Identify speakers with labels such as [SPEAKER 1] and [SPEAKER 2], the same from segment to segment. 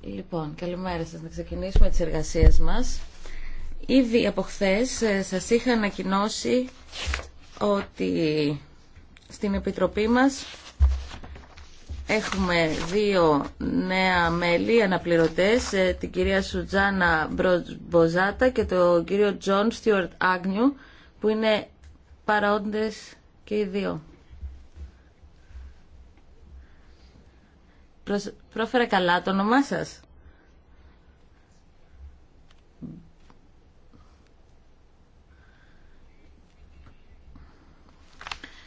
[SPEAKER 1] Λοιπόν, καλημέρα σας. Να ξεκινήσουμε τις εργασίες μας. Ήδη από χθε ε, σας είχα ανακοινώσει ότι στην Επιτροπή μας έχουμε δύο νέα μέλη, αναπληρωτές, ε, την κυρία Σουτζάνα Μποζάτα και τον κύριο Τζον Στιουαρτ Άγνιου, που είναι παρόντες και οι δύο. Πρόφερα καλά το όνομά σας.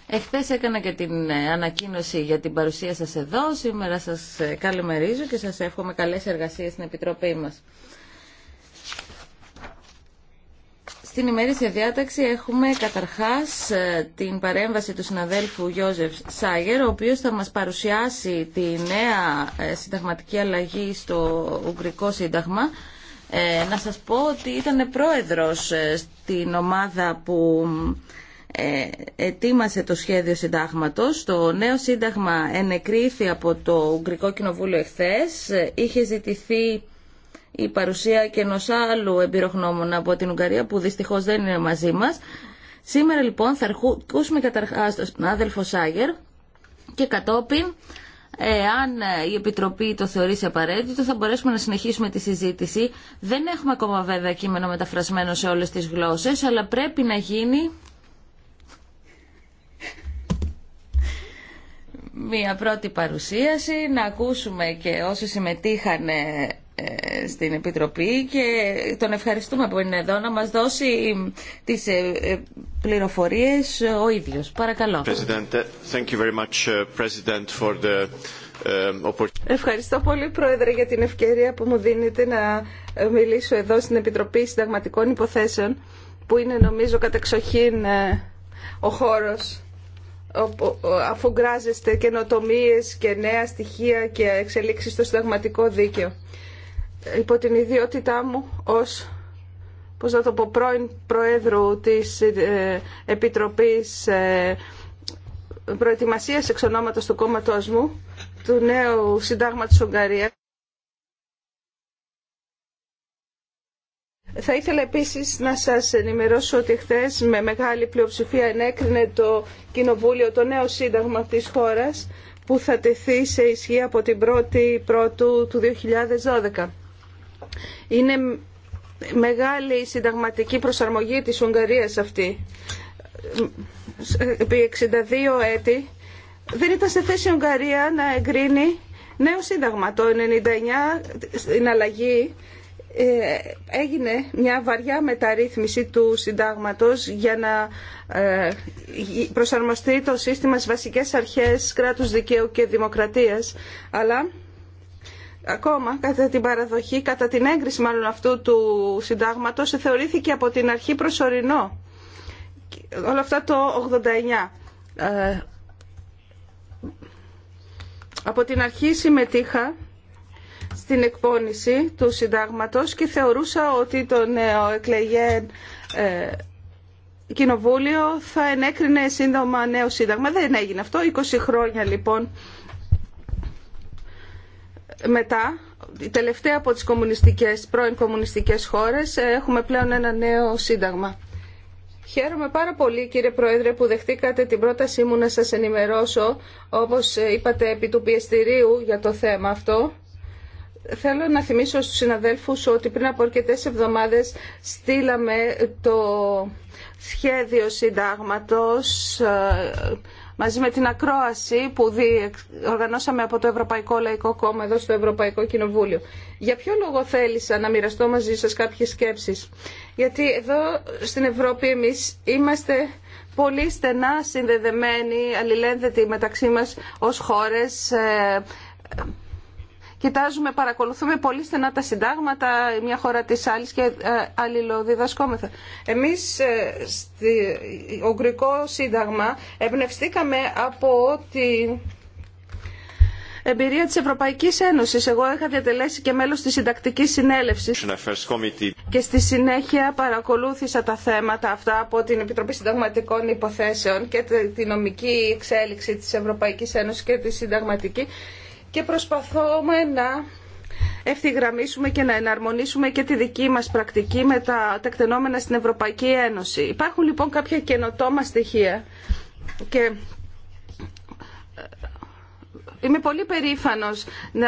[SPEAKER 1] Εχθές έκανα και την ε, ανακοίνωση για την παρουσία σας εδώ. Σήμερα σας ε, καλημερίζω και σας εύχομαι καλές εργασίες στην Επιτροπή μας. Στην ημερήσια διάταξη έχουμε καταρχάς ε, την παρέμβαση του συναδέλφου Γιώζεφ Σάγερ, ο οποίος θα μας παρουσιάσει τη νέα ε, συνταγματική αλλαγή στο Ουγγρικό Σύνταγμα. Ε, να σας πω ότι ήταν πρόεδρος στην ομάδα που ετοίμασε το σχέδιο συντάγματος. Το νέο σύνταγμα ενεκρίθη από το Ουγγρικό Κοινοβούλιο εχθές. Είχε ζητηθεί η παρουσία και ενό άλλου εμπειρογνώμων από την Ουγγαρία που δυστυχώς δεν είναι μαζί μας. Σήμερα λοιπόν θα ακούσουμε καταρχάς τον άδελφο Σάγερ και κατόπιν Εάν ε, η Επιτροπή το θεωρήσει απαραίτητο, θα μπορέσουμε να συνεχίσουμε τη συζήτηση. Δεν έχουμε ακόμα βέβαια κείμενο μεταφρασμένο σε όλες τις γλώσσες, αλλά πρέπει να γίνει μία πρώτη παρουσίαση, να ακούσουμε και όσοι συμμετείχαν στην Επιτροπή και τον ευχαριστούμε που είναι εδώ να μας δώσει ε, τις ε, ε, πληροφορίες ο ίδιος.
[SPEAKER 2] Παρακαλώ. Ευχαριστώ πολύ Πρόεδρε για την ευκαιρία που μου δίνετε να μιλήσω εδώ στην Επιτροπή Συνταγματικών Υποθέσεων που είναι νομίζω κατεξοχήν ο χώρος αφού γκράζεστε καινοτομίε και νέα στοιχεία και εξελίξεις στο συνταγματικό δίκαιο υπό την ιδιότητά μου ως πώς το πω, πρώην Προέδρου της ε, Επιτροπής ε, Προετοιμασίας εξ του κόμματός μου, του νέου συντάγματος Ουγγαρίας. Θα ήθελα επίσης να σας ενημερώσω ότι χθε με μεγάλη πλειοψηφία ενέκρινε το Κοινοβούλιο το νέο σύνταγμα της χώρας που θα τεθεί σε ισχύ από την 1η Πρώτου του 2012. Είναι μεγάλη η συνταγματική προσαρμογή της Ουγγαρίας αυτή. Επί 62 έτη δεν ήταν σε θέση η Ουγγαρία να εγκρίνει νέο σύνταγμα. Το 99 στην αλλαγή ε, έγινε μια βαριά μεταρρύθμιση του συντάγματος για να ε, προσαρμοστεί το σύστημα στις βασικές αρχές κράτους δικαίου και δημοκρατίας. Αλλά Ακόμα, κατά την παραδοχή, κατά την έγκριση μάλλον αυτού του συντάγματος, θεωρήθηκε από την αρχή προσωρινό. Όλα αυτά το 89. Ε, από την αρχή συμμετείχα στην εκπόνηση του συντάγματος και θεωρούσα ότι το νέο εκλεγέν ε, κοινοβούλιο θα ενέκρινε σύντομα νέο σύνταγμα. Δεν έγινε αυτό. 20 χρόνια λοιπόν μετά, η τελευταία από τις κομμουνιστικές, πρώην κομμουνιστικές χώρες, έχουμε πλέον ένα νέο σύνταγμα. Χαίρομαι πάρα πολύ κύριε Πρόεδρε που δεχτήκατε την πρότασή μου να σας ενημερώσω, όπως είπατε επί του πιεστηρίου για το θέμα αυτό. Θέλω να θυμίσω στους συναδέλφους ότι πριν από αρκετές εβδομάδες στείλαμε το σχέδιο συντάγματος ε, μαζί με την ακρόαση που οργανώσαμε από το Ευρωπαϊκό Λαϊκό Κόμμα εδώ στο Ευρωπαϊκό Κοινοβούλιο. Για ποιο λόγο θέλησα να μοιραστώ μαζί σας κάποιες σκέψεις. Γιατί εδώ στην Ευρώπη εμείς είμαστε πολύ στενά συνδεδεμένοι, αλληλένδετοι μεταξύ μας ως χώρες, ε, κοιτάζουμε, παρακολουθούμε πολύ στενά τα συντάγματα μια χώρα της άλλης και ε, αλληλοδιδασκόμεθα. Εμείς ε, στη Ουγγρικό Σύνταγμα εμπνευστήκαμε από τη εμπειρία της Ευρωπαϊκής Ένωσης. Εγώ είχα διατελέσει και μέλος της συντακτικής συνέλευσης και στη συνέχεια παρακολούθησα τα θέματα αυτά από την Επιτροπή Συνταγματικών Υποθέσεων και τη νομική εξέλιξη της Ευρωπαϊκής Ένωσης και τη συνταγματική και προσπαθούμε να ευθυγραμμίσουμε και να εναρμονίσουμε και τη δική μας πρακτική με τα τεκτενόμενα στην Ευρωπαϊκή Ένωση. Υπάρχουν λοιπόν κάποια καινοτόμα στοιχεία και ε, είμαι πολύ περήφανος να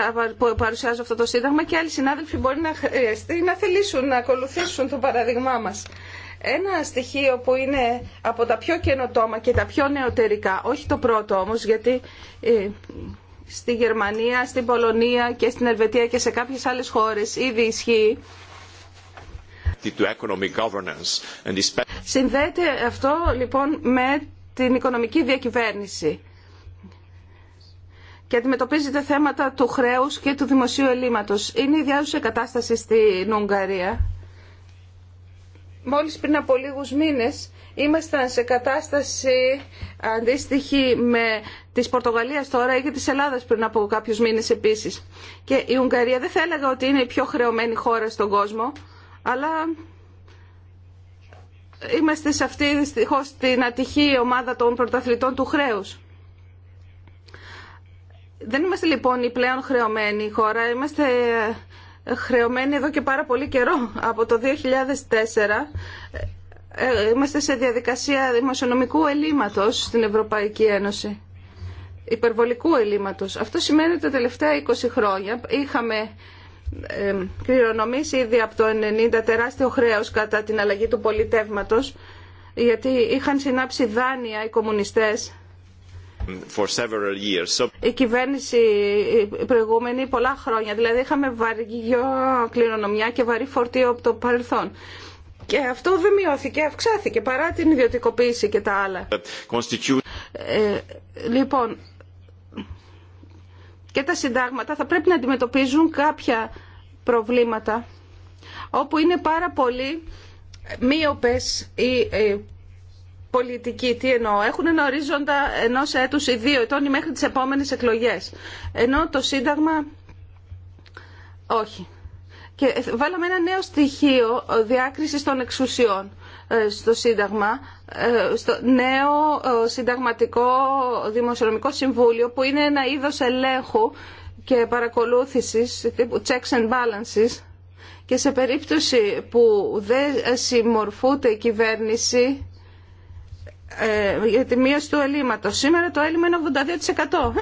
[SPEAKER 2] παρουσιάζω αυτό το σύνταγμα και άλλοι συνάδελφοι μπορεί να χρειαστεί να θελήσουν να ακολουθήσουν το παραδειγμά μας. Ένα στοιχείο που είναι από τα πιο καινοτόμα και τα πιο νεωτερικά, όχι το πρώτο όμως, γιατί ε, στη Γερμανία, στην Πολωνία και στην Ελβετία και σε κάποιες άλλες χώρες ήδη ισχύει. Συνδέεται αυτό λοιπόν με την οικονομική διακυβέρνηση και αντιμετωπίζεται θέματα του χρέους και του δημοσίου ελλείμματος. Είναι η διάρκεια κατάσταση στην Ουγγαρία. Μόλις πριν από λίγους μήνες Ήμασταν σε κατάσταση αντίστοιχη με της Πορτογαλίας τώρα ή και της Ελλάδας πριν από κάποιους μήνες επίσης. Και η Ουγγαρία δεν θα έλεγα ότι είναι η πιο χρεωμένη χώρα στον κόσμο, αλλά είμαστε σε αυτή δυστυχώ την ατυχή ομάδα των πρωταθλητών του χρέους. Δεν είμαστε λοιπόν η πλέον χρεωμένη χώρα, είμαστε χρεωμένοι εδώ και πάρα πολύ καιρό. Από το 2004 ε, είμαστε σε διαδικασία δημοσιονομικού ελλείμματος στην Ευρωπαϊκή Ένωση. Υπερβολικού ελλείμματος. Αυτό σημαίνει ότι τα τελευταία 20 χρόνια είχαμε ε, κληρονομήσει ήδη από το 90 τεράστιο χρέος κατά την αλλαγή του πολιτεύματος γιατί είχαν συνάψει δάνεια οι κομμουνιστές For Η κυβέρνηση προηγούμενη πολλά χρόνια, δηλαδή είχαμε βαρύ κληρονομιά και βαρύ φορτίο από το παρελθόν. Και αυτό δεν μειώθηκε, αυξάθηκε παρά την ιδιωτικοποίηση και τα άλλα. Ε, λοιπόν, και τα συντάγματα θα πρέπει να αντιμετωπίζουν κάποια προβλήματα όπου είναι πάρα πολύ μείωπες οι πολιτικοί. Τι εννοώ, έχουν ένα ορίζοντα ενός έτους ή δύο ετών ή μέχρι τις επόμενες εκλογές. Ενώ το Σύνταγμα όχι. Και βάλαμε ένα νέο στοιχείο διάκριση των εξουσιών ε, στο Σύνταγμα, ε, στο νέο ε, συνταγματικό δημοσιονομικό συμβούλιο που είναι ένα είδος ελέγχου και παρακολούθησης τύπου checks and balances και σε περίπτωση που δεν συμμορφούνται η κυβέρνηση για τη μείωση του ελλείμματος. Σήμερα το έλλειμμα είναι 82%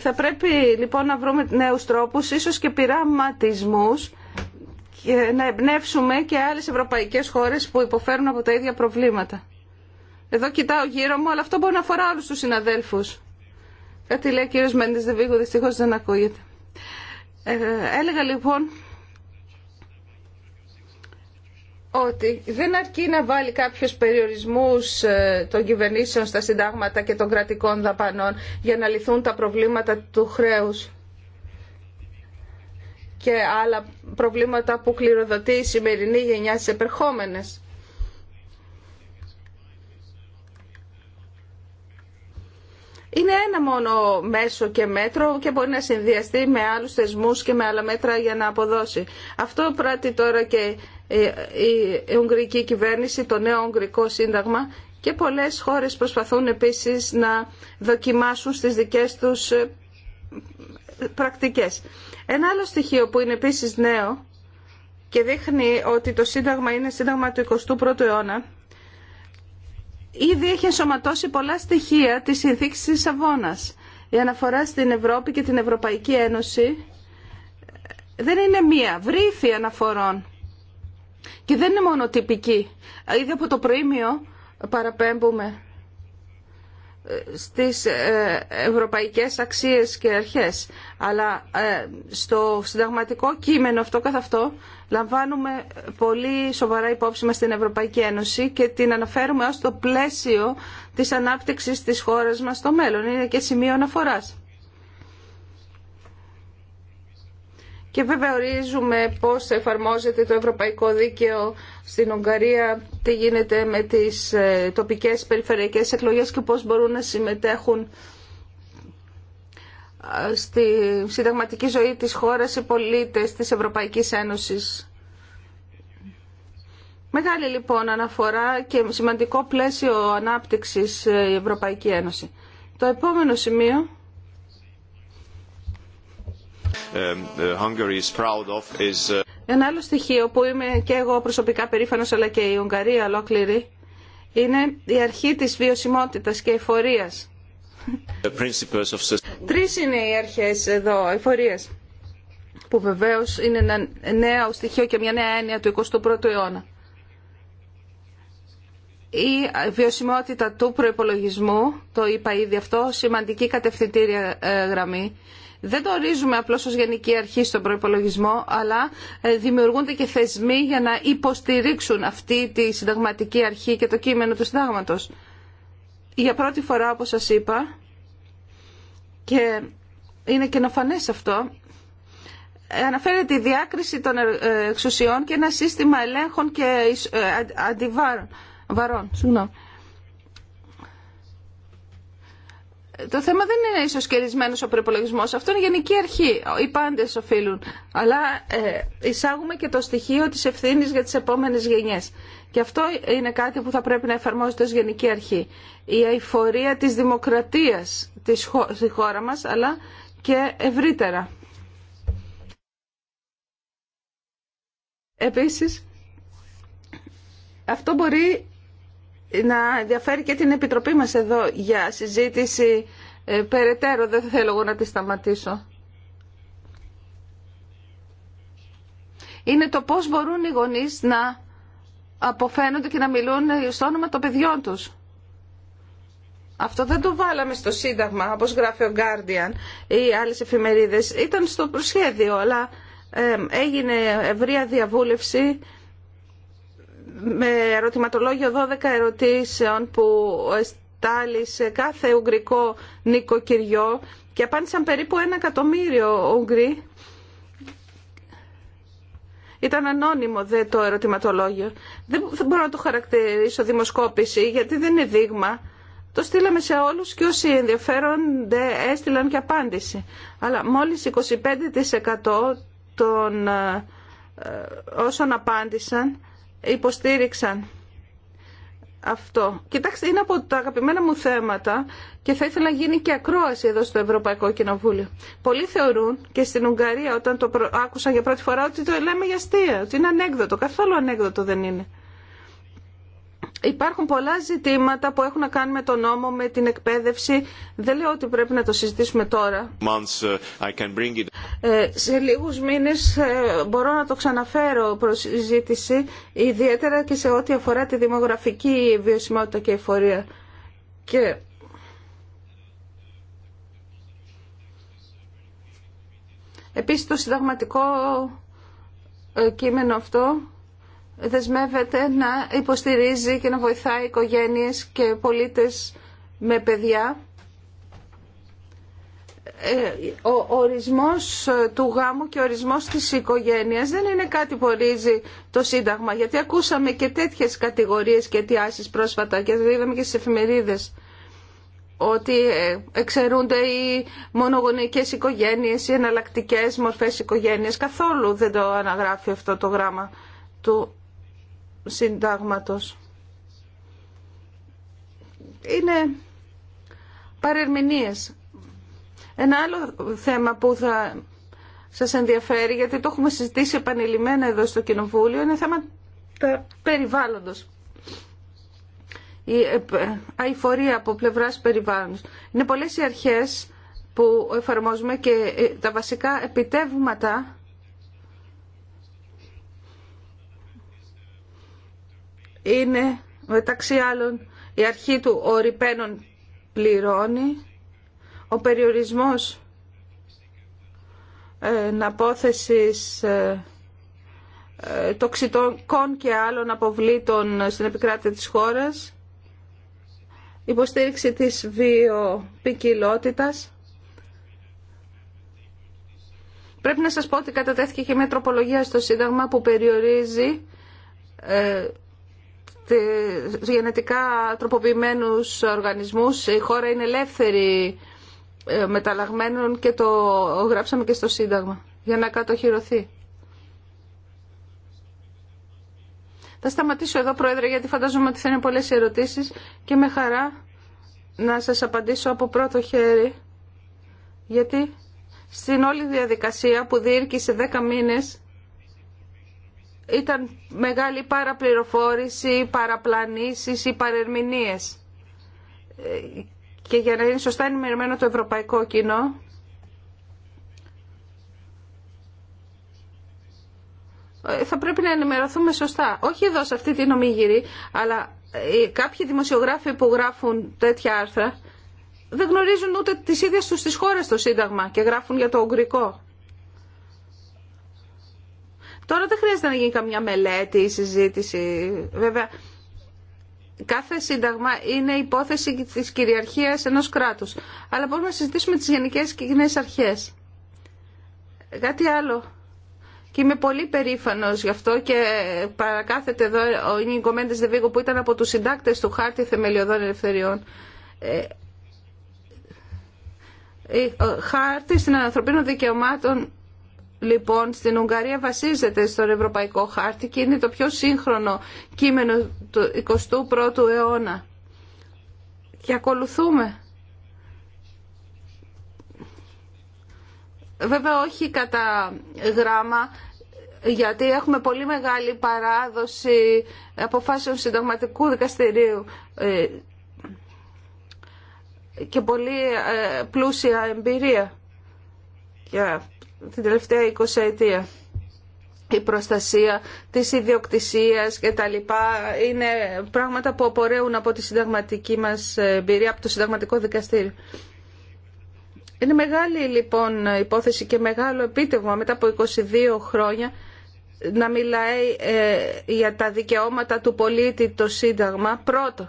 [SPEAKER 2] θα πρέπει λοιπόν να βρούμε νέους τρόπους, ίσως και πειραματισμούς, και να εμπνεύσουμε και άλλες ευρωπαϊκές χώρες που υποφέρουν από τα ίδια προβλήματα. Εδώ κοιτάω γύρω μου, αλλά αυτό μπορεί να αφορά όλους τους συναδέλφους. Κάτι λέει ο κύριος Μέντες Δεβίγκο, δυστυχώς δεν ακούγεται. Ε, έλεγα λοιπόν ότι δεν αρκεί να βάλει κάποιους περιορισμούς ε, των κυβερνήσεων στα συντάγματα και των κρατικών δαπανών για να λυθούν τα προβλήματα του χρέους και άλλα προβλήματα που κληροδοτεί η σημερινή γενιά στις επερχόμενες. Είναι ένα μόνο μέσο και μέτρο και μπορεί να συνδυαστεί με άλλους θεσμούς και με άλλα μέτρα για να αποδώσει. Αυτό πράττει τώρα και ε, η Ουγγρική κυβέρνηση, το νέο Ουγγρικό Σύνταγμα και πολλές χώρες προσπαθούν επίσης να δοκιμάσουν στις δικές τους ε, πρακτικές. Ένα άλλο στοιχείο που είναι επίσης νέο και δείχνει ότι το Σύνταγμα είναι Σύνταγμα του 21ου αιώνα ήδη έχει ενσωματώσει πολλά στοιχεία της συνθήκης της Σαβώνας. Η αναφορά στην Ευρώπη και την Ευρωπαϊκή Ένωση δεν είναι μία, βρύφη αναφορών και δεν είναι μόνο τυπική. Ήδη από το προήμιο παραπέμπουμε ε, στις ε, ευρωπαϊκές αξίες και αρχές. Αλλά ε, στο συνταγματικό κείμενο αυτό καθ' αυτό λαμβάνουμε πολύ σοβαρά υπόψη μας την Ευρωπαϊκή Ένωση και την αναφέρουμε ως το πλαίσιο της ανάπτυξης της χώρας μας στο μέλλον. Είναι και σημείο αναφοράς. Και βέβαια ορίζουμε πώς εφαρμόζεται το ευρωπαϊκό δίκαιο στην Ουγγαρία, τι γίνεται με τις ε, τοπικές περιφερειακές εκλογές και πώς μπορούν να συμμετέχουν στη συνταγματική ζωή της χώρας οι πολίτες της Ευρωπαϊκής Ένωσης. Μεγάλη λοιπόν αναφορά και σημαντικό πλαίσιο ανάπτυξης ε, η Ευρωπαϊκή Ένωση. Το επόμενο σημείο
[SPEAKER 3] Um, uh, Hungary is proud of is... Uh,
[SPEAKER 2] ένα άλλο στοιχείο που είμαι και εγώ προσωπικά περήφανος αλλά και η Ουγγαρία ολόκληρη είναι η αρχή της βιωσιμότητας και εφορίας.
[SPEAKER 3] Of...
[SPEAKER 2] Τρεις είναι οι αρχές εδώ εφορίας που βεβαίως είναι ένα νέο στοιχείο και μια νέα έννοια του 21ου αιώνα. Η βιωσιμότητα του προϋπολογισμού, το είπα ήδη αυτό, σημαντική κατευθυντήρια ε, γραμμή δεν το ορίζουμε απλώς ως γενική αρχή στον προπολογισμό, αλλά ε, δημιουργούνται και θεσμοί για να υποστηρίξουν αυτή τη συνταγματική αρχή και το κείμενο του συντάγματος. Για πρώτη φορά, όπως σα είπα, και είναι καινοφανέ αυτό, ε, αναφέρεται η διάκριση των ε, εξουσιών και ένα σύστημα ελέγχων και αντιβάρων. Βαρών, το θέμα δεν είναι ίσως κερδισμένο ο προπολογισμό. Αυτό είναι γενική αρχή. Οι πάντε οφείλουν. Αλλά ε, εισάγουμε και το στοιχείο τη ευθύνη για τις επόμενες γενιές. Και αυτό είναι κάτι που θα πρέπει να εφαρμόζεται ω γενική αρχή. Η αηφορία της δημοκρατίας της χώρα μας, αλλά και ευρύτερα. Επίσης, αυτό μπορεί να ενδιαφέρει και την Επιτροπή μας εδώ για συζήτηση ε, περαιτέρω. Δεν θέλω εγώ να τη σταματήσω. Είναι το πώς μπορούν οι γονείς να αποφαίνονται και να μιλούν στο όνομα των παιδιών τους. Αυτό δεν το βάλαμε στο Σύνταγμα, όπως γράφει ο Guardian ή άλλες εφημερίδες. Ήταν στο προσχέδιο, αλλά ε, έγινε ευρεία διαβούλευση με ερωτηματολόγιο 12 ερωτήσεων που σε κάθε ουγγρικό νοικοκυριό και απάντησαν περίπου ένα εκατομμύριο Ουγγροί. Ήταν ανώνυμο δε το ερωτηματολόγιο. Δεν μπορώ να το χαρακτηρίσω δημοσκόπηση γιατί δεν είναι δείγμα. Το στείλαμε σε όλους και όσοι ενδιαφέρονται έστειλαν και απάντηση. Αλλά μόλις 25% των ε, ε, όσων απάντησαν υποστήριξαν αυτό. Κοιτάξτε, είναι από τα αγαπημένα μου θέματα και θα ήθελα να γίνει και ακρόαση εδώ στο Ευρωπαϊκό Κοινοβούλιο. Πολλοί θεωρούν και στην Ουγγαρία όταν το άκουσαν για πρώτη φορά ότι το λέμε για αστεία, ότι είναι ανέκδοτο. Καθόλου ανέκδοτο δεν είναι. Υπάρχουν πολλά ζητήματα που έχουν να κάνουν με τον νόμο, με την εκπαίδευση. Δεν λέω ότι πρέπει να το συζητήσουμε τώρα.
[SPEAKER 3] Uh,
[SPEAKER 2] ε, σε λίγους μήνες ε, μπορώ να το ξαναφέρω προς συζήτηση, ιδιαίτερα και σε ό,τι αφορά τη δημογραφική βιωσιμότητα και εφορία. Και Επίσης το συνταγματικό ε, κείμενο αυτό δεσμεύεται να υποστηρίζει και να βοηθάει οικογένειες και πολίτες με παιδιά ε, ο ορισμός ε, του γάμου και ο ορισμός της οικογένειας δεν είναι κάτι που ορίζει το Σύνταγμα γιατί ακούσαμε και τέτοιες κατηγορίες και αιτιάσεις πρόσφατα και το είδαμε και στις εφημερίδες ότι ε, εξαιρούνται οι μονογονεϊκές οικογένειες, οι εναλλακτικέ μορφές οικογένειας. Καθόλου δεν το αναγράφει αυτό το γράμμα του Συντάγματος. Είναι παρερμηνίες ένα άλλο θέμα που θα σας ενδιαφέρει, γιατί το έχουμε συζητήσει επανειλημμένα εδώ στο Κοινοβούλιο, είναι θέμα περιβάλλοντος. Η αηφορία από πλευράς περιβάλλοντος. Είναι πολλές οι αρχές που εφαρμόζουμε και ε, τα βασικά επιτεύγματα είναι μεταξύ άλλων η αρχή του «Ο πληρώνει» Ο περιορισμός ε, εναπόθεσης ε, ε, τοξικών και άλλων αποβλήτων στην επικράτεια της χώρας, υποστήριξη της βιοπικιλότητας. Πρέπει να σας πω ότι κατατέθηκε και μια τροπολογία στο Σύνταγμα που περιορίζει ε, γενετικά τροποποιημένους οργανισμούς. Η χώρα είναι ελεύθερη ε, μεταλλαγμένων και το γράψαμε και στο Σύνταγμα για να κατοχυρωθεί. Θα σταματήσω εδώ, Πρόεδρε, γιατί φαντάζομαι ότι θα είναι πολλές ερωτήσεις και με χαρά να σας απαντήσω από πρώτο χέρι, γιατί στην όλη διαδικασία που διήρκησε 10 μήνες ήταν μεγάλη παραπληροφόρηση, παραπλανήσεις ή παρερμηνίες ε, και για να είναι σωστά ενημερωμένο το ευρωπαϊκό κοινό ε, θα πρέπει να ενημερωθούμε σωστά. Όχι εδώ σε αυτή την ομίγυρη, αλλά ε, κάποιοι δημοσιογράφοι που γράφουν τέτοια άρθρα δεν γνωρίζουν ούτε τις ίδιες τους τις χώρες το Σύνταγμα και γράφουν για το Ουγγρικό. Τώρα δεν χρειάζεται να γίνει καμιά μελέτη ή συζήτηση. Βέβαια, Κάθε σύνταγμα είναι υπόθεση της κυριαρχίας ενός κράτους. Αλλά μπορούμε να συζητήσουμε τις γενικές και κοινές αρχές. Κάτι άλλο. Και είμαι πολύ περήφανος γι' αυτό και παρακάθεται εδώ ο ίνικομέντες Μέντες Δεβίγκο που ήταν από τους συντάκτες του Χάρτη Θεμελιωδών Ελευθεριών. Ε, ε, Χάρτη των ανθρωπίνων δικαιωμάτων λοιπόν στην Ουγγαρία βασίζεται στον Ευρωπαϊκό Χάρτη και είναι το πιο σύγχρονο κείμενο του 21ου αιώνα. Και ακολουθούμε. Βέβαια όχι κατά γράμμα, γιατί έχουμε πολύ μεγάλη παράδοση αποφάσεων συνταγματικού δικαστηρίου ε, και πολύ ε, πλούσια εμπειρία την τελευταία 20 ετία. Η προστασία της ιδιοκτησίας και τα λοιπά είναι πράγματα που απορρέουν από τη συνταγματική μας εμπειρία, από το συνταγματικό δικαστήριο. Είναι μεγάλη λοιπόν υπόθεση και μεγάλο επίτευγμα μετά από 22 χρόνια να μιλάει ε, για τα δικαιώματα του πολίτη το Σύνταγμα πρώτο.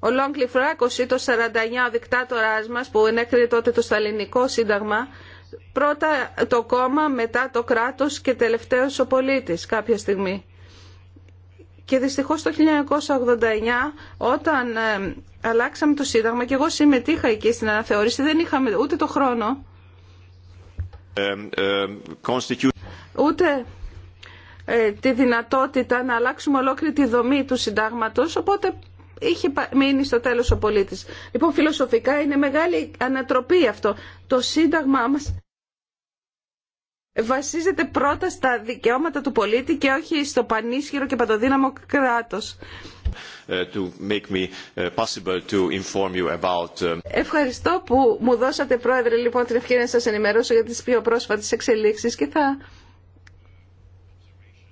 [SPEAKER 2] Ο Λόγκλι ή το 49 ο δικτάτοράς μας που ενέκρινε τότε το σταλινικό σύνταγμα πρώτα το κόμμα, μετά το κράτος και τελευταίος ο πολίτης κάποια στιγμή. Και δυστυχώς το 1989 όταν ε, αλλάξαμε το σύνταγμα και εγώ συμμετείχα εκεί στην αναθεώρηση δεν είχαμε ούτε το χρόνο
[SPEAKER 3] ε, ε,
[SPEAKER 2] ούτε τη δυνατότητα να αλλάξουμε ολόκληρη τη δομή του συντάγματος οπότε είχε μείνει στο τέλος ο πολίτης. Λοιπόν, φιλοσοφικά είναι μεγάλη ανατροπή αυτό. Το Σύνταγμά μας βασίζεται πρώτα στα δικαιώματα του πολίτη και όχι στο πανίσχυρο και παντοδύναμο κράτος. Ευχαριστώ που μου δώσατε, Πρόεδρε, λοιπόν, την ευκαιρία να σας ενημερώσω για τις πιο πρόσφατες εξελίξεις και θα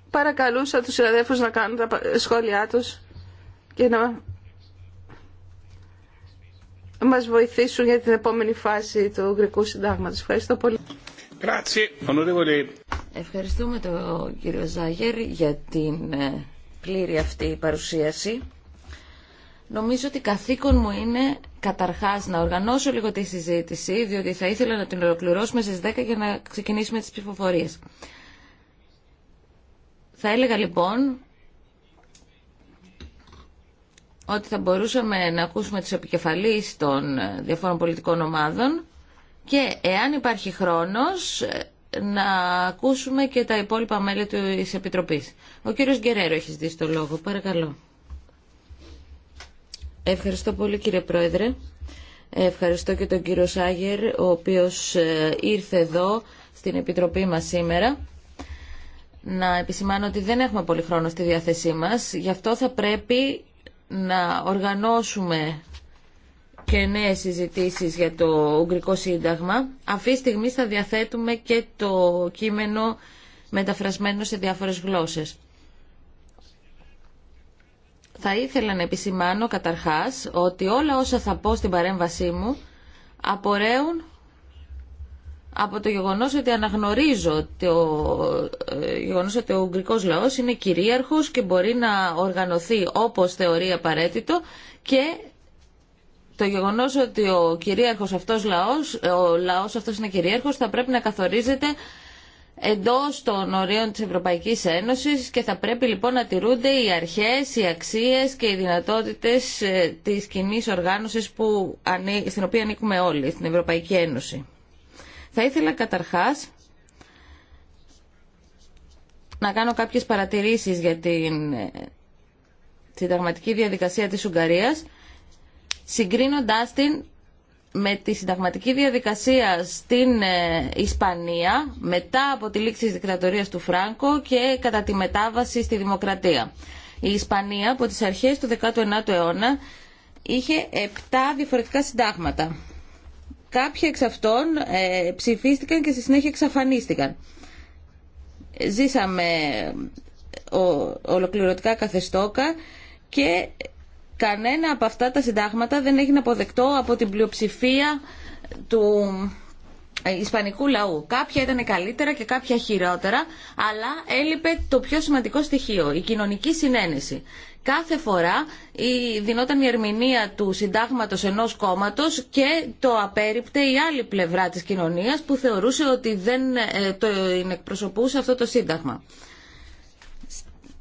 [SPEAKER 2] παρακαλούσα τους συναδέλφους να κάνουν τα σχόλιά τους και να μας βοηθήσουν για την επόμενη φάση του Ουγγρικού Συντάγματος. Ευχαριστώ πολύ.
[SPEAKER 1] Ευχαριστούμε τον κύριο Ζάγερ για την ε, πλήρη αυτή παρουσίαση. Νομίζω ότι καθήκον μου είναι καταρχάς να οργανώσω λίγο τη συζήτηση, διότι θα ήθελα να την ολοκληρώσουμε στις 10 για να ξεκινήσουμε τις ψηφοφορίες. Θα έλεγα λοιπόν ότι θα μπορούσαμε να ακούσουμε τις επικεφαλείς των διαφόρων πολιτικών ομάδων και εάν υπάρχει χρόνος να ακούσουμε και τα υπόλοιπα μέλη της Επιτροπής. Ο κύριος Γκερέρο έχει ζητήσει το λόγο. Παρακαλώ. Ευχαριστώ πολύ κύριε Πρόεδρε. Ευχαριστώ και τον κύριο Σάγερ, ο οποίος ε, ήρθε εδώ στην Επιτροπή μας σήμερα. Να επισημάνω ότι δεν έχουμε πολύ χρόνο στη διάθεσή μας, γι' αυτό θα πρέπει να οργανώσουμε και νέες συζητήσεις για το Ουγγρικό Σύνταγμα. Αυτή τη στιγμή θα διαθέτουμε και το κείμενο μεταφρασμένο σε διάφορες γλώσσες. Θα ήθελα να επισημάνω καταρχάς ότι όλα όσα θα πω στην παρέμβασή μου απορρέουν από το γεγονός ότι αναγνωρίζω το ε, γεγονός ότι ο Ουγγρικός λαός είναι κυρίαρχος και μπορεί να οργανωθεί όπως θεωρεί απαραίτητο και το γεγονός ότι ο κυρίαρχος αυτός λαός, ε, ο λαός αυτός είναι κυρίαρχος, θα πρέπει να καθορίζεται εντός των ορίων της Ευρωπαϊκής Ένωσης και θα πρέπει λοιπόν να τηρούνται οι αρχές, οι αξίες και οι δυνατότητες ε, της κοινή οργάνωσης που, στην οποία ανήκουμε όλοι, στην Ευρωπαϊκή Ένωση. Θα ήθελα καταρχάς να κάνω κάποιες παρατηρήσεις για την ε, συνταγματική διαδικασία της Ουγγαρίας, συγκρίνοντάς την με τη συνταγματική διαδικασία στην ε, Ισπανία μετά από τη λήξη της δικτατορίας του Φράνκο και κατά τη μετάβαση στη δημοκρατία. Η Ισπανία από τις αρχές του 19ου αιώνα είχε 7 διαφορετικά συντάγματα. Κάποιοι εξ αυτών ε, ψηφίστηκαν και στη συνέχεια εξαφανίστηκαν. Ζήσαμε ο, ολοκληρωτικά καθεστώκα και κανένα από αυτά τα συντάγματα δεν έγινε αποδεκτό από την πλειοψηφία του ε, ισπανικού λαού. Κάποια ήταν καλύτερα και κάποια χειρότερα, αλλά έλειπε το πιο σημαντικό στοιχείο, η κοινωνική συνένεση. Κάθε φορά δινόταν η ερμηνεία του συντάγματος ενός κόμματο και το απέριπτε η άλλη πλευρά της κοινωνίας που θεωρούσε ότι δεν ε, το εκπροσωπούσε αυτό το σύνταγμα.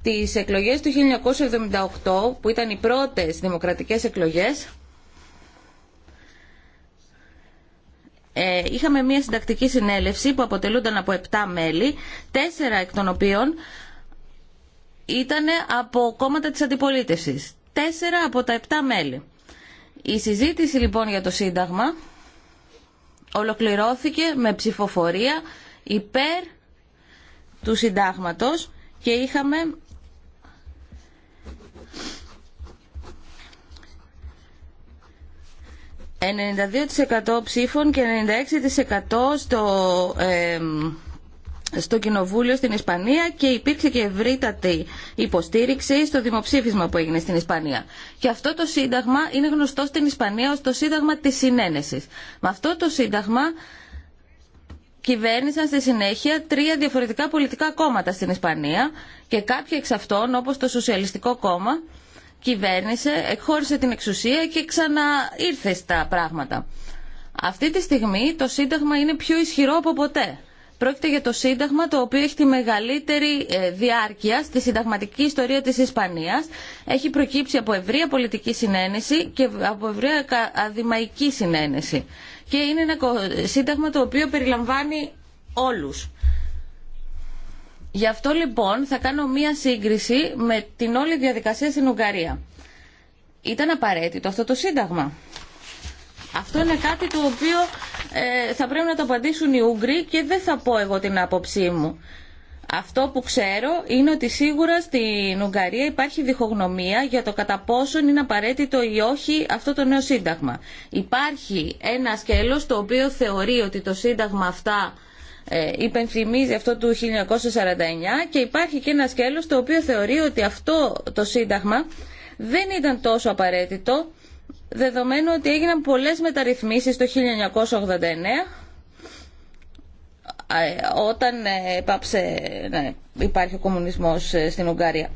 [SPEAKER 1] Στις εκλογέ του 1978, που ήταν οι πρώτε δημοκρατικέ εκλογέ. Ε, είχαμε μια συντακτική συνέλευση που αποτελούνταν από 7 μέλη, 4 εκ των οποίων ήταν από κόμματα της αντιπολίτευσης. 4 από τα 7 μέλη. Η συζήτηση λοιπόν για το Σύνταγμα ολοκληρώθηκε με ψηφοφορία υπέρ του Συντάγματος και είχαμε 92% ψήφων και 96% στο, στο Κοινοβούλιο στην Ισπανία και υπήρξε και ευρύτατη υποστήριξη στο δημοψήφισμα που έγινε στην Ισπανία. Και αυτό το σύνταγμα είναι γνωστό στην Ισπανία ως το σύνταγμα της συνένεσης. Με αυτό το σύνταγμα κυβέρνησαν στη συνέχεια τρία διαφορετικά πολιτικά κόμματα στην Ισπανία και κάποιοι εξ αυτών όπως το Σοσιαλιστικό Κόμμα κυβέρνησε, εκχώρησε την εξουσία και ήρθε στα πράγματα. Αυτή τη στιγμή το Σύνταγμα είναι πιο ισχυρό από ποτέ. Πρόκειται για το Σύνταγμα το οποίο έχει τη μεγαλύτερη ε, διάρκεια στη συνταγματική ιστορία της Ισπανίας. Έχει προκύψει από ευρεία πολιτική συνένεση και από ευρεία αδημαϊκή συνένεση. Και είναι ένα σύνταγμα το οποίο περιλαμβάνει όλους. Γι' αυτό λοιπόν θα κάνω μία σύγκριση με την όλη διαδικασία στην Ουγγαρία. Ήταν απαραίτητο αυτό το σύνταγμα. Αυτό είναι κάτι το οποίο ε, θα πρέπει να το απαντήσουν οι Ούγγροι και δεν θα πω εγώ την άποψή μου. Αυτό που ξέρω είναι ότι σίγουρα στην Ουγγαρία υπάρχει διχογνωμία για το κατά πόσον είναι απαραίτητο ή όχι αυτό το νέο σύνταγμα. Υπάρχει ένα σκέλος το οποίο θεωρεί ότι το σύνταγμα αυτά ε, υπενθυμίζει αυτό του 1949 και υπάρχει και ένα σκέλος το οποίο θεωρεί ότι αυτό το Σύνταγμα δεν ήταν τόσο απαραίτητο δεδομένου ότι έγιναν πολλές μεταρρυθμίσεις το 1989 ε, όταν ε, έπαψε να υπάρχει ο κομμουνισμός στην Ουγγάρια.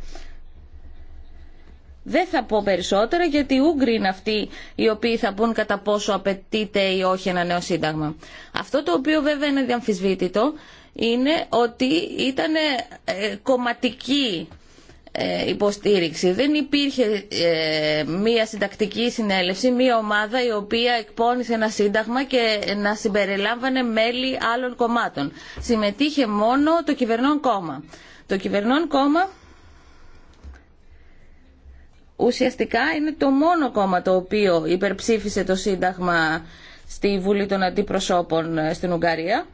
[SPEAKER 1] Δεν θα πω περισσότερα γιατί οι Ούγγροι είναι αυτοί οι οποίοι θα πούν κατά πόσο απαιτείται ή όχι ένα νέο σύνταγμα. Αυτό το οποίο βέβαια είναι διαμφισβήτητο είναι ότι ήταν ε, κομματική ε, υποστήριξη. Δεν υπήρχε ε, μία συντακτική συνέλευση, μία ομάδα η οποία εκπώνησε υποστηριξη δεν υπηρχε μια συντακτικη συνελευση σύνταγμα και να συμπεριλάμβανε μέλη άλλων κομμάτων. Συμμετείχε μόνο το κυβερνόν κόμμα. Το κυβερνών κόμμα ουσιαστικά είναι το μόνο κόμμα το οποίο υπερψήφισε το Σύνταγμα στη Βουλή των Αντιπροσώπων ε, στην Ουγγαρία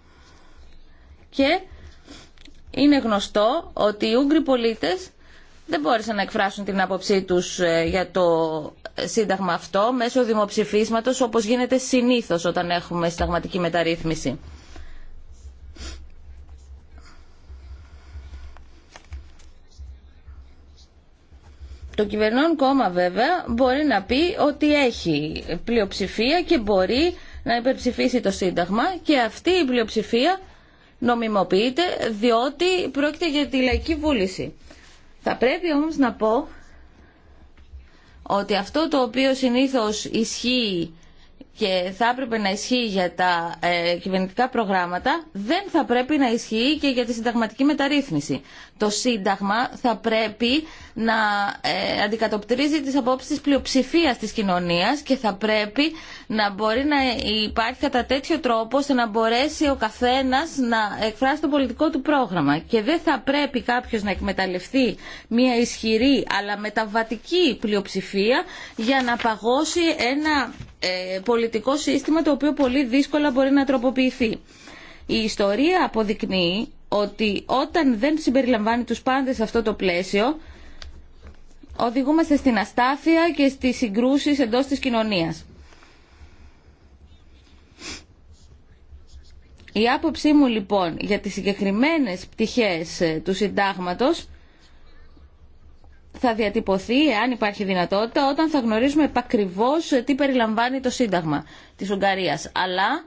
[SPEAKER 1] και είναι γνωστό ότι οι Ούγγροι πολίτες δεν μπόρεσαν να εκφράσουν την άποψή τους ε, για το Σύνταγμα αυτό μέσω δημοψηφίσματος όπως γίνεται συνήθως όταν έχουμε συνταγματική μεταρρύθμιση. Το κυβερνών κόμμα βέβαια μπορεί να πει ότι έχει πλειοψηφία και μπορεί να υπερψηφίσει το Σύνταγμα και αυτή η πλειοψηφία νομιμοποιείται διότι πρόκειται για τη λαϊκή βούληση. Θα πρέπει όμως να πω ότι αυτό το οποίο συνήθως ισχύει και θα έπρεπε να ισχύει για τα ε, κυβερνητικά προγράμματα, δεν θα πρέπει να ισχύει και για τη συνταγματική μεταρρύθμιση. Το Σύνταγμα θα πρέπει να ε, αντικατοπτρίζει τις απόψεις της πλειοψηφίας της κοινωνίας και θα πρέπει να μπορεί να υπάρχει κατά τέτοιο τρόπο ώστε να μπορέσει ο καθένας να εκφράσει το πολιτικό του πρόγραμμα. Και δεν θα πρέπει κάποιος να εκμεταλλευτεί μια ισχυρή αλλά μεταβατική πλειοψηφία για να παγώσει ένα ε, πολιτικό σύστημα το οποίο πολύ δύσκολα μπορεί να τροποποιηθεί. Η ιστορία αποδεικνύει ότι όταν δεν συμπεριλαμβάνει τους πάντες σε αυτό το πλαίσιο, οδηγούμαστε στην αστάθεια και στις συγκρούσεις εντός της κοινωνίας. Η άποψή μου λοιπόν για τις συγκεκριμένες πτυχές ε, του συντάγματος θα διατυπωθεί, αν υπάρχει δυνατότητα, όταν θα γνωρίζουμε επακριβώς τι περιλαμβάνει το Σύνταγμα της Ουγγαρίας. Αλλά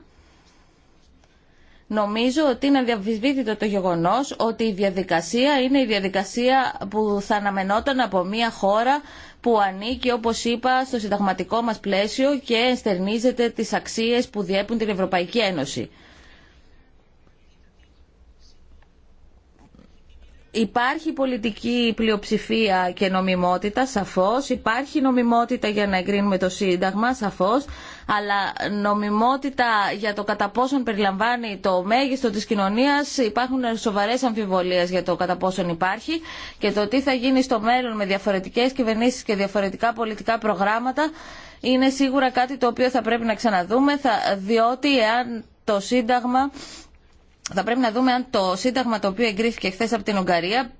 [SPEAKER 1] νομίζω ότι είναι αδιαμφισβήτητο το γεγονός ότι η διαδικασία είναι η διαδικασία που θα αναμενόταν από μια χώρα που ανήκει, όπως είπα, στο συνταγματικό μας πλαίσιο και εστερνίζεται τις αξίες που διέπουν την Ευρωπαϊκή Ένωση. Υπάρχει πολιτική πλειοψηφία και νομιμότητα, σαφώς. Υπάρχει νομιμότητα για να εγκρίνουμε το Σύνταγμα, σαφώς. Αλλά νομιμότητα για το κατά πόσον περιλαμβάνει το μέγιστο της κοινωνίας υπάρχουν σοβαρές αμφιβολίες για το κατά πόσον υπάρχει και το τι θα γίνει στο μέλλον με διαφορετικές κυβερνήσεις και διαφορετικά πολιτικά προγράμματα είναι σίγουρα κάτι το οποίο θα πρέπει να ξαναδούμε διότι εάν το Σύνταγμα θα πρέπει να δούμε αν το σύνταγμα το οποίο εγκρίθηκε χθε από την Ουγγαρία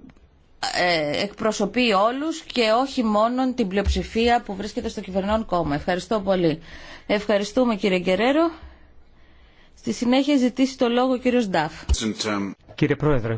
[SPEAKER 1] ε, εκπροσωπεί όλους και όχι μόνο την πλειοψηφία που βρίσκεται στο κυβερνών κόμμα. Ευχαριστώ πολύ. Ευχαριστούμε κύριε Γκερέρο. Στη συνέχεια ζητήσει το λόγο ο κύριος Νταφ.
[SPEAKER 3] Κύριε Πρόεδρε.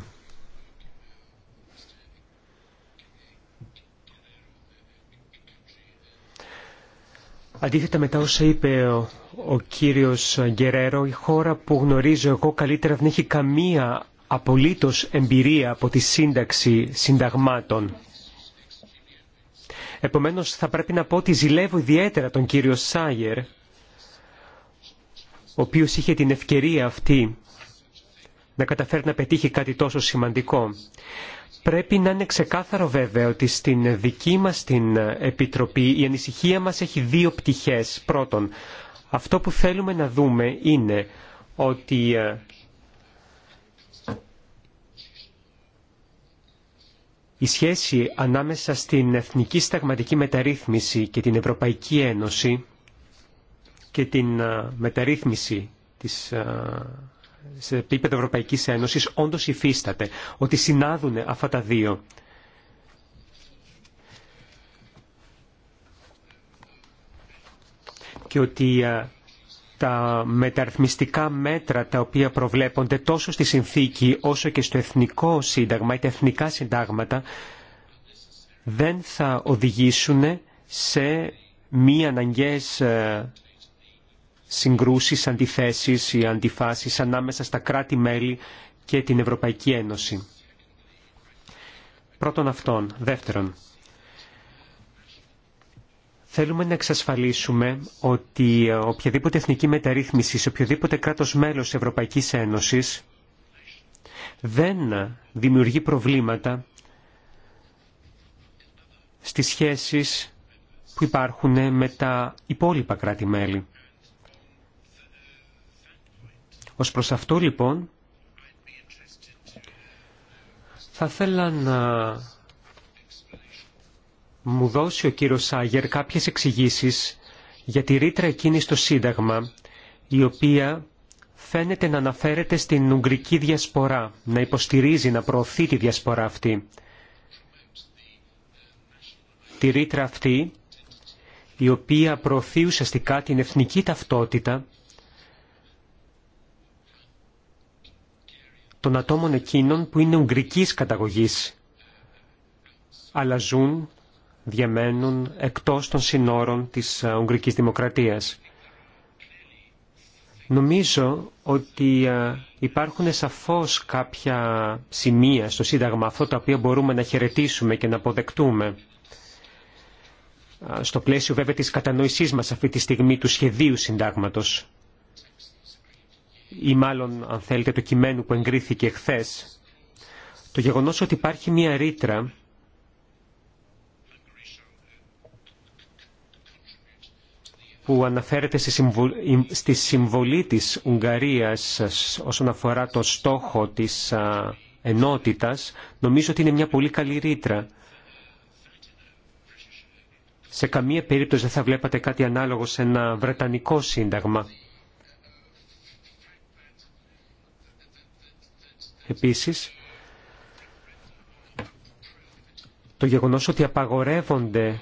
[SPEAKER 3] Αντίθετα μετά όσα είπε ο ο κύριος Γκερέρο, η χώρα που γνωρίζω εγώ καλύτερα δεν έχει καμία απολύτως εμπειρία από τη σύνταξη συνταγμάτων. Επομένως θα πρέπει να πω ότι ζηλεύω ιδιαίτερα τον κύριο Σάγερ, ο οποίος είχε την ευκαιρία αυτή να καταφέρει να πετύχει κάτι τόσο σημαντικό. Πρέπει να είναι ξεκάθαρο βέβαια ότι στην δική μας την Επιτροπή η ανησυχία μας έχει δύο πτυχές. Πρώτον, αυτό που θέλουμε να δούμε είναι ότι ε, η σχέση ανάμεσα στην Εθνική Σταγματική Μεταρρύθμιση και την Ευρωπαϊκή Ένωση και την ε, μεταρρύθμιση της, ε, σε επίπεδο Ευρωπαϊκής Ένωσης όντως υφίσταται, ότι συνάδουν αυτά τα δύο. και ότι ε, τα μεταρρυθμιστικά μέτρα τα οποία προβλέπονται τόσο στη συνθήκη όσο και στο εθνικό σύνταγμα ή τα εθνικά συντάγματα δεν θα οδηγήσουν σε μη αναγκαίες ε, συγκρούσεις, αντιθέσεις ή αντιφάσεις ανάμεσα στα κράτη-μέλη και την Ευρωπαϊκή Ένωση. Πρώτον αυτόν. Δεύτερον, Θέλουμε να εξασφαλίσουμε ότι ε, οποιαδήποτε εθνική μεταρρύθμιση σε οποιοδήποτε κράτος μέλος Ευρωπαϊκής Ένωσης δεν δημιουργεί προβλήματα στις σχέσεις που υπάρχουν με τα υπόλοιπα κράτη-μέλη. Ως προς αυτό λοιπόν θα ήθελα να μου δώσει ο κύριος Σάγερ κάποιες εξηγήσεις για τη ρήτρα εκείνη στο Σύνταγμα, η οποία φαίνεται να αναφέρεται στην Ουγγρική Διασπορά, να υποστηρίζει, να προωθεί τη Διασπορά αυτή. Τη ρήτρα αυτή, η οποία προωθεί ουσιαστικά την εθνική ταυτότητα των ατόμων εκείνων που είναι Ουγγρικής καταγωγής, αλλά ζουν διαμένουν εκτός των συνόρων της ε, Ουγγρικής Δημοκρατίας. Νομίζω ότι ε, υπάρχουν σαφώς κάποια σημεία στο Σύνταγμα αυτό τα οποία μπορούμε να χαιρετήσουμε και να αποδεκτούμε. Ε, στο πλαίσιο βέβαια της κατανοησής μας αυτή τη στιγμή του σχεδίου συντάγματος ή μάλλον αν θέλετε το κειμένου που εγκρίθηκε χθες, το γεγονός ότι υπάρχει μια ρήτρα που αναφέρεται στη συμβολή της Ουγγαρίας όσον αφορά το στόχο της ενότητας, νομίζω ότι είναι μια πολύ καλή ρήτρα. Σε καμία περίπτωση δεν θα βλέπατε κάτι ανάλογο σε ένα Βρετανικό σύνταγμα. Επίσης, το γεγονός ότι απαγορεύονται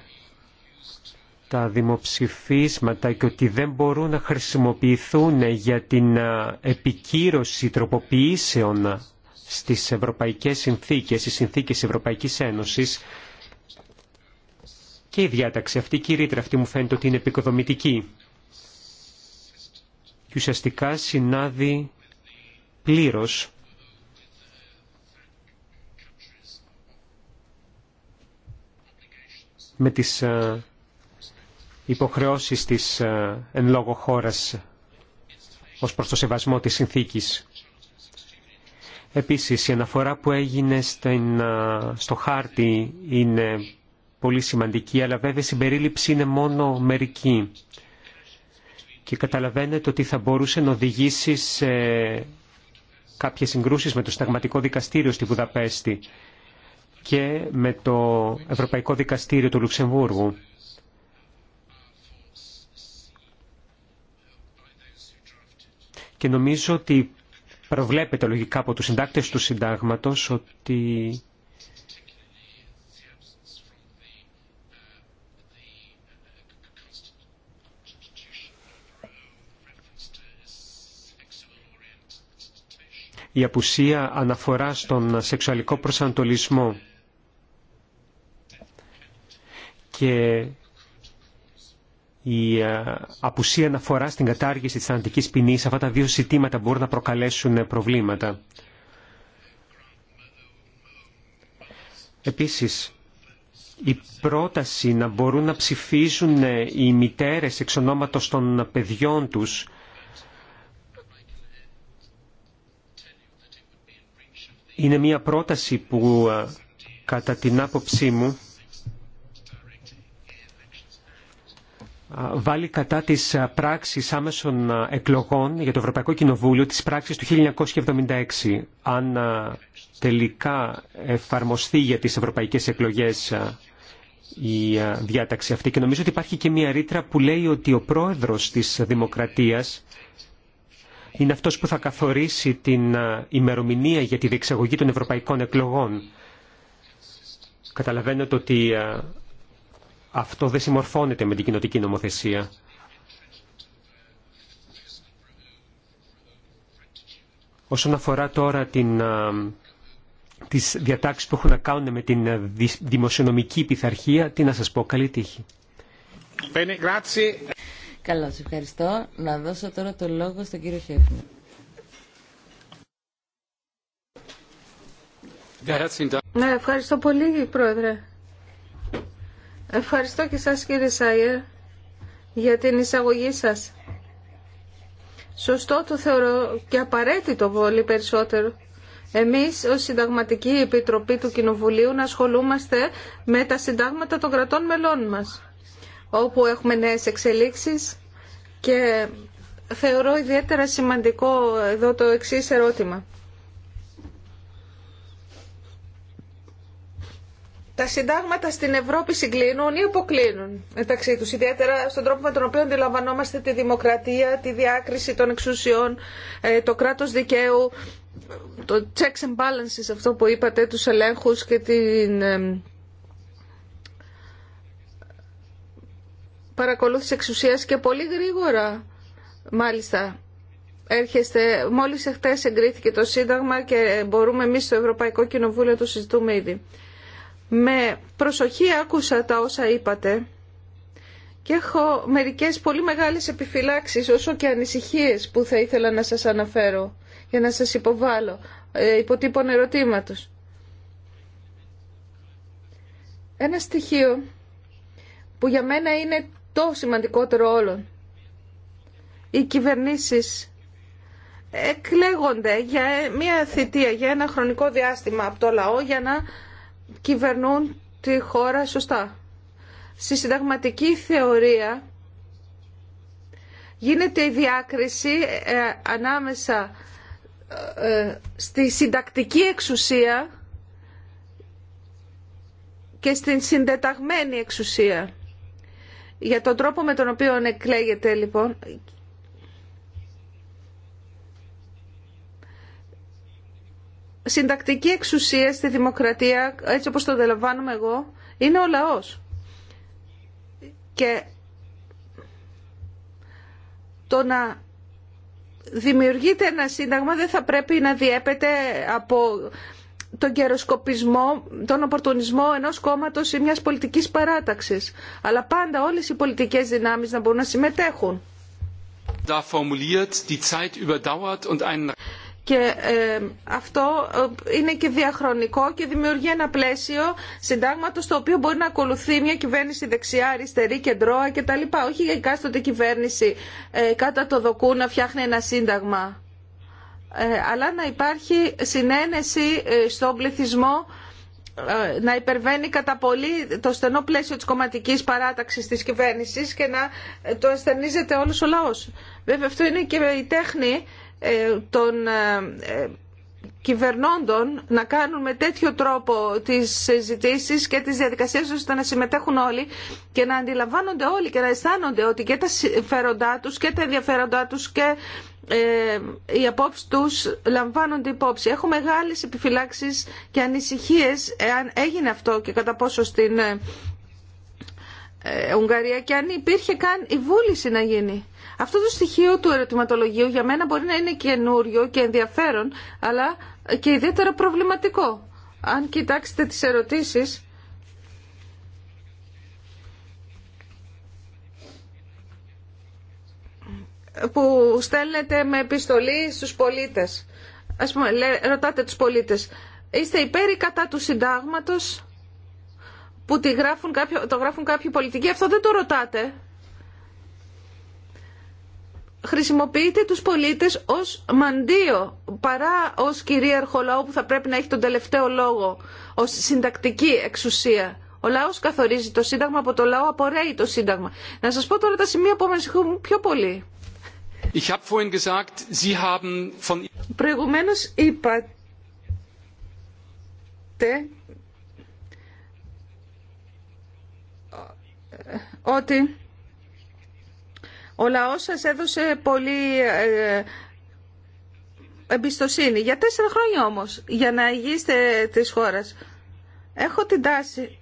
[SPEAKER 3] τα δημοψηφίσματα και ότι δεν μπορούν να χρησιμοποιηθούν για την επικύρωση τροποποιήσεων στις ευρωπαϊκές συνθήκες, στις συνθήκες Ευρωπαϊκής Ένωσης και η διάταξη αυτή, η ρήτρα αυτή μου φαίνεται ότι είναι επικοδομητική και ουσιαστικά συνάδει πλήρως με τις υποχρεώσεις της ε, εν λόγω χώρας ως προς το σεβασμό της συνθήκης. Επίσης, η αναφορά που έγινε ε, στο χάρτη είναι πολύ σημαντική, αλλά βέβαια η συμπερίληψη είναι μόνο μερική. Και καταλαβαίνετε ότι θα μπορούσε να οδηγήσει σε κάποιες συγκρούσεις με το Σταγματικό Δικαστήριο στη Βουδαπέστη και με το Ευρωπαϊκό Δικαστήριο του Λουξεμβούργου. και νομίζω ότι προβλέπεται λογικά από τους συντάκτες του συντάγματος ότι η απουσία αναφορά στον σεξουαλικό προσανατολισμό και η ε, απουσία αναφορά στην κατάργηση της θανατικής ποινής, αυτά τα δύο ζητήματα μπορούν να προκαλέσουν ε, προβλήματα. Επίσης, η πρόταση να μπορούν να ψηφίζουν ε, οι μητέρες εξ ονόματος των παιδιών τους είναι μια πρόταση που κατά την άποψή μου βάλει κατά της πράξης άμεσων εκλογών για το Ευρωπαϊκό Κοινοβούλιο της πράξης του 1976. Αν τελικά εφαρμοστεί για τις ευρωπαϊκές εκλογές η διάταξη αυτή και νομίζω ότι υπάρχει και μια ρήτρα που λέει ότι ο πρόεδρος της Δημοκρατίας είναι αυτός που θα καθορίσει την ημερομηνία για τη διεξαγωγή των ευρωπαϊκών εκλογών. Καταλαβαίνετε ότι αυτό δεν συμμορφώνεται με την κοινοτική νομοθεσία. Όσον αφορά τώρα την, τις διατάξεις που έχουν να κάνουν με την δημοσιονομική πειθαρχία, τι να σας πω, καλή τύχη.
[SPEAKER 1] Καλώ, ευχαριστώ. Να δώσω τώρα το λόγο στον κύριο
[SPEAKER 2] Χέφνη. Ναι, ευχαριστώ πολύ, Πρόεδρε. Ευχαριστώ και σας κύριε Σάιερ για την εισαγωγή σας. Σωστό το θεωρώ και απαραίτητο πολύ περισσότερο. Εμείς ως Συνταγματική Επιτροπή του Κοινοβουλίου να ασχολούμαστε με τα συντάγματα των κρατών μελών μας, όπου έχουμε νέες εξελίξεις και θεωρώ ιδιαίτερα σημαντικό εδώ το εξής ερώτημα. τα συντάγματα στην Ευρώπη συγκλίνουν ή αποκλίνουν μεταξύ τους, ιδιαίτερα στον τρόπο με τον οποίο αντιλαμβανόμαστε τη δημοκρατία, τη διάκριση των εξουσιών, ε, το κράτος δικαίου, το checks and balances, αυτό που είπατε, τους ελέγχους και την ε, παρακολούθηση εξουσίας και πολύ γρήγορα μάλιστα έρχεστε, μόλις εχθές εγκρίθηκε το Σύνταγμα και μπορούμε εμείς στο Ευρωπαϊκό Κοινοβούλιο το συζητούμε ήδη. Με προσοχή άκουσα τα όσα είπατε και έχω μερικές πολύ μεγάλες επιφυλάξεις όσο και ανησυχίες που θα ήθελα να σας αναφέρω για να σας υποβάλω ε, υποτύπων ερωτήματος. Ένα στοιχείο που για μένα είναι το σημαντικότερο όλων. Οι κυβερνήσεις εκλέγονται για μια θητεία, για ένα χρονικό διάστημα από το λαό για να κυβερνούν τη χώρα σωστά. Στη συνταγματική θεωρία γίνεται η διάκριση ε, ανάμεσα ε, στη συντακτική εξουσία και στην συντεταγμένη εξουσία. Για τον τρόπο με τον οποίο εκλέγεται λοιπόν συντακτική εξουσία στη δημοκρατία, έτσι όπως το αντιλαμβάνομαι εγώ, είναι ο λαός. Και το να δημιουργείται ένα σύνταγμα δεν θα πρέπει να διέπεται από τον καιροσκοπισμό, τον οπορτουνισμό ενός κόμματος ή μιας πολιτικής παράταξης. Αλλά πάντα όλες οι πολιτικές δυνάμεις να μπορούν να συμμετέχουν. Και ε, αυτό ε, είναι και διαχρονικό και δημιουργεί ένα πλαίσιο συντάγματος το οποίο μπορεί να ακολουθεί μια κυβέρνηση δεξιά, αριστερή, κεντρώα κτλ. Όχι για εκάστοτε κυβέρνηση ε, κατά το δοκού να φτιάχνει ένα σύνταγμα. Ε, αλλά να υπάρχει συνένεση στον πληθυσμό να υπερβαίνει κατά πολύ το στενό πλαίσιο της κομματικής παράταξης της κυβέρνησης και να το ασθενίζεται όλος ο λαός. Βέβαια αυτό είναι και η τέχνη ε, των ε, ε, κυβερνώντων να κάνουν με τέτοιο τρόπο τις συζητήσει και τις διαδικασίες ώστε να συμμετέχουν όλοι και να αντιλαμβάνονται όλοι και να αισθάνονται ότι και τα συμφέροντά τους και τα ενδιαφέροντά τους και οι απόψεις τους λαμβάνονται υπόψη. Έχω μεγάλες επιφυλάξεις και ανησυχίες εάν έγινε αυτό και κατά πόσο στην ε, Ουγγαρία και αν υπήρχε καν η βούληση να γίνει. Αυτό το στοιχείο του ερωτηματολογίου για μένα μπορεί να είναι καινούριο και ενδιαφέρον, αλλά και ιδιαίτερα προβληματικό. Αν κοιτάξετε τις ερωτήσεις, που στέλνετε με επιστολή στους πολίτες. Ας πούμε, ρωτάτε τους πολίτες, είστε υπέρ ή κατά του συντάγματος που γράφουν κάποιο, το γράφουν κάποιοι πολιτικοί. Αυτό δεν το ρωτάτε χρησιμοποιείτε τους πολίτες ως μαντίο παρά ως κυρίαρχο λαό που θα πρέπει να έχει τον τελευταίο λόγο ως συντακτική εξουσία. Ο λαός καθορίζει το Σύνταγμα, από το λαό απορρέει το Σύνταγμα. Να σας πω τώρα τα σημεία που με ανησυχούν πιο πολύ.
[SPEAKER 4] Ich habe vorhin gesagt,
[SPEAKER 3] Sie haben von...
[SPEAKER 2] Προηγουμένως είπατε ότι ο λαός σας έδωσε πολύ ε, εμπιστοσύνη. Για τέσσερα χρόνια όμως, για να υγείστε της χώρας. Έχω την τάση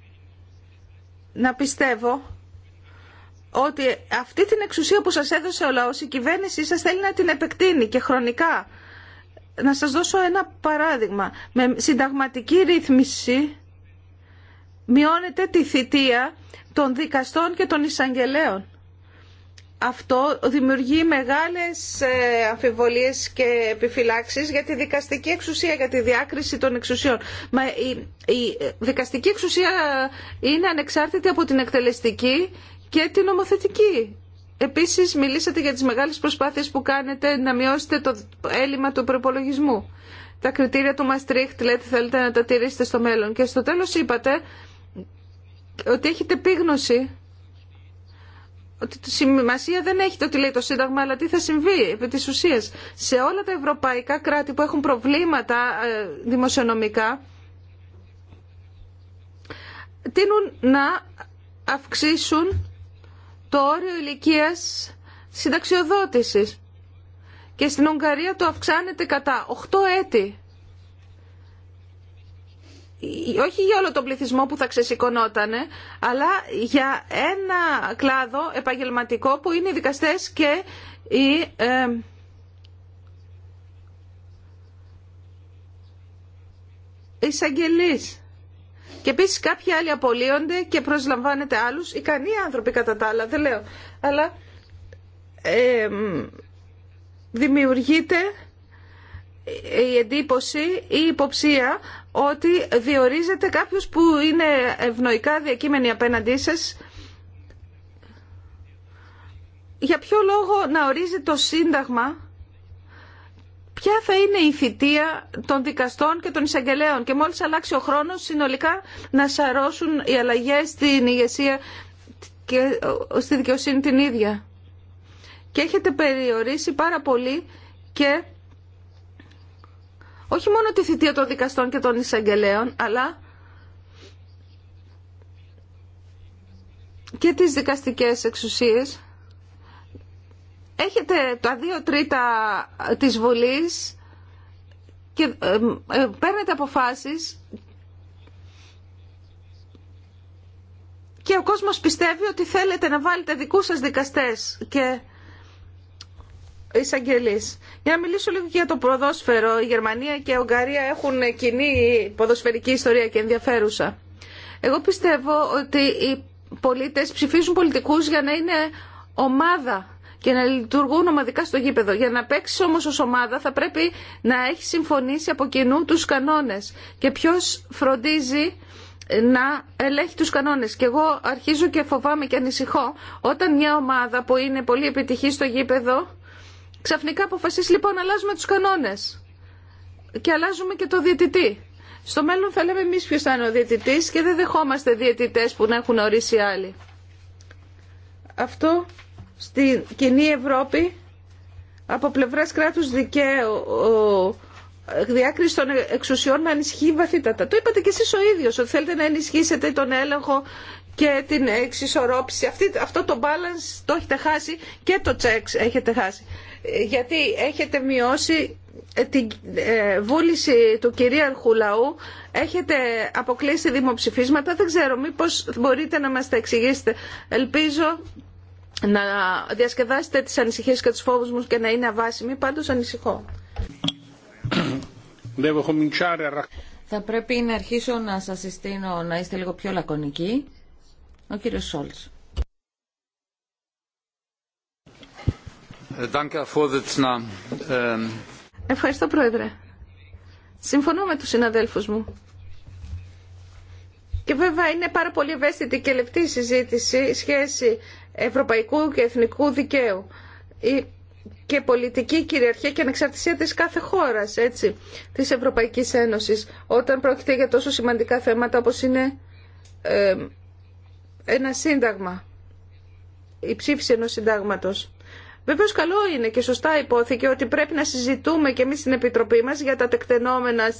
[SPEAKER 2] να πιστεύω ότι αυτή την εξουσία που σας έδωσε ο λαός, η κυβέρνησή σας θέλει να την επεκτείνει και χρονικά. Να σας δώσω ένα παράδειγμα. Με συνταγματική ρύθμιση μειώνεται τη θητεία των δικαστών και των εισαγγελέων αυτό δημιουργεί μεγάλες ε, αμφιβολίες και επιφυλάξεις για τη δικαστική εξουσία, για τη διάκριση των εξουσιών. Μα η, δικαστική εξουσία είναι ανεξάρτητη από την εκτελεστική και την νομοθετική. Επίσης μιλήσατε για τις μεγάλες προσπάθειες που κάνετε να μειώσετε το έλλειμμα του προπολογισμού. Τα κριτήρια του Μαστρίχτ λέτε θέλετε να τα τηρήσετε στο μέλλον. Και στο τέλος είπατε ότι έχετε πείγνωση ότι σημασία δεν έχει το τι λέει το Σύνταγμα, αλλά τι θα συμβεί επί τη ουσία. Σε όλα τα ευρωπαϊκά κράτη που έχουν προβλήματα ε, δημοσιονομικά, τείνουν να αυξήσουν το όριο ηλικίας συνταξιοδότησης. Και στην Ουγγαρία το αυξάνεται κατά 8 έτη όχι για όλο τον πληθυσμό που θα ξεσηκωνότανε, αλλά για ένα κλάδο επαγγελματικό που είναι οι δικαστές και οι ε, εισαγγελείς. Και επίση κάποιοι άλλοι απολύονται και προσλαμβάνεται άλλους, ικανοί άνθρωποι κατά τα άλλα, δεν λέω. Αλλά δημιουργείται η εντύπωση ή η υποψία ότι διορίζεται κάποιος που είναι ευνοϊκά διακείμενοι απέναντί σας. Για ποιο λόγο να ορίζει το Σύνταγμα ποια θα είναι η θητεία των δικαστών και των εισαγγελέων και μόλις αλλάξει ο χρόνος συνολικά να σαρώσουν οι αλλαγές στην ηγεσία και στη δικαιοσύνη την ίδια. Και έχετε περιορίσει πάρα πολύ και όχι μόνο τη θητεία των δικαστών και των εισαγγελέων, αλλά και τις δικαστικές εξουσίες. Έχετε τα δύο τρίτα της Βουλής και ε, παίρνετε αποφάσεις και ο κόσμος πιστεύει ότι θέλετε να βάλετε δικούς σας δικαστές και για να μιλήσω λίγο και για το ποδόσφαιρο. Η Γερμανία και η Ουγγαρία έχουν κοινή ποδοσφαιρική ιστορία και ενδιαφέρουσα. Εγώ πιστεύω ότι οι πολίτε ψηφίζουν πολιτικού για να είναι ομάδα και να λειτουργούν ομαδικά στο γήπεδο. Για να παίξει όμω ω ομάδα θα πρέπει να έχει συμφωνήσει από κοινού του κανόνε. Και ποιο φροντίζει να ελέγχει τους κανόνες. Και εγώ αρχίζω και φοβάμαι και ανησυχώ όταν μια ομάδα που είναι πολύ επιτυχή στο γήπεδο Ξαφνικά αποφασίσει λοιπόν να αλλάζουμε του κανόνε και αλλάζουμε και το διαιτητή. Στο μέλλον θα λέμε εμεί ποιο θα είναι ο διαιτητής και δεν δεχόμαστε διαιτητές που να έχουν ορίσει άλλοι. Αυτό στην κοινή Ευρώπη από πλευρά κράτου δικαίου διάκριση των εξουσιών να ενισχύει βαθύτατα. Το είπατε και εσείς ο ίδιος ότι θέλετε να ενισχύσετε τον έλεγχο και την εξισορρόπηση. αυτό το balance το έχετε χάσει και το checks έχετε χάσει γιατί έχετε μειώσει ε, την ε, βούληση του κυρίαρχου λαού, έχετε αποκλείσει δημοψηφίσματα, δεν ξέρω μήπως μπορείτε να μας τα εξηγήσετε. Ελπίζω να διασκεδάσετε τις ανησυχίες και τους φόβους μου και να είναι αβάσιμοι, πάντως ανησυχώ. Θα πρέπει να αρχίσω
[SPEAKER 1] να σας συστήνω να είστε λίγο πιο λακωνικοί. Ο κύριος Σόλτς.
[SPEAKER 4] Ähm,
[SPEAKER 2] Ευχαριστώ, Πρόεδρε. Συμφωνώ με τους συναδέλφους μου. Και βέβαια είναι πάρα πολύ ευαίσθητη και λεπτή συζήτηση σχέση ευρωπαϊκού και εθνικού δικαίου και πολιτική κυριαρχία και ανεξαρτησία της κάθε χώρας, έτσι, της Ευρωπαϊκής Ένωσης, όταν πρόκειται για τόσο σημαντικά θέματα όπως είναι ε, ένα σύνταγμα, η ψήφιση ενός συντάγματος. Βεβαίω καλό είναι και σωστά υπόθηκε ότι πρέπει να συζητούμε και εμεί στην Επιτροπή μας για τα τεκτενόμενα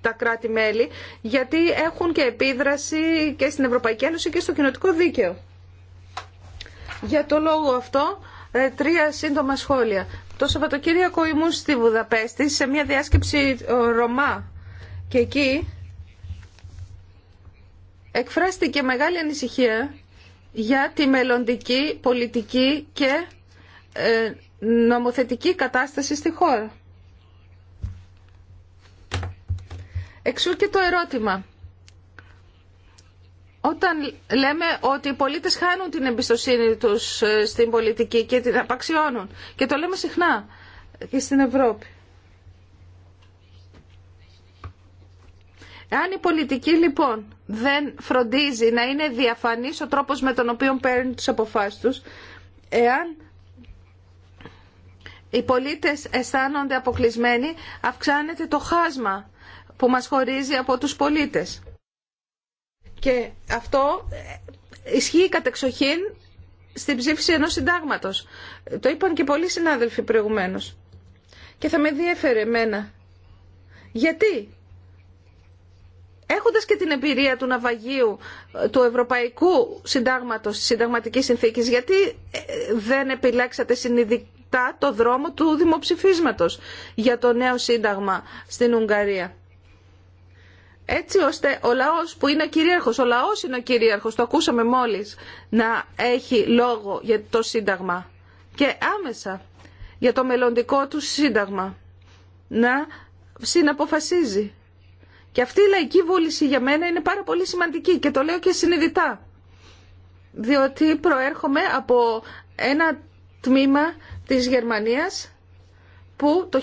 [SPEAKER 2] τα κράτη-μέλη, γιατί έχουν και επίδραση και στην Ευρωπαϊκή Ένωση και στο κοινοτικό δίκαιο. Για το λόγο αυτό, ε, τρία σύντομα σχόλια. Το Σαββατοκύριακο ήμουν στη Βουδαπέστη σε μια διάσκεψη ε, Ρωμά και εκεί εκφράστηκε μεγάλη ανησυχία για τη μελλοντική πολιτική και ε, νομοθετική κατάσταση στη χώρα. Εξού και το ερώτημα. Όταν λέμε ότι οι πολίτες χάνουν την εμπιστοσύνη τους ε, στην πολιτική και την απαξιώνουν, και το λέμε συχνά και στην Ευρώπη. Αν η πολιτική λοιπόν δεν φροντίζει να είναι διαφανής ο τρόπος με τον οποίο παίρνει τις αποφάσεις τους, εάν οι πολίτες αισθάνονται αποκλεισμένοι, αυξάνεται το χάσμα που μας χωρίζει από τους πολίτες. Και αυτό ε, ισχύει κατεξοχήν στην ψήφιση ενός συντάγματος. Το είπαν και πολλοί συνάδελφοι προηγουμένως. Και θα με διέφερε εμένα. Γιατί έχοντας και την εμπειρία του ναυαγίου ε, του Ευρωπαϊκού Συντάγματος, της Συνταγματικής Συνθήκης, γιατί ε, δεν επιλέξατε ανοιχτά το δρόμο του δημοψηφίσματος για το νέο σύνταγμα στην Ουγγαρία. Έτσι ώστε ο λαός που είναι κυρίαρχος, ο λαός είναι ο κυρίαρχος, το ακούσαμε μόλις, να έχει λόγο για το σύνταγμα και άμεσα για το μελλοντικό του σύνταγμα να συναποφασίζει. Και αυτή η λαϊκή βούληση για μένα είναι πάρα πολύ σημαντική και το λέω και συνειδητά. Διότι προέρχομαι από ένα τμήμα της Γερμανίας που το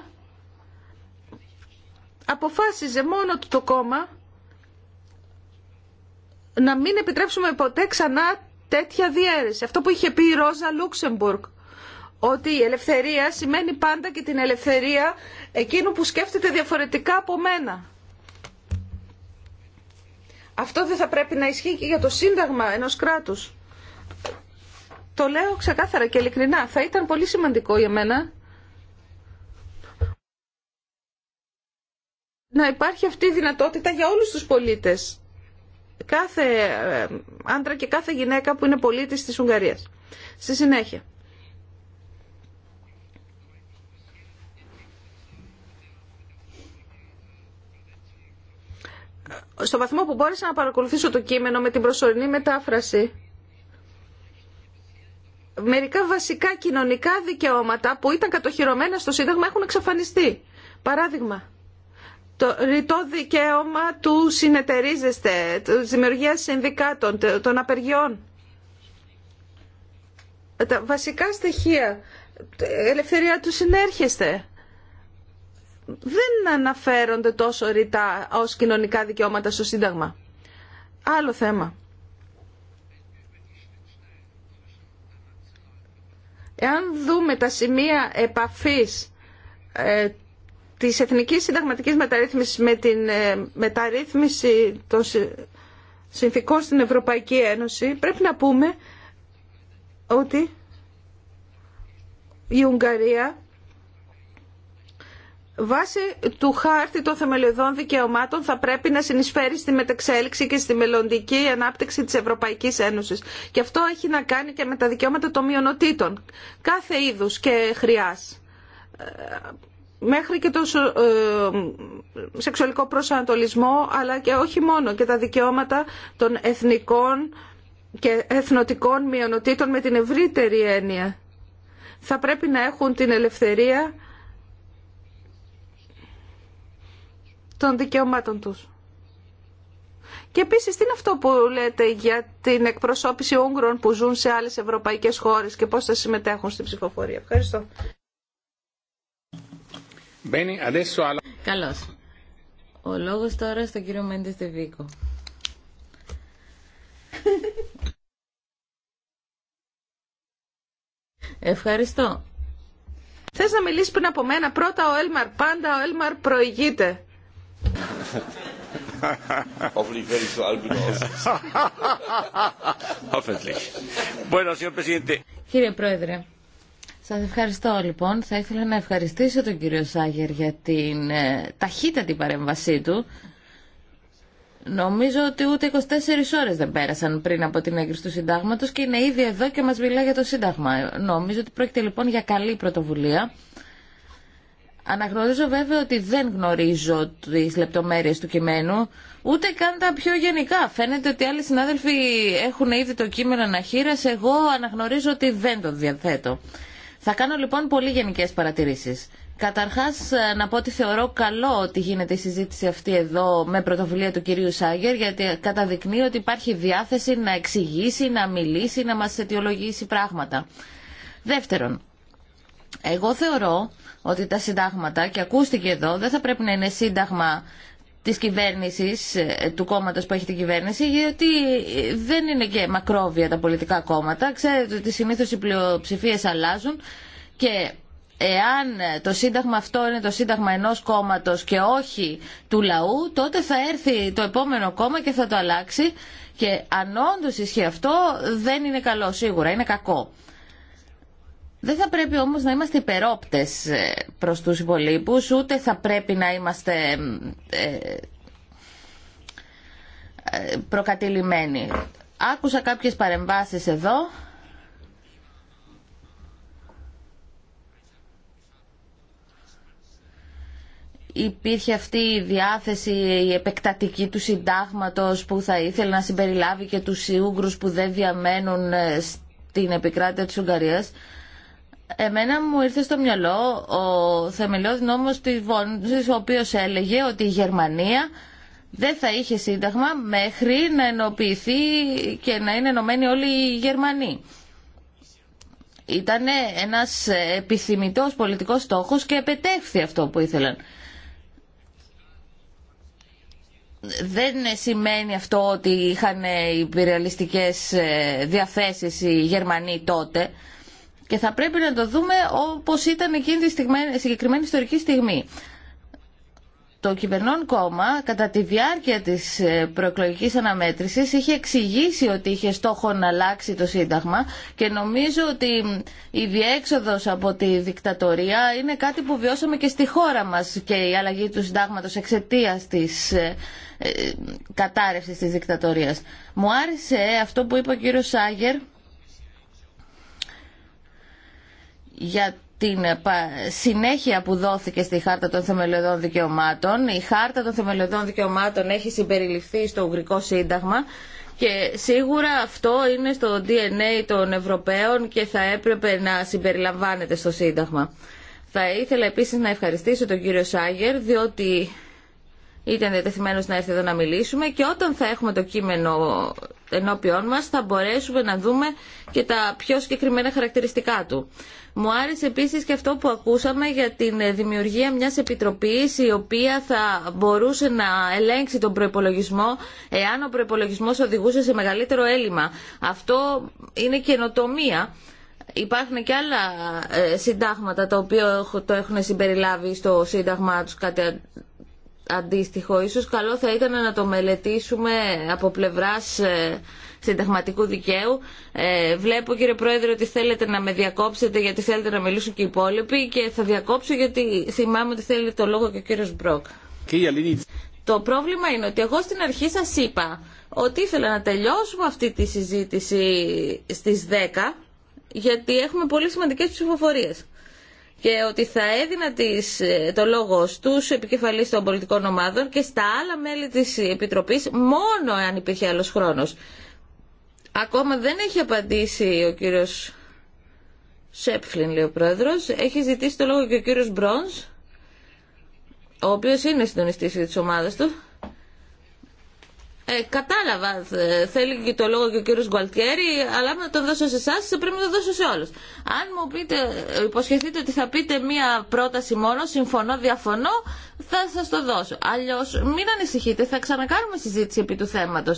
[SPEAKER 2] 1989 αποφάσιζε μόνο του το κόμμα να μην επιτρέψουμε ποτέ ξανά τέτοια διαίρεση. Αυτό που είχε πει η Ρόζα Λούξεμπουργκ, ότι η ελευθερία σημαίνει πάντα και την ελευθερία εκείνου που σκέφτεται διαφορετικά από μένα. Αυτό δεν θα πρέπει να ισχύει και για το σύνταγμα ενός κράτους. Το λέω ξεκάθαρα και ειλικρινά. Θα ήταν πολύ σημαντικό για μένα να υπάρχει αυτή η δυνατότητα για όλους τους πολίτες. Κάθε ε, άντρα και κάθε γυναίκα που είναι πολίτης της Ουγγαρίας. Στη συνέχεια. Στο βαθμό που μπόρεσα να παρακολουθήσω το κείμενο με την προσωρινή μετάφραση, μερικά βασικά κοινωνικά δικαιώματα που ήταν κατοχυρωμένα στο Σύνταγμα έχουν εξαφανιστεί. Παράδειγμα, το ρητό δικαίωμα του συνεταιρίζεστε, τη δημιουργία συνδικάτων, των απεργιών. Τα βασικά στοιχεία, ελευθερία του συνέρχεστε, δεν αναφέρονται τόσο ρητά ως κοινωνικά δικαιώματα στο Σύνταγμα. Άλλο θέμα. Εάν δούμε τα σημεία επαφής ε, της Εθνικής Συνταγματικής Μεταρρύθμισης με την ε, μεταρρύθμιση των συνθήκων στην Ευρωπαϊκή Ένωση, πρέπει να πούμε ότι η Ουγγαρία Βάσει του χάρτη των θεμελιωδών δικαιωμάτων θα πρέπει να συνεισφέρει στη μετεξέλιξη και στη μελλοντική ανάπτυξη της Ευρωπαϊκής Ένωσης. Και αυτό έχει να κάνει και με τα δικαιώματα των μειονοτήτων. Κάθε είδους και χρειάς. Ε, μέχρι και το ε, σεξουαλικό προσανατολισμό, αλλά και όχι μόνο. Και τα δικαιώματα των εθνικών και εθνοτικών μειονοτήτων με την ευρύτερη έννοια. Θα πρέπει να έχουν την ελευθερία των δικαιωμάτων τους. Και επίσης τι είναι αυτό που λέτε για την εκπροσώπηση Ούγγρων που ζουν σε άλλες ευρωπαϊκές χώρες και πώς θα συμμετέχουν στην ψηφοφορία. Ευχαριστώ. Καλώς. Ο λόγος
[SPEAKER 4] τώρα στον
[SPEAKER 1] κύριο Μέντες Τεβίκο. Ευχαριστώ. Θες να μιλήσεις
[SPEAKER 2] πριν από μένα. Πρώτα ο Έλμαρ. Πάντα ο Έλμαρ προηγείται.
[SPEAKER 3] Hoffentlich werde ich so alt Hoffentlich.
[SPEAKER 1] Κύριε Πρόεδρε, σα ευχαριστώ λοιπόν. Θα ήθελα να ευχαριστήσω τον κύριο Σάγερ για την ε, ταχύτατη παρέμβασή του. Νομίζω ότι ούτε 24 ώρες δεν πέρασαν πριν από την έγκριση του συντάγματος και είναι ήδη εδώ και μας μιλά για το σύνταγμα. Νομίζω ότι πρόκειται λοιπόν για καλή πρωτοβουλία. Αναγνωρίζω βέβαια ότι δεν γνωρίζω τι λεπτομέρειε του κειμένου, ούτε καν τα πιο γενικά. Φαίνεται ότι άλλοι συνάδελφοι έχουν ήδη το κείμενο αναχείρας, εγώ αναγνωρίζω ότι δεν το διαθέτω. Θα κάνω λοιπόν πολύ γενικέ παρατηρήσει. Καταρχά να πω ότι θεωρώ καλό ότι γίνεται η συζήτηση αυτή εδώ με πρωτοβουλία του κυρίου Σάγκερ γιατί καταδεικνύει ότι υπάρχει διάθεση να εξηγήσει, να μιλήσει, να μα αιτιολογήσει πράγματα. Δεύτερον, εγώ θεωρώ ότι τα συντάγματα, και ακούστηκε εδώ, δεν θα πρέπει να είναι σύνταγμα της κυβέρνησης, ε, του κόμματος που έχει την κυβέρνηση, γιατί δεν είναι και μακρόβια τα πολιτικά κόμματα. Ξέρετε ότι συνήθω οι πλειοψηφίε αλλάζουν και εάν το σύνταγμα αυτό είναι το σύνταγμα ενός κόμματος και όχι του λαού, τότε θα έρθει το επόμενο κόμμα και θα το αλλάξει και αν όντως ισχύει αυτό δεν είναι καλό σίγουρα, είναι κακό. Δεν θα πρέπει όμως να είμαστε υπερόπτες ε, προς τους υπολείπους, ούτε θα πρέπει να είμαστε ε, ε, προκατηλημένοι. Άκουσα κάποιες παρεμβάσεις εδώ. υπήρχε αυτή η διάθεση η επεκτατική του συντάγματος που θα ήθελε να συμπεριλάβει και τους Ιούγκρους που δεν διαμένουν στην επικράτεια της Ουγγαρίας. Εμένα μου ήρθε στο μυαλό ο θεμελιώδης νόμος της Βόνης, ο οποίος έλεγε ότι η Γερμανία δεν θα είχε σύνταγμα μέχρι να ενοποιηθεί και να είναι ενωμένοι όλοι οι Γερμανοί. Ήταν ένας επιθυμητός πολιτικός στόχος και επετέχθη αυτό που ήθελαν. Δεν σημαίνει αυτό ότι είχαν υπηρεαλιστικές ε, διαθέσεις οι Γερμανοί τότε. Και θα πρέπει να το δούμε όπως ήταν εκείνη τη συγκεκριμένη ιστορική στιγμή. Το κυβερνών κόμμα κατά τη διάρκεια της ε, προεκλογικής αναμέτρησης είχε εξηγήσει ότι είχε στόχο να αλλάξει το Σύνταγμα και νομίζω ότι η διέξοδος από τη δικτατορία είναι κάτι που βιώσαμε και στη χώρα μας και η αλλαγή του Συντάγματος εξαιτία της ε, ε, κατάρρευσης της δικτατορίας. Μου άρεσε αυτό που είπε ο κύριος Σάγερ για την ε, συνέχεια που δόθηκε στη Χάρτα των Θεμελιωδών Δικαιωμάτων. Η Χάρτα των Θεμελιωδών Δικαιωμάτων έχει συμπεριληφθεί στο Ουγγρικό Σύνταγμα και σίγουρα αυτό είναι στο DNA των Ευρωπαίων και θα έπρεπε να συμπεριλαμβάνεται στο Σύνταγμα. Θα ήθελα επίσης να ευχαριστήσω τον κύριο Σάγερ διότι ήταν διατεθειμένος να έρθει εδώ να μιλήσουμε και όταν θα έχουμε το κείμενο ενώπιόν μας θα μπορέσουμε να δούμε και τα πιο συγκεκριμένα χαρακτηριστικά του. Μου άρεσε επίσης και αυτό που ακούσαμε για την δημιουργία μιας επιτροπής η οποία θα μπορούσε να ελέγξει τον προϋπολογισμό εάν ο προϋπολογισμός οδηγούσε σε μεγαλύτερο έλλειμμα. Αυτό είναι καινοτομία. Υπάρχουν και άλλα ε, συντάγματα τα οποία το έχουν συμπεριλάβει στο σύνταγμά τους κατά αντίστοιχο. Ίσως καλό θα ήταν να το μελετήσουμε από πλευράς ε, συνταγματικού δικαίου. Ε, βλέπω κύριε Πρόεδρε ότι θέλετε να με διακόψετε γιατί θέλετε να μιλήσουν και οι υπόλοιποι και θα διακόψω γιατί θυμάμαι ότι θέλετε το λόγο και ο κύριος Μπρόκ. Το πρόβλημα είναι ότι εγώ στην αρχή σας είπα ότι ήθελα να τελειώσουμε αυτή τη συζήτηση στις 10 γιατί έχουμε πολύ σημαντικές ψηφοφορίες και ότι θα έδινα τις, ε, το λόγο στους επικεφαλείς των πολιτικών ομάδων και στα άλλα μέλη της Επιτροπής μόνο αν υπήρχε άλλος χρόνος. Ακόμα δεν έχει απαντήσει ο κύριος Σέπφλιν, λέει ο πρόεδρος. Έχει ζητήσει το λόγο και ο κύριος Μπρόνς, ο οποίος είναι συντονιστής της ομάδας του. Ε, κατάλαβα, ε, θέλει και το λόγο και ο κύριο Γκουαλτιέρη, αλλά άμα το δώσω σε εσά, πρέπει να το δώσω σε όλου. Αν μου πείτε, ε, υποσχεθείτε ότι θα πείτε μία πρόταση μόνο, συμφωνώ, διαφωνώ, θα σα το δώσω. Αλλιώ, μην ανησυχείτε, θα ξανακάνουμε συζήτηση επί του θέματο.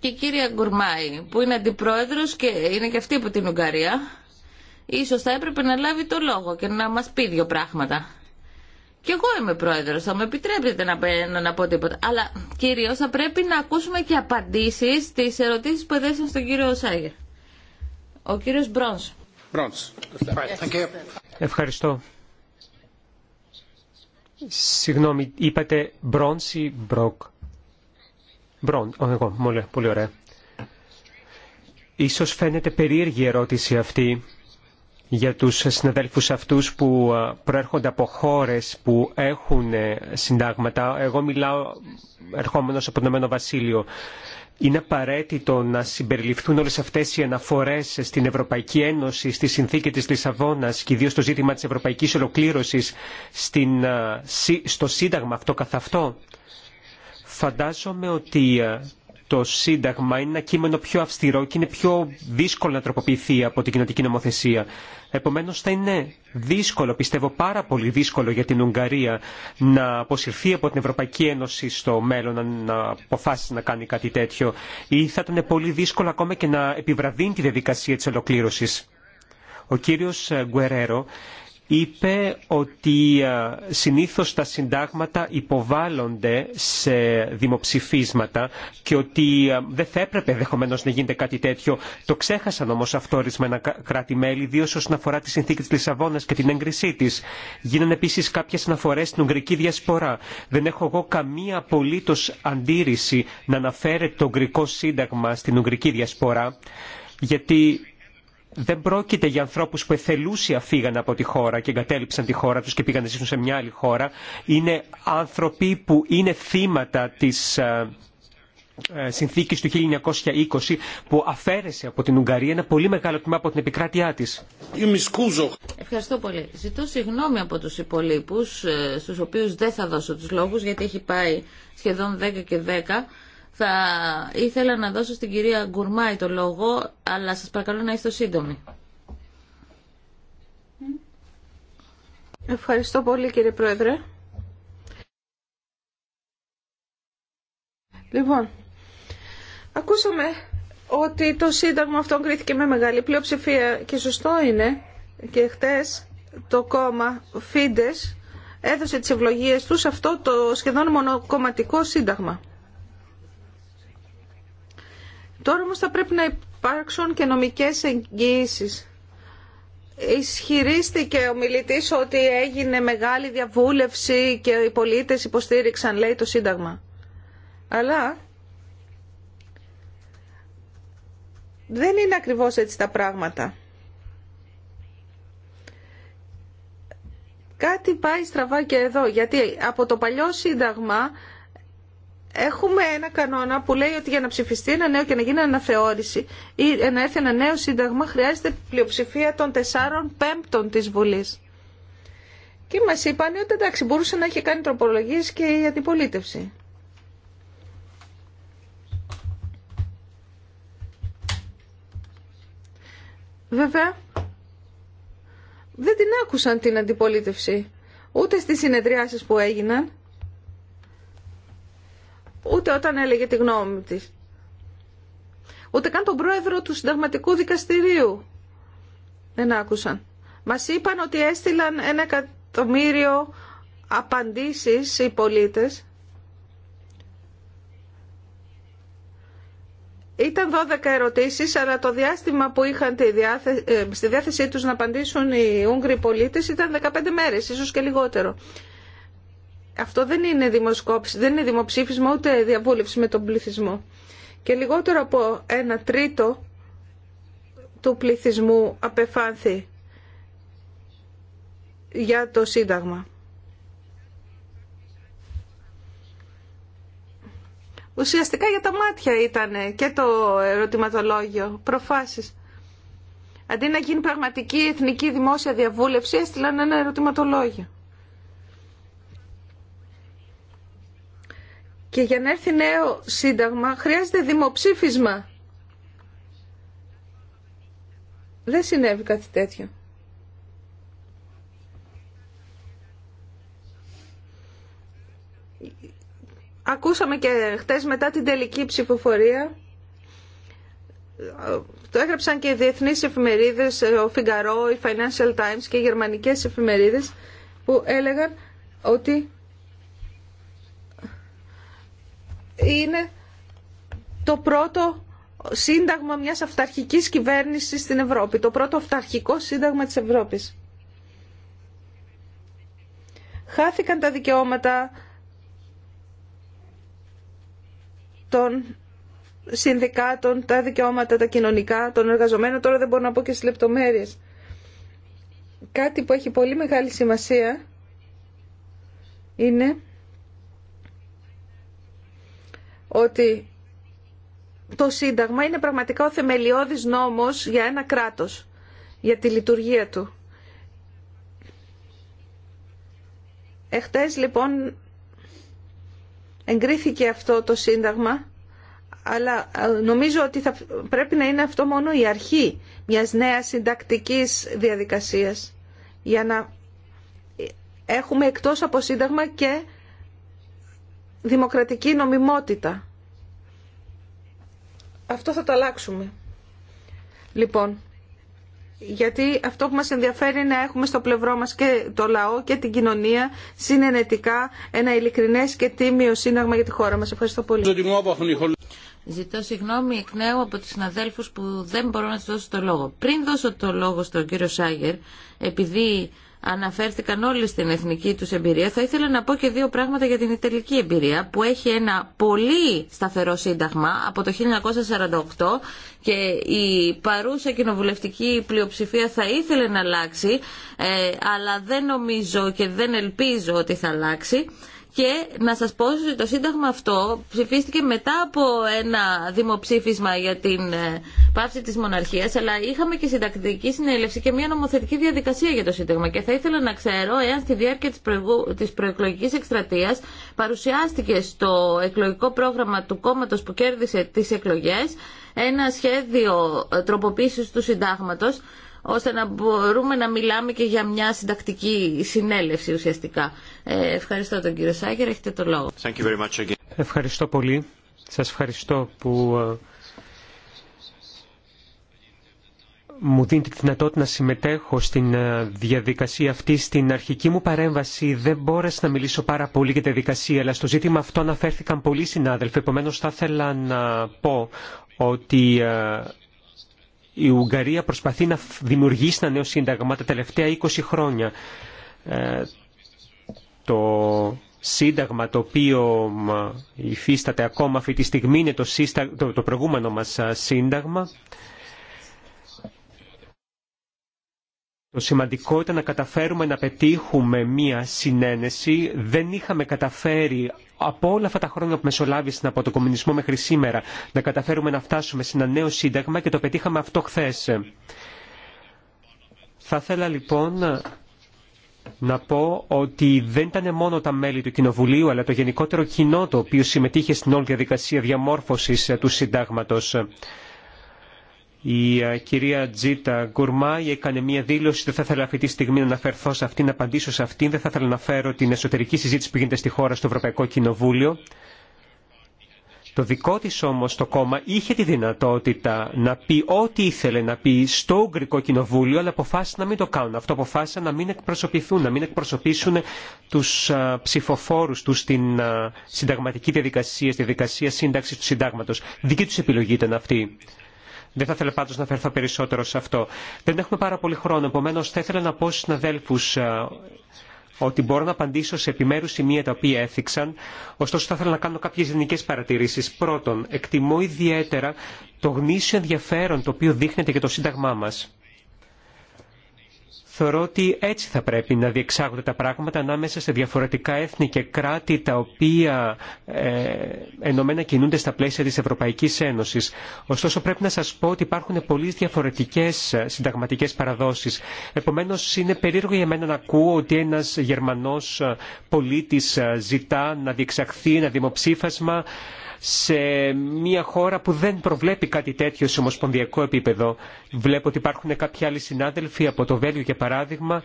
[SPEAKER 1] Και η κύρια Γκουρμάη, που είναι αντιπρόεδρος και είναι και αυτή από την Ουγγαρία, ίσως θα έπρεπε να λάβει το λόγο και να μας πει δύο πράγματα. Και εγώ είμαι πρόεδρος, θα μου επιτρέπετε να, να, να πω τίποτα. Αλλά κυρίως θα πρέπει να ακούσουμε και απαντήσεις στις ερωτήσεις που έδεσαν στον κύριο Σάγερ. Ο κύριος Μπρόνς.
[SPEAKER 3] Μπρόνς. Ευχαριστώ. Συγγνώμη, είπατε Μπρόνς ή Μπρόκ. Μπρόν, εγώ, πολύ ωραία. Ίσως φαίνεται περίεργη η ερώτηση αυτή, για τους συναδέλφους αυτούς που ε, προέρχονται από χώρες που έχουν ε, συντάγματα. Εγώ μιλάω ερχόμενος από το Νομένο Βασίλειο. Είναι απαραίτητο να συμπεριληφθούν όλες αυτές οι αναφορές στην Ευρωπαϊκή Ένωση, στη συνθήκη της Λισαβόνας και ιδίως στο ζήτημα της ευρωπαϊκής ολοκλήρωσης στην, ε, στο Σύνταγμα αυτό καθ' αυτό. Φαντάζομαι ότι το Σύνταγμα είναι ένα κείμενο πιο αυστηρό και είναι πιο δύσκολο να τροποποιηθεί από την κοινοτική νομοθεσία. Επομένω, θα είναι δύσκολο, πιστεύω πάρα πολύ δύσκολο για την Ουγγαρία να αποσυρθεί από την Ευρωπαϊκή Ένωση στο μέλλον, να αποφάσει να κάνει κάτι τέτοιο, ή θα ήταν πολύ δύσκολο ακόμα και να επιβραδύνει τη διαδικασία τη ολοκλήρωση. Ο κύριο ε, Γκουερέρο είπε ότι ε, συνήθως τα συντάγματα υποβάλλονται σε δημοψηφίσματα και ότι ε, δεν θα έπρεπε ενδεχομένω να γίνεται κάτι τέτοιο. Το ξέχασαν όμως αυτό ορισμένα κράτη-μέλη, ιδίως όσον αφορά τη συνθήκη της Λισαβόνας και την έγκρισή της. Γίνανε επίσης κάποιες αναφορές στην Ουγγρική Διασπορά. Δεν έχω εγώ καμία απολύτως αντίρρηση να αναφέρεται το Ουγγρικό Σύνταγμα στην Ουγγρική Διασπορά, γιατί δεν πρόκειται για ανθρώπους που εθελούσια φύγαν από τη χώρα και εγκατέλειψαν τη χώρα τους και πήγαν να ζήσουν σε μια άλλη χώρα. Είναι άνθρωποι που είναι θύματα της ε, ε, συνθήκης του 1920 που αφαίρεσε από την Ουγγαρία ένα πολύ μεγάλο τμήμα από την επικράτειά της.
[SPEAKER 1] Ευχαριστώ πολύ. Ζητώ συγγνώμη από τους υπολείπους, ε, στους οποίους δεν θα δώσω τους λόγους γιατί έχει πάει σχεδόν 10 και 10 θα ήθελα να δώσω στην κυρία Γκουρμάη το λόγο, αλλά σας παρακαλώ να
[SPEAKER 2] είστε σύντομοι. Ευχαριστώ πολύ κύριε Πρόεδρε. Λοιπόν, ακούσαμε ότι το Σύνταγμα αυτό κρίθηκε με μεγάλη πλειοψηφία και σωστό είναι και χτες το κόμμα Φίντες έδωσε τις ευλογίες σε αυτό το σχεδόν μονοκομματικό Σύνταγμα. Τώρα όμως θα πρέπει να υπάρξουν και νομικές εγγύησεις. Ισχυρίστηκε ο μιλητής ότι έγινε μεγάλη διαβούλευση και οι πολίτες υποστήριξαν, λέει, το Σύνταγμα. Αλλά δεν είναι ακριβώς έτσι τα πράγματα. Κάτι πάει στραβά και εδώ, γιατί από το παλιό Σύνταγμα έχουμε ένα κανόνα που λέει ότι για να ψηφιστεί ένα νέο και να γίνει αναθεώρηση ή να έρθει ένα νέο σύνταγμα χρειάζεται πλειοψηφία των τεσσάρων πέμπτων της Βουλής. Και μας είπαν ότι εντάξει μπορούσε να έχει κάνει τροπολογίες και η αντιπολίτευση. Βέβαια, δεν την άκουσαν την αντιπολίτευση, ούτε στις συνεδριάσεις που έγιναν ούτε όταν έλεγε τη γνώμη της. Ούτε καν τον πρόεδρο του συνταγματικού δικαστηρίου δεν άκουσαν. Μας είπαν ότι έστειλαν ένα εκατομμύριο απαντήσεις οι πολίτες. Ήταν 12 ερωτήσεις, αλλά το διάστημα που είχαν τη ε, στη διάθεσή τους να απαντήσουν οι Ούγγροι πολίτες ήταν 15 μέρες, ίσως και λιγότερο αυτό δεν είναι δημοσκόπηση, δεν είναι δημοψήφισμα ούτε διαβούλευση με τον πληθυσμό. Και λιγότερο από ένα τρίτο του πληθυσμού απεφάνθη για το Σύνταγμα. Ουσιαστικά για τα μάτια ήταν και το ερωτηματολόγιο, προφάσεις. Αντί να γίνει πραγματική εθνική δημόσια διαβούλευση, έστειλαν ένα ερωτηματολόγιο. Και για να έρθει νέο σύνταγμα χρειάζεται δημοψήφισμα. Δεν συνέβη κάτι τέτοιο. Ακούσαμε και χτες μετά την τελική ψηφοφορία. Το έγραψαν και οι διεθνείς εφημερίδες, ο Φιγκαρό, οι Financial Times και οι γερμανικές εφημερίδες που έλεγαν ότι είναι το πρώτο σύνταγμα μιας αυταρχικής κυβέρνησης στην Ευρώπη, το πρώτο αυταρχικό σύνταγμα της Ευρώπης. Χάθηκαν τα δικαιώματα των συνδικάτων, τα δικαιώματα τα κοινωνικά, των εργαζομένων, τώρα δεν μπορώ να πω και στις λεπτομέρειες. Κάτι που έχει πολύ μεγάλη σημασία είναι ότι το Σύνταγμα είναι πραγματικά ο θεμελιώδης νόμος για ένα κράτος, για τη λειτουργία του. Εχθές λοιπόν εγκρίθηκε αυτό το Σύνταγμα, αλλά ε, νομίζω ότι θα πρέπει να είναι αυτό μόνο η αρχή μιας νέας συντακτικής διαδικασίας, για να έχουμε εκτός από Σύνταγμα και δημοκρατική νομιμότητα. Αυτό θα το αλλάξουμε. Λοιπόν, γιατί αυτό που μας ενδιαφέρει είναι να έχουμε στο πλευρό μας και το λαό και την κοινωνία συνενετικά ένα ειλικρινές και τίμιο σύναγμα για τη χώρα μας. Ευχαριστώ πολύ.
[SPEAKER 1] Ζητώ συγγνώμη εκ νέου από τους συναδέλφους που δεν μπορώ να τους δώσω το λόγο. Πριν δώσω το λόγο στον κύριο Σάγερ, επειδή αναφέρθηκαν όλοι στην εθνική τους εμπειρία, θα ήθελα να πω και δύο πράγματα για την ιταλική εμπειρία που έχει ένα πολύ σταθερό σύνταγμα από το 1948 και η παρούσα κοινοβουλευτική πλειοψηφία θα ήθελε να αλλάξει ε, αλλά δεν νομίζω και δεν ελπίζω ότι θα αλλάξει. Και να σας πω ότι το Σύνταγμα αυτό ψηφίστηκε μετά από ένα δημοψήφισμα για την ε, πάυση της μοναρχίας, αλλά είχαμε και συντακτική συνέλευση και μια νομοθετική διαδικασία για το Σύνταγμα. Και θα ήθελα να ξέρω εάν στη διάρκεια της, προεκλογική της προεκλογικής εκστρατείας παρουσιάστηκε στο εκλογικό πρόγραμμα του κόμματος που κέρδισε τις εκλογές ένα σχέδιο τροποποίησης του Συντάγματος ώστε να μπορούμε να μιλάμε και για μια συντακτική συνέλευση ουσιαστικά. Ε, ευχαριστώ τον κύριο Σάγκερ, έχετε το λόγο.
[SPEAKER 3] Ευχαριστώ πολύ. Σας ευχαριστώ που ε, μου δίνετε τη δυνατότητα να συμμετέχω στην ε, διαδικασία αυτή. Στην αρχική μου παρέμβαση δεν μπόρεσα να μιλήσω πάρα πολύ για τη διαδικασία, αλλά στο ζήτημα αυτό αναφέρθηκαν πολλοί συνάδελφοι. Επομένω, θα ήθελα να πω ότι η Ουγγαρία προσπαθεί να δημιουργήσει ένα νέο σύνταγμα τα τελευταία 20 χρόνια. Ε, το σύνταγμα το οποίο υφίσταται ακόμα αυτή τη στιγμή είναι το, το, το προηγούμενο μας σύνταγμα. Το σημαντικό ήταν να καταφέρουμε να πετύχουμε μία συνένεση. Δεν είχαμε καταφέρει από όλα αυτά τα χρόνια που μεσολάβησαν από τον κομμουνισμό μέχρι σήμερα να καταφέρουμε να φτάσουμε σε ένα νέο σύνταγμα και το πετύχαμε αυτό χθε. Θα ήθελα λοιπόν να πω ότι δεν ήταν μόνο τα μέλη του Κοινοβουλίου αλλά το γενικότερο κοινό το οποίο συμμετείχε στην όλη διαδικασία διαμόρφωσης του συντάγματος. Η κυρία Τζίτα Γκουρμάη έκανε μία δήλωση, δεν θα ήθελα αυτή τη στιγμή να αναφερθώ σε αυτήν, να απαντήσω σε αυτήν, δεν θα ήθελα να φέρω την εσωτερική συζήτηση που γίνεται στη χώρα στο Ευρωπαϊκό Κοινοβούλιο. Το δικό τη όμω το κόμμα είχε τη δυνατότητα να πει ό,τι ήθελε να πει στο Ουγγρικό Κοινοβούλιο, αλλά αποφάσισαν να μην το κάνουν. Αυτό αποφάσισαν να μην εκπροσωπηθούν, να μην εκπροσωπήσουν του ψηφοφόρου του στην συνταγματική διαδικασία, στη διαδικασία σύνταξη του συντάγματο. Δική του επιλογή ήταν αυτή. Δεν θα ήθελα πάντω να φέρθω περισσότερο σε αυτό. Δεν έχουμε πάρα πολύ χρόνο, επομένω θα ήθελα να πω στου συναδέλφου ε, ότι μπορώ να απαντήσω σε επιμέρου σημεία τα οποία έθιξαν, ωστόσο θα ήθελα να κάνω κάποιε γενικέ παρατηρήσει. Πρώτον, εκτιμώ ιδιαίτερα το γνήσιο ενδιαφέρον το οποίο δείχνεται για το Σύνταγμά μα. Θεωρώ ότι έτσι θα πρέπει να διεξάγονται τα πράγματα ανάμεσα σε διαφορετικά έθνη και κράτη τα οποία ε, ενωμένα κινούνται στα πλαίσια της Ευρωπαϊκής Ένωσης. Ωστόσο πρέπει να σας πω ότι υπάρχουν πολλές διαφορετικές ε, συνταγματικές παραδόσεις. Επομένως είναι περίεργο για μένα να ακούω ότι ένας Γερμανός ε, πολίτης ζητά να διεξαχθεί ένα δημοψήφασμα σε μια χώρα που δεν προβλέπει κάτι τέτοιο σε ομοσπονδιακό επίπεδο. Βλέπω ότι υπάρχουν κάποιοι άλλοι συνάδελφοι από το Βέλιο, για παράδειγμα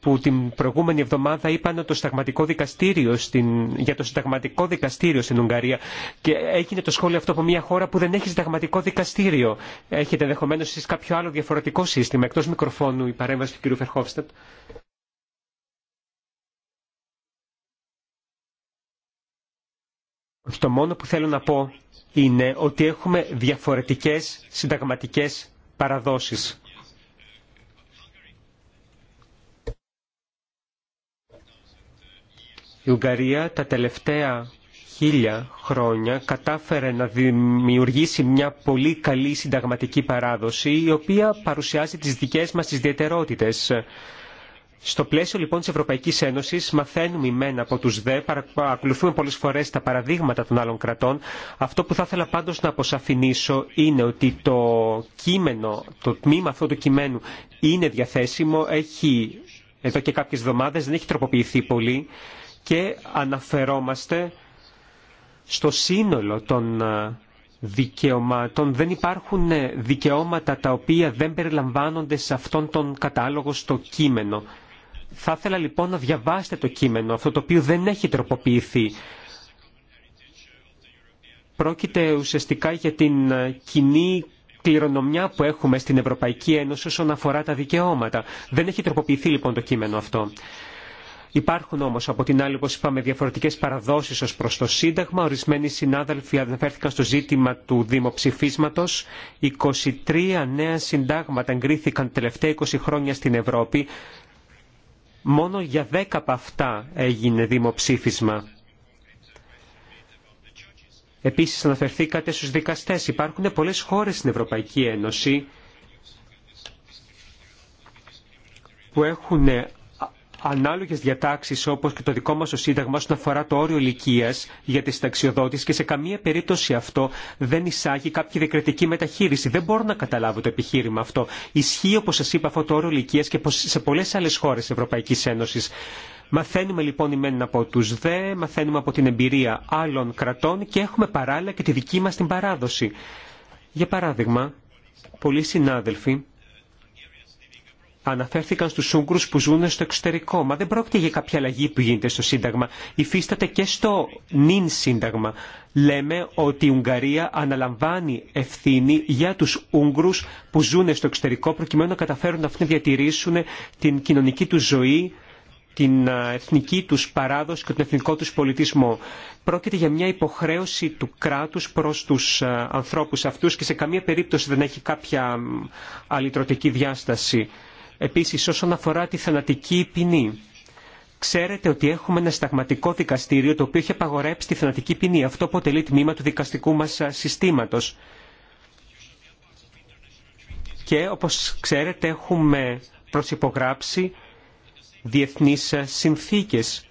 [SPEAKER 3] που την προηγούμενη εβδομάδα είπαν το σταγματικό δικαστήριο στην... για το συνταγματικό δικαστήριο στην Ουγγαρία και έγινε το σχόλιο αυτό από μια χώρα που δεν έχει συνταγματικό δικαστήριο. Έχετε ενδεχομένω εσεί κάποιο άλλο διαφορετικό σύστημα εκτό μικροφώνου η παρέμβαση του κ. Φερχόφστατ. το μόνο που θέλω να πω είναι ότι έχουμε διαφορετικές συνταγματικές παραδόσεις. Η Ουγγαρία τα τελευταία χίλια χρόνια κατάφερε να δημιουργήσει μια πολύ καλή συνταγματική παράδοση η οποία παρουσιάζει τις δικές μας τις ιδιαιτερότητες. Στο πλαίσιο λοιπόν τη Ευρωπαϊκή Ένωση, μαθαίνουμε ημένα από του ΔΕ, παρακολουθούμε πολλέ φορέ τα παραδείγματα των άλλων κρατών. Αυτό που θα ήθελα πάντω να αποσαφηνίσω είναι ότι το κείμενο, το τμήμα αυτού του κειμένου είναι διαθέσιμο, έχει εδώ και κάποιε εβδομάδε, δεν έχει τροποποιηθεί πολύ και αναφερόμαστε στο σύνολο των ε, δικαιωμάτων. Δεν υπάρχουν ε, δικαιώματα τα οποία δεν περιλαμβάνονται σε αυτόν τον κατάλογο στο κείμενο. Θα ήθελα λοιπόν να διαβάσετε το κείμενο, αυτό το οποίο δεν έχει τροποποιηθεί. Πρόκειται ουσιαστικά για την ε, κοινή κληρονομιά που έχουμε στην Ευρωπαϊκή Ένωση όσον αφορά τα δικαιώματα. Δεν έχει τροποποιηθεί λοιπόν το κείμενο αυτό. Υπάρχουν όμω από την άλλη, όπω είπαμε, διαφορετικέ παραδόσει ω προ το Σύνταγμα. Ορισμένοι συνάδελφοι αναφέρθηκαν στο ζήτημα του δημοψηφίσματο. 23 νέα συντάγματα εγκρίθηκαν τελευταία 20 χρόνια στην Ευρώπη μόνο για δέκα από αυτά έγινε δημοψήφισμα. Επίσης αναφερθήκατε στους δικαστές. Υπάρχουν πολλές χώρες στην Ευρωπαϊκή Ένωση που έχουν ανάλογες διατάξεις όπως και το δικό μας το Σύνταγμα όσον αφορά το όριο ηλικία για τις συνταξιοδότηση και σε καμία περίπτωση αυτό δεν εισάγει κάποια διακριτική μεταχείριση. Δεν μπορώ να καταλάβω το επιχείρημα αυτό. Ισχύει όπως σας είπα αυτό το όριο ηλικία και σε πολλές άλλες χώρες Ευρωπαϊκής Ένωσης. Μαθαίνουμε λοιπόν μένουν από τους ΔΕ, μαθαίνουμε από την εμπειρία άλλων κρατών και έχουμε παράλληλα και τη δική μας την παράδοση. Για παράδειγμα, πολλοί συνάδελφοι αναφέρθηκαν στους Ούγγρους που ζουν στο εξωτερικό. Μα δεν πρόκειται για κάποια αλλαγή που γίνεται στο Σύνταγμα. Υφίσταται και στο νυν Σύνταγμα. Λέμε ότι η Ουγγαρία αναλαμβάνει ευθύνη για τους Ούγγρους που ζουν στο εξωτερικό προκειμένου να καταφέρουν αυτοί να διατηρήσουν την κοινωνική του ζωή, την εθνική τους παράδοση και τον εθνικό τους πολιτισμό. Πρόκειται για μια υποχρέωση του κράτους προς τους ανθρώπους αυτούς και σε καμία περίπτωση δεν έχει κάποια αλυτρωτική διάσταση. Επίσης, όσον αφορά τη θανατική ποινή, ξέρετε ότι έχουμε ένα σταγματικό δικαστήριο το οποίο έχει απαγορέψει τη θανατική ποινή. Αυτό αποτελεί τμήμα του δικαστικού μας συστήματος. Και όπως ξέρετε έχουμε προσυπογράψει διεθνείς συνθήκες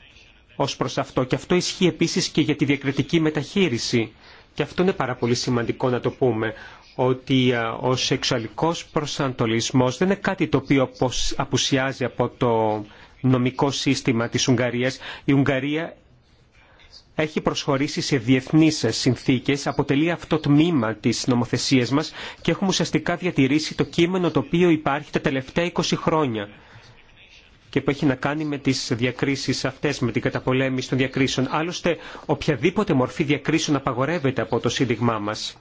[SPEAKER 3] ως προς αυτό. Και αυτό ισχύει επίσης και για τη διακριτική μεταχείριση. Και αυτό είναι πάρα πολύ σημαντικό να το πούμε ότι ε, ο σεξουαλικός προσανατολισμός δεν είναι κάτι το οποίο απουσιάζει από το νομικό σύστημα της Ουγγαρίας. Η Ουγγαρία έχει προσχωρήσει σε διεθνείς συνθήκες, αποτελεί αυτό το τμήμα της νομοθεσίας μας και έχουμε ουσιαστικά διατηρήσει το κείμενο το οποίο υπάρχει τα τελευταία 20 χρόνια και που έχει να κάνει με τις διακρίσεις αυτές, με την καταπολέμηση των διακρίσεων. Άλλωστε, οποιαδήποτε μορφή διακρίσεων απαγορεύεται από το σύνδειγμά μας.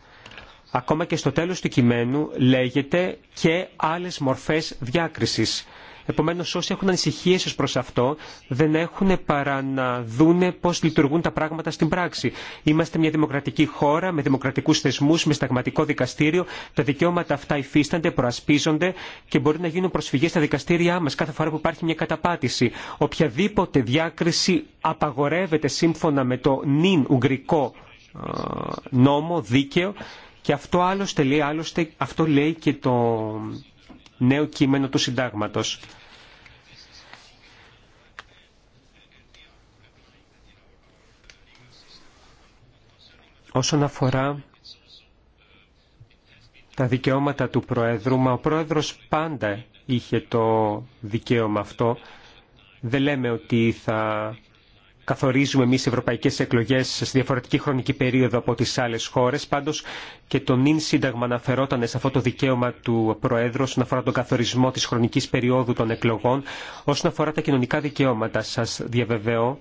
[SPEAKER 3] Ακόμα και στο τέλος του κειμένου λέγεται και άλλες μορφές διάκρισης. Επομένως όσοι έχουν ανησυχίες ως προς αυτό δεν έχουν παρά να δούνε πώς λειτουργούν τα πράγματα στην πράξη. Είμαστε μια δημοκρατική χώρα με δημοκρατικούς θεσμούς, με σταγματικό δικαστήριο. Τα δικαιώματα αυτά υφίστανται, προασπίζονται και μπορεί να γίνουν προσφυγές στα δικαστήριά μας κάθε φορά που υπάρχει μια καταπάτηση. Οποιαδήποτε διάκριση απαγορεύεται σύμφωνα με το νυν ουγγρικό ε, νόμο, δίκαιο και αυτό άλλωστε λέει, άλλωστε, αυτό λέει και το νέο κείμενο του συντάγματος. Όσον αφορά τα δικαιώματα του Προέδρου, μα ο Πρόεδρος πάντα είχε το δικαίωμα αυτό. Δεν λέμε ότι θα καθορίζουμε εμεί ευρωπαϊκές εκλογές σε διαφορετική χρονική περίοδο από τις άλλες χώρες. Πάντως και το νυν σύνταγμα αναφερόταν σε αυτό το δικαίωμα του Προέδρου όσον αφορά τον καθορισμό της χρονικής περίοδου των εκλογών. Όσον αφορά τα κοινωνικά δικαιώματα σας διαβεβαιώ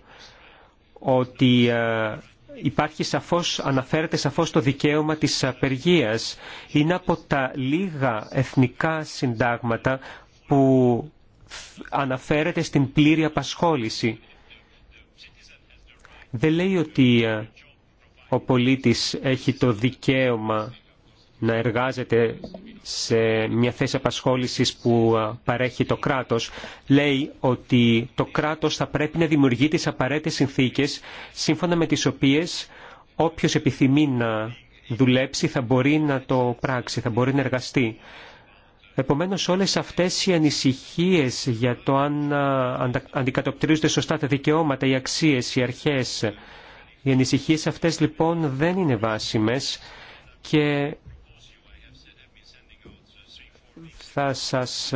[SPEAKER 3] ότι ε, υπάρχει σαφώς, αναφέρεται σαφώς το δικαίωμα της απεργίας. Είναι από τα λίγα εθνικά συντάγματα που αναφέρεται στην πλήρη απασχόληση δεν λέει ότι ε, ο πολίτης έχει το δικαίωμα να εργάζεται σε μια θέση απασχόλησης που ε, παρέχει το κράτος. Λέει ότι το κράτος θα πρέπει να δημιουργεί τις απαραίτητες συνθήκες σύμφωνα με τις οποίες όποιος επιθυμεί να δουλέψει θα μπορεί να το πράξει, θα μπορεί να εργαστεί. Επομένως όλες αυτές οι ανησυχίες για το αν αντικατοπτρίζονται σωστά τα δικαιώματα, οι αξίες, οι αρχές, οι ανησυχίες αυτές λοιπόν δεν είναι βάσιμες και θα σας,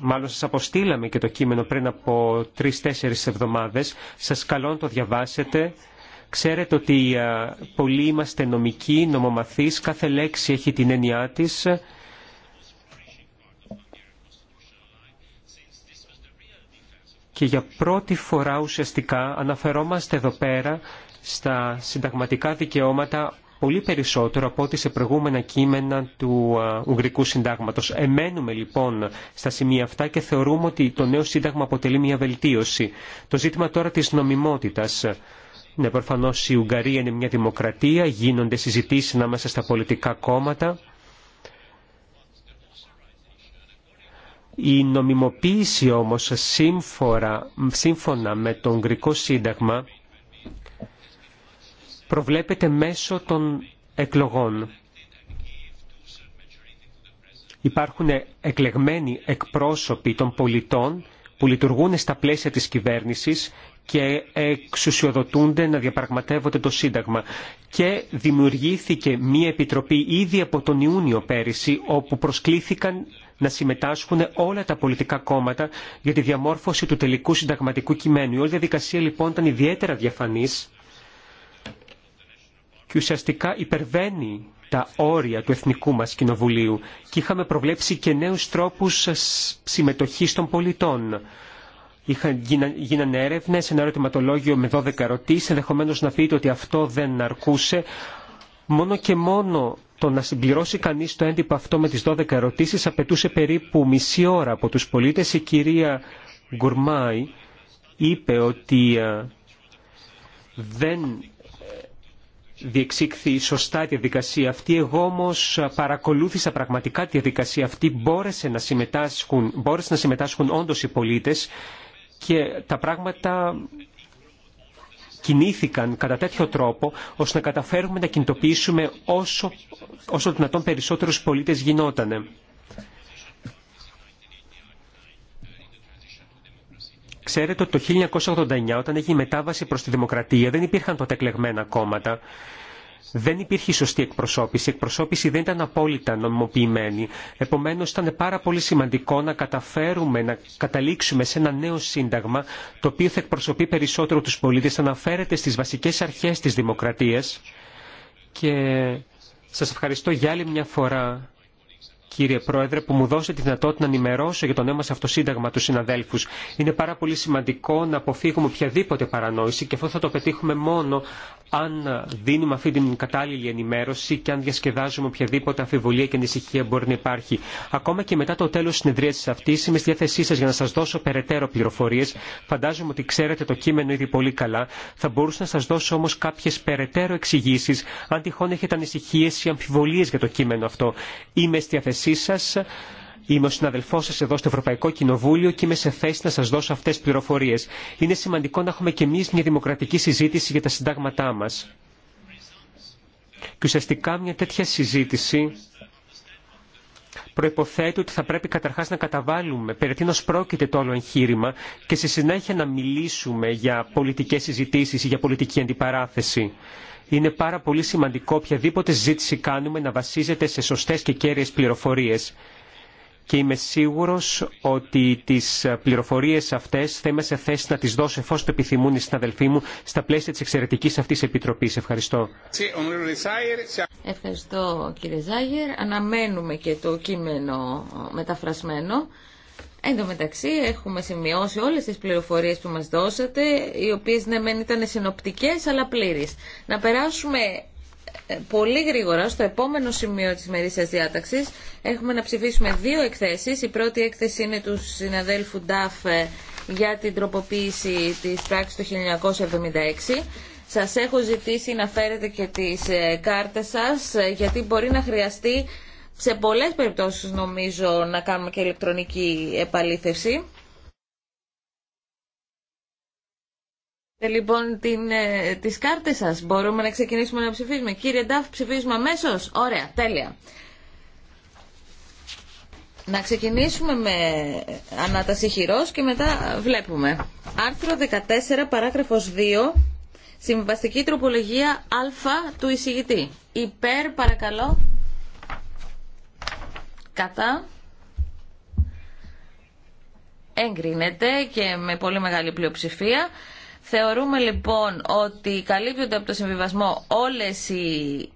[SPEAKER 3] μάλλον σας αποστήλαμε και το κείμενο πριν από τρεις-τέσσερις εβδομάδες. Σας καλώ να το διαβάσετε. Ξέρετε ότι πολλοί είμαστε νομικοί, νομομαθείς, κάθε λέξη έχει την έννοιά της και για πρώτη φορά ουσιαστικά αναφερόμαστε εδώ πέρα στα συνταγματικά δικαιώματα πολύ περισσότερο από ό,τι σε προηγούμενα κείμενα του Ουγγρικού Συντάγματος. Εμένουμε λοιπόν στα σημεία αυτά και θεωρούμε ότι το νέο Σύνταγμα αποτελεί μια βελτίωση. Το ζήτημα τώρα της νομιμότητας. Ναι, προφανώς η Ουγγαρία είναι μια δημοκρατία, γίνονται συζητήσεις ανάμεσα στα πολιτικά κόμματα. Η νομιμοποίηση όμως σύμφωνα, σύμφωνα με το Ουγγρικό Σύνταγμα προβλέπεται μέσω των εκλογών. Υπάρχουν εκλεγμένοι εκπρόσωποι των πολιτών που λειτουργούν στα πλαίσια της κυβέρνησης και εξουσιοδοτούνται να διαπραγματεύονται το Σύνταγμα. Και δημιουργήθηκε μία επιτροπή ήδη από τον Ιούνιο πέρυσι, όπου προσκλήθηκαν να συμμετάσχουν όλα τα πολιτικά κόμματα για τη διαμόρφωση του τελικού συνταγματικού κειμένου. Η όλη διαδικασία λοιπόν ήταν ιδιαίτερα διαφανής και ουσιαστικά υπερβαίνει τα όρια του Εθνικού μας Κοινοβουλίου και είχαμε προβλέψει και νέους τρόπους συμμετοχής των πολιτών. Είχαν, γίνανε έρευνε, ένα ερωτηματολόγιο με 12 ερωτήσει, ενδεχομένω να πείτε ότι αυτό δεν αρκούσε. Μόνο και μόνο το να συμπληρώσει κανείς το έντυπο αυτό με τις 12 ερωτήσεις απαιτούσε περίπου μισή ώρα από τους πολίτες. Η κυρία Γκουρμάη είπε ότι ε, δεν ε, διεξήχθη σωστά τη διαδικασία αυτή. Εγώ όμω ε, παρακολούθησα πραγματικά τη διαδικασία αυτή. Μπόρεσε να συμμετάσχουν, μπόρεσε να συμμετάσχουν όντως οι πολίτες και τα πράγματα κινήθηκαν κατά τέτοιο τρόπο ώστε να καταφέρουμε να κινητοποιήσουμε όσο, όσο δυνατόν περισσότερους πολίτες γινότανε. Ξέρετε ότι το 1989 όταν έγινε η μετάβαση προς τη δημοκρατία δεν υπήρχαν τότε εκλεγμένα κόμματα δεν υπήρχε σωστή εκπροσώπηση. Η εκπροσώπηση δεν ήταν απόλυτα νομιμοποιημένη. Επομένως ήταν πάρα πολύ σημαντικό να καταφέρουμε να καταλήξουμε σε ένα νέο σύνταγμα το οποίο θα εκπροσωπεί περισσότερο τους πολίτες, αναφέρεται στις βασικές αρχές της δημοκρατίας και σας ευχαριστώ για άλλη μια φορά κύριε Πρόεδρε, που μου δώσετε τη δυνατότητα να ενημερώσω για το νέο μα αυτό σύνταγμα του συναδέλφου. Είναι πάρα πολύ σημαντικό να αποφύγουμε οποιαδήποτε παρανόηση και αυτό θα το πετύχουμε μόνο αν δίνουμε αυτή την κατάλληλη ενημέρωση και αν διασκεδάζουμε οποιαδήποτε αμφιβολία και ανησυχία μπορεί να υπάρχει. Ακόμα και μετά το τέλο τη τη αυτή, είμαι στη διάθεσή σα για να σα δώσω περαιτέρω πληροφορίε. Φαντάζομαι ότι ξέρετε το κείμενο ήδη πολύ καλά. Θα μπορούσα να σα δώσω όμω κάποιε περαιτέρω εξηγήσει, αν τυχόν έχετε ανησυχίε ή αμφιβολίε για το κείμενο αυτό. Είμαι στη διάθεσή Είμαι ο συναδελφό σα εδώ στο Ευρωπαϊκό Κοινοβούλιο και είμαι σε θέση να σα δώσω αυτέ τι πληροφορίε. Είναι σημαντικό να έχουμε και εμεί μια δημοκρατική συζήτηση για τα συντάγματά μα. Και ουσιαστικά μια τέτοια συζήτηση προποθέτει ότι θα πρέπει καταρχά να καταβάλουμε περί τίνο πρόκειται το όλο εγχείρημα και στη συνέχεια να μιλήσουμε για πολιτικέ συζητήσει ή για πολιτική αντιπαράθεση. Είναι πάρα πολύ σημαντικό οποιαδήποτε ζήτηση κάνουμε να βασίζεται σε σωστές και κέρυες πληροφορίες. Και είμαι σίγουρος ότι τις πληροφορίες αυτές θα είμαι σε θέση να τις δώσω εφόσον το επιθυμούν οι συναδελφοί μου στα πλαίσια της εξαιρετικής αυτής επιτροπής. Ευχαριστώ.
[SPEAKER 1] Ευχαριστώ κύριε Ζάγερ. Αναμένουμε και το κείμενο μεταφρασμένο. Εν τω μεταξύ έχουμε σημειώσει όλες τις πληροφορίες που μας δώσατε, οι οποίες ναι μεν ήταν συνοπτικές αλλά πλήρεις. Να περάσουμε ε, πολύ γρήγορα στο επόμενο σημείο της μερίσιας διάταξης. Έχουμε να ψηφίσουμε δύο εκθέσεις. Η πρώτη έκθεση είναι του συναδέλφου Ντάφ ε, για την τροποποίηση της πράξης του 1976. Σας έχω ζητήσει να φέρετε και τις ε, κάρτες σας, γιατί μπορεί να χρειαστεί σε πολλές περιπτώσεις νομίζω να κάνουμε και ηλεκτρονική επαλήθευση. Ε, λοιπόν, την, ε, τις κάρτες σας μπορούμε να ξεκινήσουμε να ψηφίσουμε. Κύριε Ντάφ, ψηφίζουμε αμέσω. Ωραία, τέλεια. Να ξεκινήσουμε με ανάταση χειρός και μετά βλέπουμε. Άρθρο 14, παράγραφος 2, συμβαστική τροπολογία α του εισηγητή. Υπέρ, παρακαλώ. Κατά. Εγκρίνεται και με πολύ μεγάλη πλειοψηφία. Θεωρούμε λοιπόν ότι καλύπτονται από το συμβιβασμό όλες οι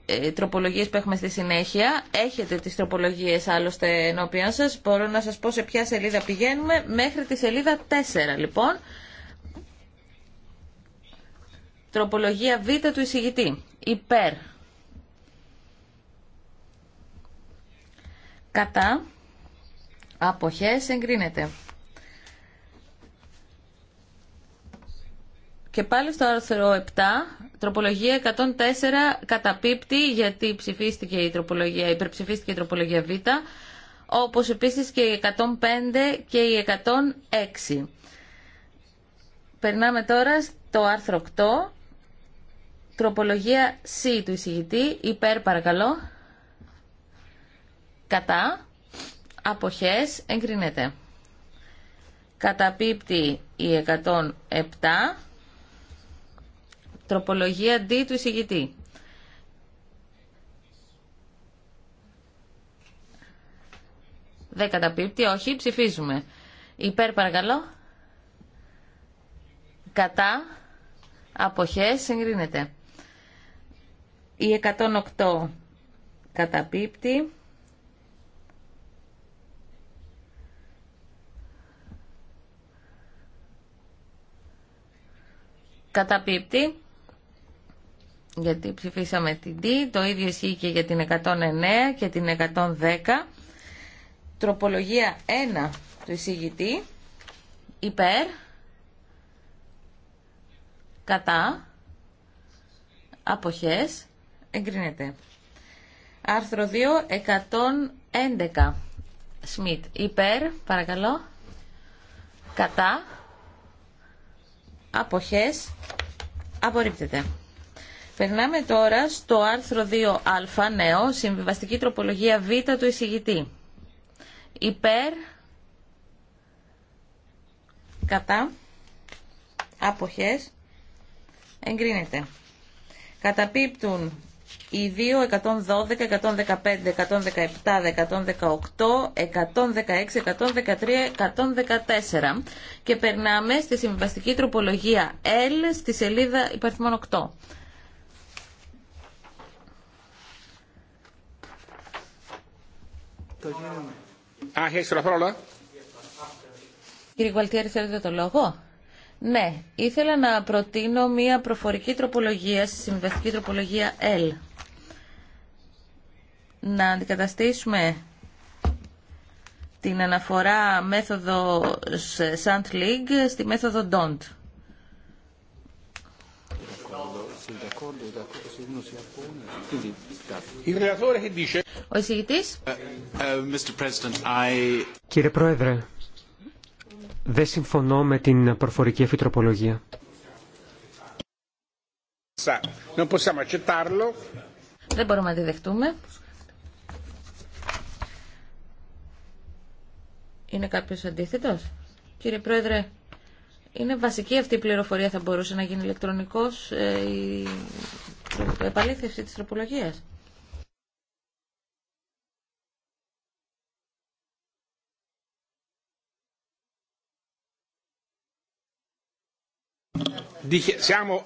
[SPEAKER 1] ε, τροπολογίες που έχουμε στη συνέχεια. Έχετε τις τροπολογίες άλλωστε ενώπιον σας. Μπορώ να σας πω σε ποια σελίδα πηγαίνουμε. Μέχρι τη σελίδα 4 λοιπόν. Τροπολογία Β του εισηγητή. Υπέρ. Κατά. Αποχές εγκρίνεται. Και πάλι στο άρθρο 7, τροπολογία 104 καταπίπτει γιατί ψηφίστηκε η τροπολογία, υπερψηφίστηκε η τροπολογία Β, όπως επίσης και η 105 και η 106. Περνάμε τώρα στο άρθρο 8, τροπολογία C του εισηγητή, υπέρ παρακαλώ. Κατά. Αποχές. Εγκρίνεται. Καταπίπτει η 107. Τροπολογία D του εισηγητή. Δεν καταπίπτει. Όχι. Ψηφίζουμε. Υπέρ παρακαλώ. Κατά. Αποχές. Εγκρίνεται. Η 108 καταπίπτει. καταπίπτει γιατί ψηφίσαμε την D, το ίδιο ισχύει και για την 109 και την 110. Τροπολογία 1 του εισηγητή, υπέρ, κατά, αποχές, εγκρίνεται. Άρθρο 2, 111, Σμιτ, υπέρ, παρακαλώ, κατά, αποχές απορρίπτεται. Περνάμε τώρα στο άρθρο 2α νέο, συμβιβαστική τροπολογία β του εισηγητή. Υπέρ, κατά, αποχές, εγκρίνεται. Καταπίπτουν οι 2, 112, 115, 117, 118, 116, 113, 114 και περνάμε στη συμβαστική τροπολογία L στη σελίδα υπαριθμών 8. Α,
[SPEAKER 4] το λόγο.
[SPEAKER 1] Κύριε Γουαλτιέρη, θέλετε το λόγο. Ναι, ήθελα να προτείνω μία προφορική τροπολογία στη συμβαστική τροπολογία L να αντικαταστήσουμε την αναφορά μέθοδο Sant League στη μέθοδο Don't.
[SPEAKER 3] Ο εισηγητής. Ε, ε, Κύριε Πρόεδρε, δεν συμφωνώ με την προφορική εφητροπολογία.
[SPEAKER 1] Δεν μπορούμε να τη δεχτούμε. Είναι κάποιος αντίθετος. Κύριε Πρόεδρε, είναι βασική αυτή η πληροφορία. Θα μπορούσε να γίνει ηλεκτρονικός ε, η επαλήθευση της τροπολογίας.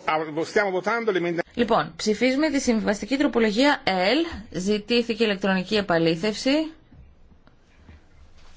[SPEAKER 4] Ah, λοιπόν,
[SPEAKER 1] ψηφίζουμε τη συμβαστική τροπολογία L. Ζητήθηκε ηλεκτρονική επαλήθευση.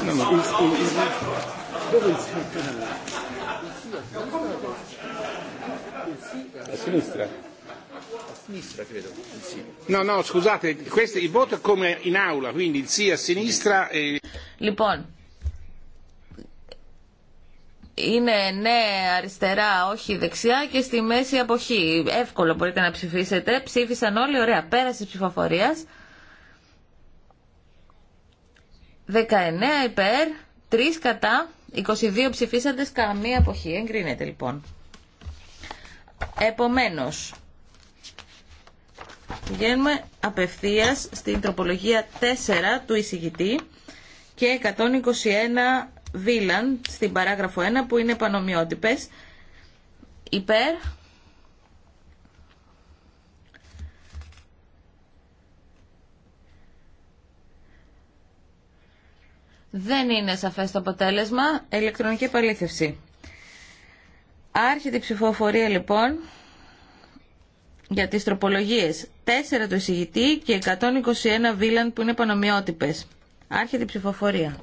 [SPEAKER 2] Non,
[SPEAKER 4] sinistra. A sinistra, credo. No, no, scusate, questo, il voto è come in aula, quindi il sì a sinistra e... Lipon. Λοιπόν,
[SPEAKER 1] είναι ναι αριστερά, όχι δεξιά και στη μέση αποχή. Εύκολο μπορείτε να ψηφίσετε. Ψήφισαν όλοι, ωραία, πέρασε ψηφοφορίας. ψηφοφορία. 19 υπέρ, 3 κατά, 22 ψηφίσαντες, καμία αποχή. Εγκρίνεται λοιπόν. Επομένως, πηγαίνουμε απευθείας στην τροπολογία 4 του εισηγητή και 121 Βίλαν στην παράγραφο 1 που είναι πανομοιότυπες υπέρ Δεν είναι σαφές το αποτέλεσμα. Ηλεκτρονική επαλήθευση. Άρχεται η ψηφοφορία λοιπόν για τις τροπολογίες 4 του εισηγητή και 121 βίλαν που είναι πανομοιότυπες. Άρχεται η ψηφοφορία.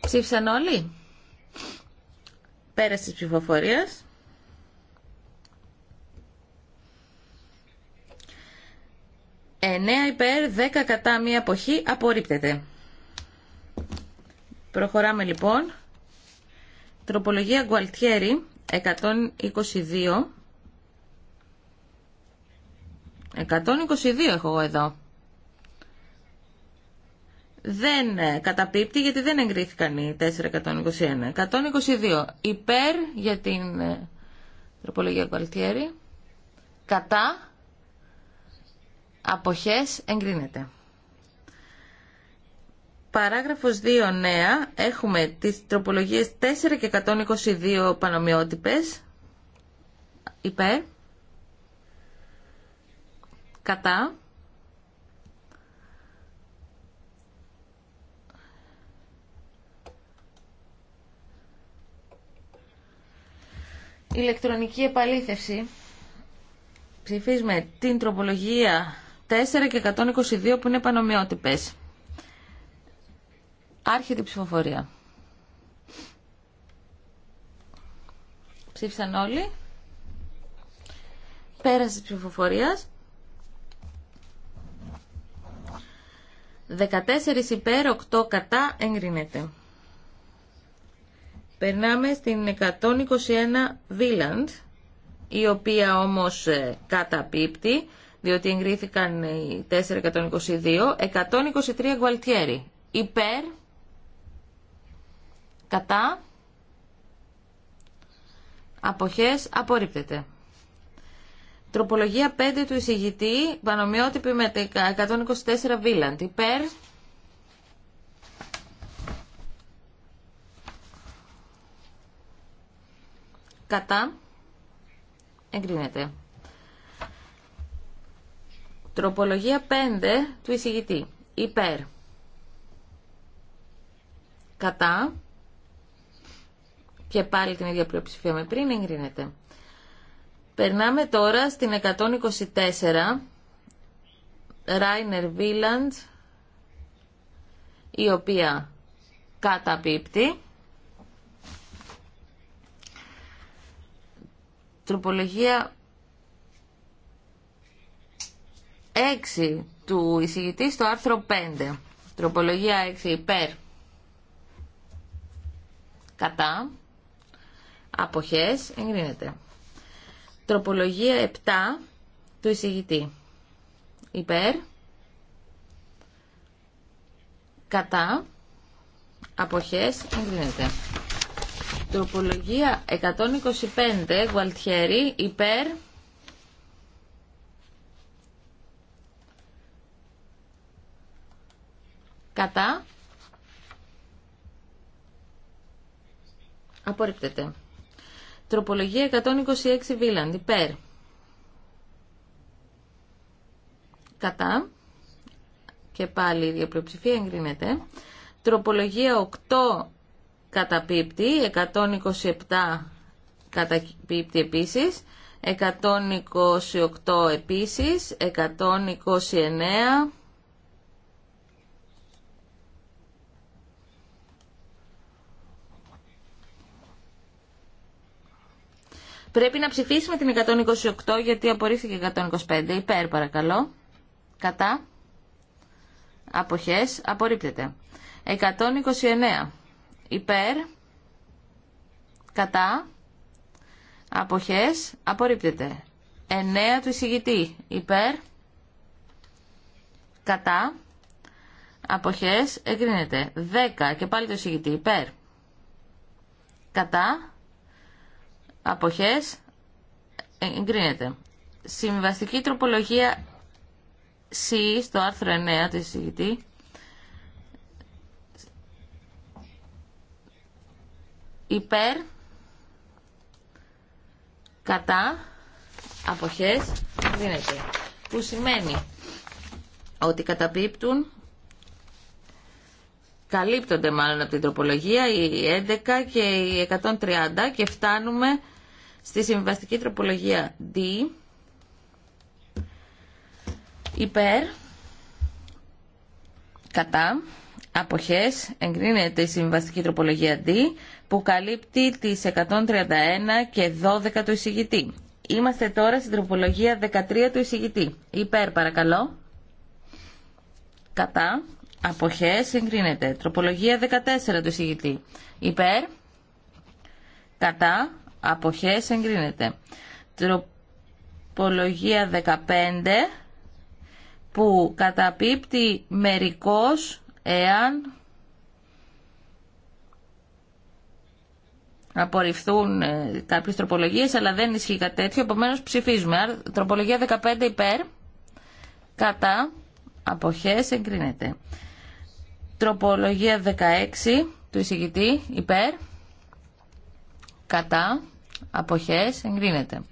[SPEAKER 1] Ψήφισαν όλοι. Πέρασε τη ψηφοφορία. 9 υπέρ, 10 κατά μία αποχή απορρίπτεται. Προχωράμε λοιπόν. Τροπολογία Γκουαλτιέρη 122. 122 έχω εγώ εδώ. Δεν καταπίπτει γιατί δεν εγκρίθηκαν οι 421. 122 υπέρ για την ε, τροπολογία Γκουαλτιέρη. Κατά αποχές εγκρίνεται. Παράγραφος 2 νέα έχουμε τις τροπολογίες 4 και 122 πανομοιότυπες υπέρ κατά ηλεκτρονική επαλήθευση ψηφίζουμε την τροπολογία και 122 που είναι πανομοιότυπες. Άρχεται η ψηφοφορία. Ψήφισαν όλοι. Πέρασε τη ψηφοφορία. 14 υπέρ, 8 κατά, εγκρίνεται. Περνάμε στην 121 Βίλαντ, η οποία όμως ε, καταπίπτει διότι εγκρίθηκαν οι 422, 123 γκουαλτιέρι. Υπέρ, κατά, αποχές, απορρίπτεται. Τροπολογία 5 του εισηγητή, πανομοιότυπη με 124 Βίλαντ. Υπέρ, κατά, εγκρίνεται. Τροπολογία 5 του εισηγητή. Υπέρ. Κατά. Και πάλι την ίδια πλειοψηφία με πριν εγκρίνεται. Περνάμε τώρα στην 124. Ράινερ Βίλαντ η οποία καταπίπτει. Τροπολογία 6 του εισηγητή στο άρθρο 5. Τροπολογία 6 υπέρ. Κατά. Αποχές. Εγκρίνεται. Τροπολογία 7 του εισηγητή. Υπέρ. Κατά. Αποχές. Εγκρίνεται. Τροπολογία 125 Γουαλτιέρη. Υπέρ Κατά. Απορρίπτεται. Τροπολογία 126 Βίλαντ. Υπέρ. Κατά. Και πάλι η ίδια εγκρίνεται. Τροπολογία 8 καταπίπτει. 127 καταπίπτει επίσης. 128 επίσης. 129 Πρέπει να ψηφίσουμε την 128 γιατί απορρίφθηκε 125. Υπέρ παρακαλώ. Κατά. Αποχές. Απορρίπτεται. 129. Υπέρ. Κατά. Αποχές. Απορρίπτεται. 9 του εισηγητή. Υπέρ. Κατά. Αποχές. Εγκρίνεται. 10 και πάλι το εισηγητή. Υπέρ. Κατά αποχές ε, εγκρίνεται. Συμβαστική τροπολογία C στο άρθρο 9 της εισηγητή υπέρ κατά αποχές δίνεται που σημαίνει ότι καταπίπτουν καλύπτονται μάλλον από την τροπολογία οι 11 και οι 130 και φτάνουμε Στη συμβαστική τροπολογία D, υπέρ, κατά, αποχές, εγκρίνεται η συμβαστική τροπολογία D, που καλύπτει τις 131 και 12 του εισηγητή. Είμαστε τώρα στην τροπολογία 13 του εισηγητή. Υπέρ παρακαλώ. Κατά. Αποχές εγκρίνεται. Τροπολογία 14 του εισηγητή. Υπέρ. Κατά αποχές εγκρίνεται. Τροπολογία 15 που καταπίπτει μερικός εάν απορριφθούν ε, κάποιες τροπολογίες αλλά δεν ισχύει κάτι τέτοιο επομένως ψηφίζουμε τροπολογία 15 υπέρ κατά αποχές εγκρίνεται τροπολογία 16 του εισηγητή υπέρ κατά αποχές εγκρίνεται.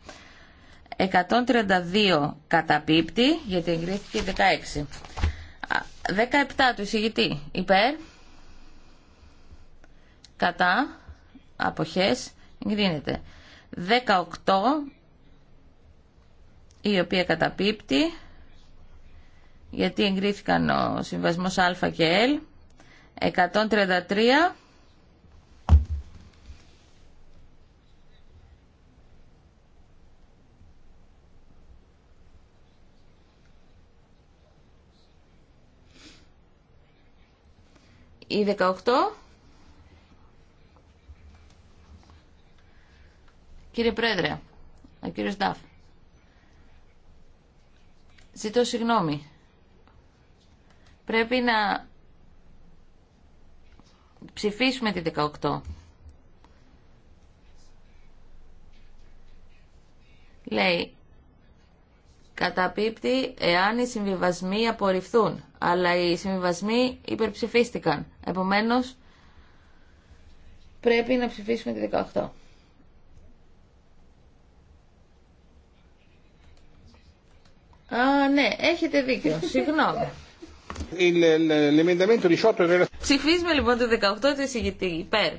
[SPEAKER 1] 132 καταπίπτει γιατί εγκρίθηκε 16. 17 του εισηγητή υπέρ, κατά, αποχές εγκρίνεται. 18 η οποία καταπίπτει γιατί εγκρίθηκαν ο συμβασμός Α και L. 133 Η 18 Κύριε Πρόεδρε, ο κύριος Ντάφ, ζητώ συγγνώμη. Πρέπει να ψηφίσουμε τη 18. Λέει, καταπίπτει εάν οι συμβιβασμοί απορριφθούν. Αλλά οι συμβιβασμοί υπερψηφίστηκαν. Επομένως, πρέπει να ψηφίσουμε τη 18. Α, ναι, έχετε δίκιο. Συγγνώμη. Ψηφίζουμε λοιπόν το 18 της εισηγητή. Υπέρ.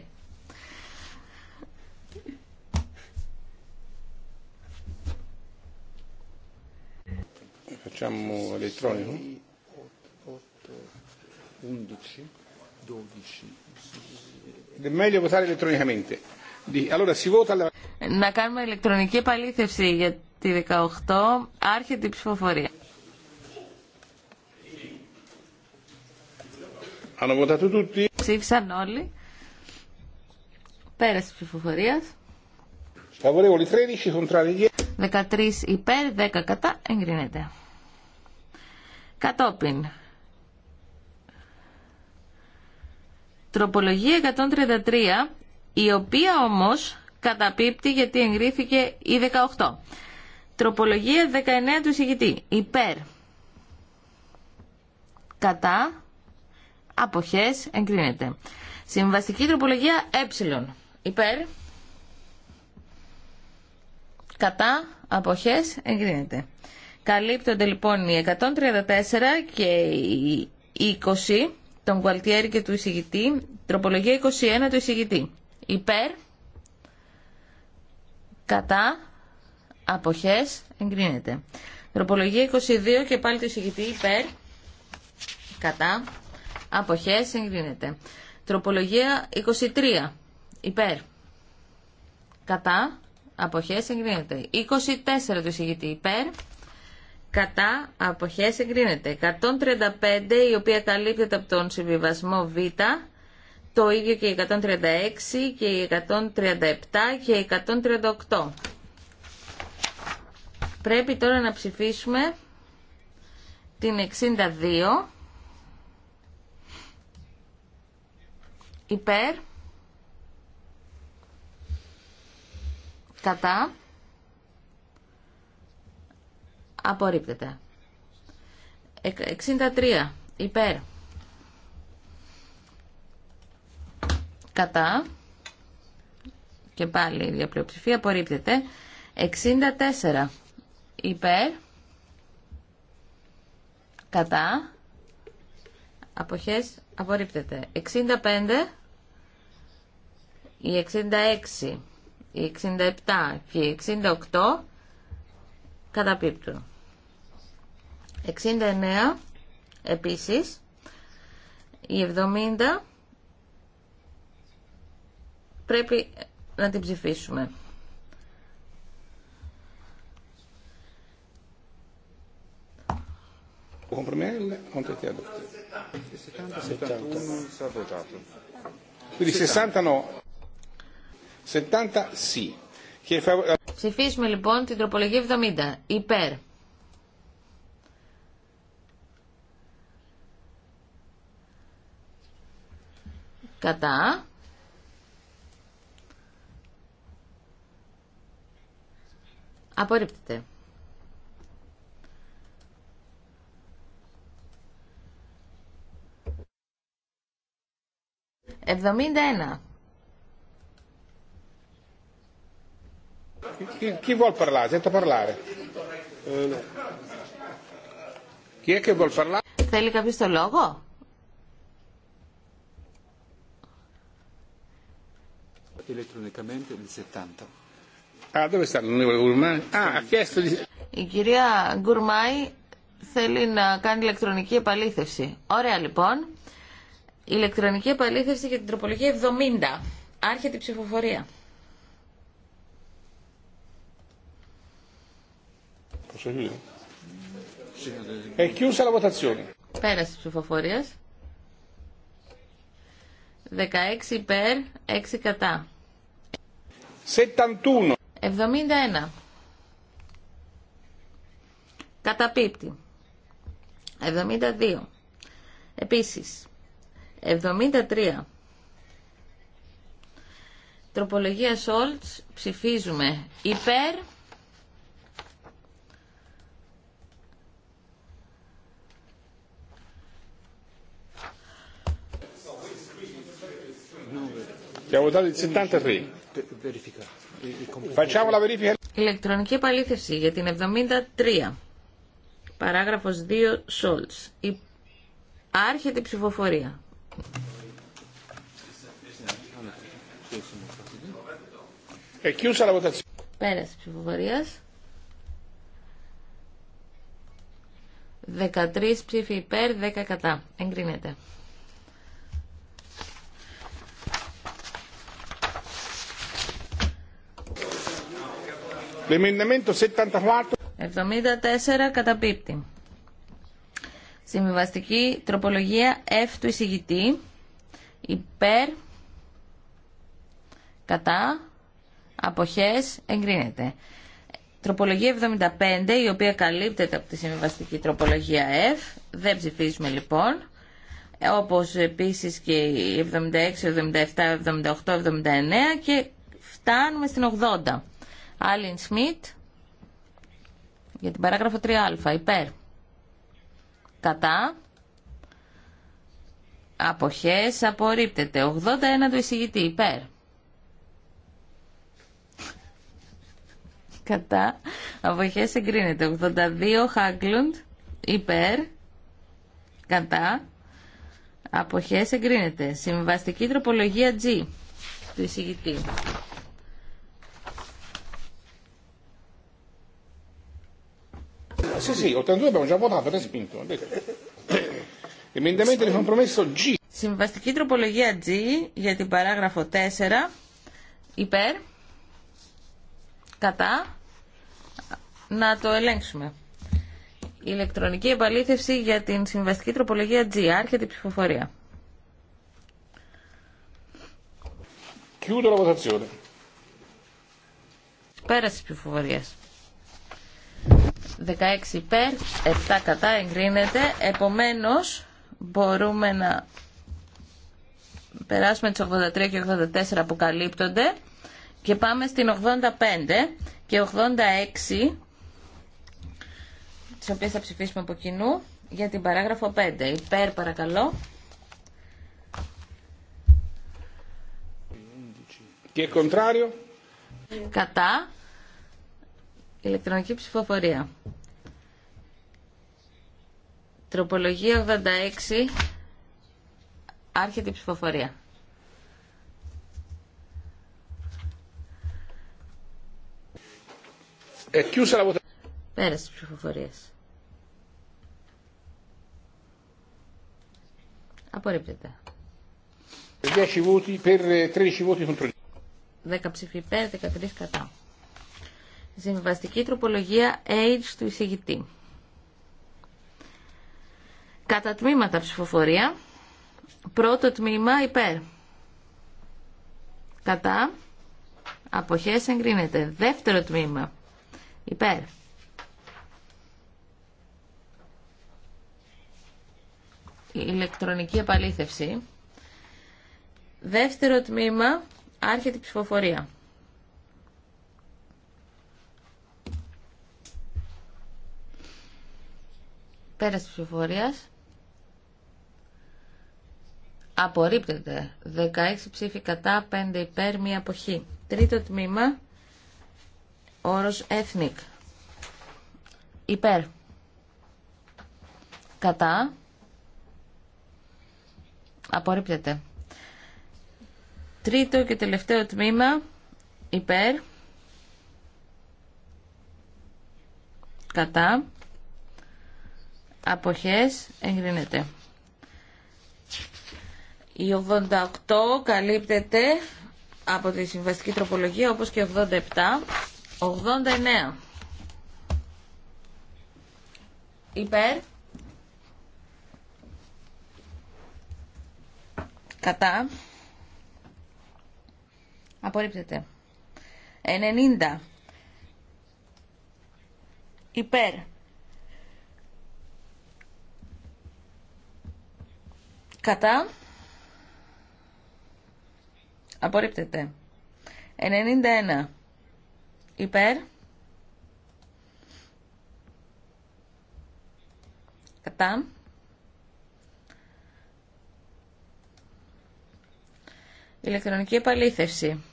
[SPEAKER 1] elettronico? 11, 12. Να κάνουμε ηλεκτρονική επαλήθευση για τη 18. Άρχεται η ψηφοφορία. Ψήφισαν όλοι. Πέρασε τη ψηφοφορία. 13 υπέρ, 10 κατά. Εγκρίνεται. Κατόπιν. Τροπολογία 133, η οποία όμως καταπίπτει γιατί εγκρίθηκε η 18. Τροπολογία 19 του εισηγητή, υπέρ. Κατά. Αποχές εγκρίνεται. Συμβαστική τροπολογία ε. Υπέρ. Κατά. Αποχές εγκρίνεται. Καλύπτονται λοιπόν οι 134 και οι 20 των Γουαλτιέρη και του εισηγητή, τροπολογία 21 του εισηγητή. Υπέρ, κατά, αποχές, εγκρίνεται. Τροπολογία 22 και πάλι του εισηγητή υπέρ, κατά, αποχές, εγκρίνεται. Τροπολογία 23, υπέρ, κατά, αποχές, εγκρίνεται. 24 του εισηγητή υπέρ, κατά αποχές εγκρίνεται. 135 η οποία καλύπτεται από τον συμβιβασμό Β, το ίδιο και η 136 και η 137 και η 138. Πρέπει τώρα να ψηφίσουμε την 62 υπέρ κατά Απορρίπτεται. 63. Υπέρ. Κατά. Και πάλι η διαπλειοψηφία Απορρίπτεται. 64. Υπέρ. Κατά. Αποχές. Απορρίπτεται. 65. Η 66. Η 67 και η 68 καταπίπτουν. 69 επίσης η 70 πρέπει να την ψηφίσουμε Ψηφίσουμε λοιπόν την τροπολογία 70 υπέρ Κατά. Απορρίπτεται. Εβδομήντα ένα.
[SPEAKER 4] Chi vuol parlare? το parlare. Chi è che vuol parlare? Θέλει κάποιος το λόγο? Ah, ah, η κυρία Γκουρμάη
[SPEAKER 1] θέλει να κάνει ηλεκτρονική επαλήθευση. Ωραία λοιπόν. Ηλεκτρονική επαλήθευση για την τροπολογία 70. Άρχεται η ψηφοφορία.
[SPEAKER 4] η
[SPEAKER 1] ψηφοφορία. 16 υπέρ, 6 κατά. 71. Καταπίπτει. 72. Επίσης. 73. Τροπολογία Σόλτς. Ψηφίζουμε υπέρ.
[SPEAKER 4] Abbiamo votato il 73.
[SPEAKER 1] Ηλεκτρονική e, e επαλήθευση για την 73. παράγραφο 2 Σόλτς. Η... Άρχεται η ψηφοφορία. Πέρασε ψηφοφορία. 13 ψήφοι υπέρ, 10 κατά. Εγκρίνεται. 74. κατά καταπίπτει. Συμβιβαστική τροπολογία F του εισηγητή. Υπέρ. Κατά. Αποχές. Εγκρίνεται. Τροπολογία 75, η οποία καλύπτεται από τη συμβιβαστική τροπολογία F. Δεν ψηφίζουμε λοιπόν. Όπως επίσης και η 76, 77, 78, 79 και φτάνουμε στην 80. Άλιν Σμιτ για την παράγραφο 3α. Υπέρ. Κατά. Αποχές απορρίπτεται. 81 του εισηγητή. Υπέρ. Κατά. Αποχές εγκρίνεται. 82 Χάγκλουντ. Υπέρ. Κατά. Αποχές εγκρίνεται. Συμβαστική τροπολογία G του εισηγητή.
[SPEAKER 4] Sì, sì, 82 abbiamo Συμβαστική τροπολογία
[SPEAKER 1] G για την παράγραφο 4. Υπέρ. Κατά. Να το ελέγξουμε. Ηλεκτρονική επαλήθευση για την συμβαστική τροπολογία G. Άρχεται η ψηφοφορία.
[SPEAKER 4] Chiudo la votazione.
[SPEAKER 1] Πέραση ψηφοφορία. 16 υπέρ, 7 κατά εγκρίνεται. Επομένως, μπορούμε να περάσουμε τις 83 και 84 που καλύπτονται και πάμε στην 85 και 86 τις οποίες θα ψηφίσουμε από κοινού για την παράγραφο 5. Υπέρ παρακαλώ.
[SPEAKER 4] Και κοντράριο.
[SPEAKER 1] Κατά. Ηλεκτρονική ψηφοφορία. Τροπολογία 86. Άρχεται η ψηφοφορία. Πέρασε τις ψηφοφορίες.
[SPEAKER 4] Απορρίπτεται. 10 voti 13
[SPEAKER 1] ψήφοι 13 κατά. Συμβαστική τροπολογία age του εισηγητή. Κατά τμήματα ψηφοφορία. Πρώτο τμήμα υπέρ. Κατά. Αποχές εγκρίνεται. Δεύτερο τμήμα. Υπέρ. Η ηλεκτρονική επαλήθευση. Δεύτερο τμήμα. Άρχεται η ψηφοφορία. Πέρας της ψηφοφορίας. Απορρίπτεται. 16 ψήφοι κατά, 5 υπέρ, μία αποχή. Τρίτο τμήμα, όρος ethnic. Υπέρ. Κατά. Απορρίπτεται. Τρίτο και τελευταίο τμήμα, υπέρ. Κατά. Αποχές εγκρίνεται. Η 88 καλύπτεται από τη συμβαστική τροπολογία όπως και 87. 89. Υπέρ. Κατά. Απορρίπτεται. 90. Υπέρ. Κατά. Απορρίπτεται. 91. Υπέρ. Κατά. Ηλεκτρονική επαλήθευση.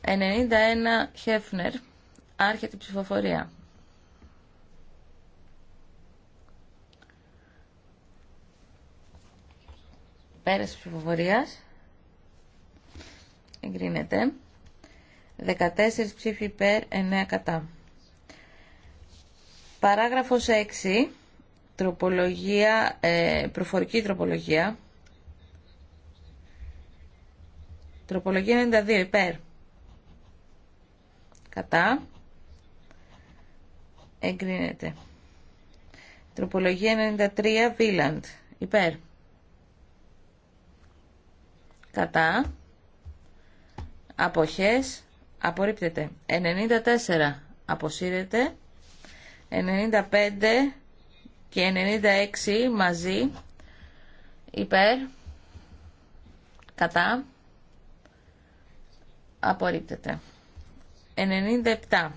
[SPEAKER 1] 91 Χέφνερ. Άρχεται η ψηφοφορία. Πέρας ψηφοφορίας. Εγκρίνεται. 14 ψήφοι υπέρ, 9 κατά. Παράγραφος 6. Τροπολογία, ε, προφορική τροπολογία. Τροπολογία 92 υπέρ. Κατά. Εγκρίνεται. Τροπολογία 93 Βίλαντ. Υπέρ. Κατά αποχές απορρίπτεται 94 αποσύρεται 95 και 96 μαζί υπέρ κατά απορρίπτεται 97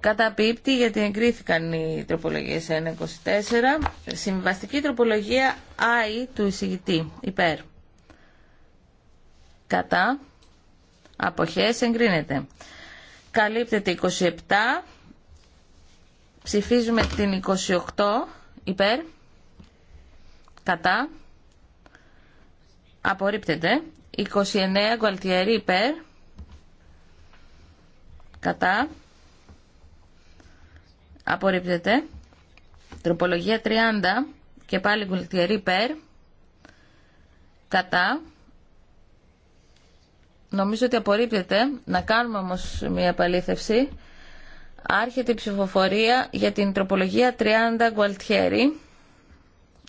[SPEAKER 1] Καταπίπτει γιατί εγκρίθηκαν οι τροπολογίες 1-24. Συμβαστική τροπολογία ΑΗ του εισηγητή. Υπέρ. Κατά. Αποχές εγκρίνεται. Καλύπτεται 27. Ψηφίζουμε την 28. Υπέρ. Κατά. Απορρίπτεται. 29 Γκουαλτιέρη υπέρ κατά απορρίπτεται τροπολογία 30 και πάλι γουλτιερή πέρ κατά νομίζω ότι απορρίπτεται να κάνουμε όμως μια επαλήθευση άρχεται η ψηφοφορία για την τροπολογία 30 γκουαλτιέρη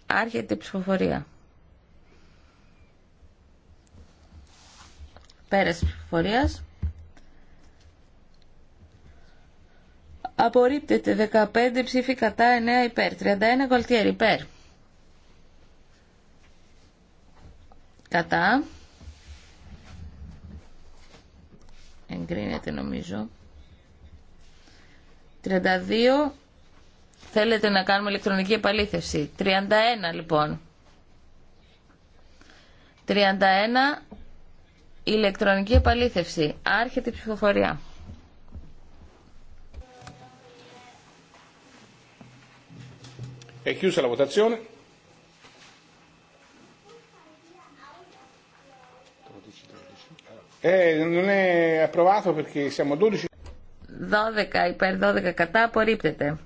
[SPEAKER 1] άρχεται η ψηφοφορία πέρες ψηφοφορίας Απορρίπτεται 15 ψήφοι κατά 9 υπέρ. 31 γκολτιέρ υπέρ. Κατά. Εγκρίνεται νομίζω. 32. Θέλετε να κάνουμε ηλεκτρονική επαλήθευση. 31 λοιπόν. 31 ηλεκτρονική επαλήθευση. Άρχεται η ψηφοφορία.
[SPEAKER 4] È chiusa la votazione. 12, 12. Eh, non è approvato perché siamo 12.
[SPEAKER 1] 12 per 12 κατά απορρίπτεται.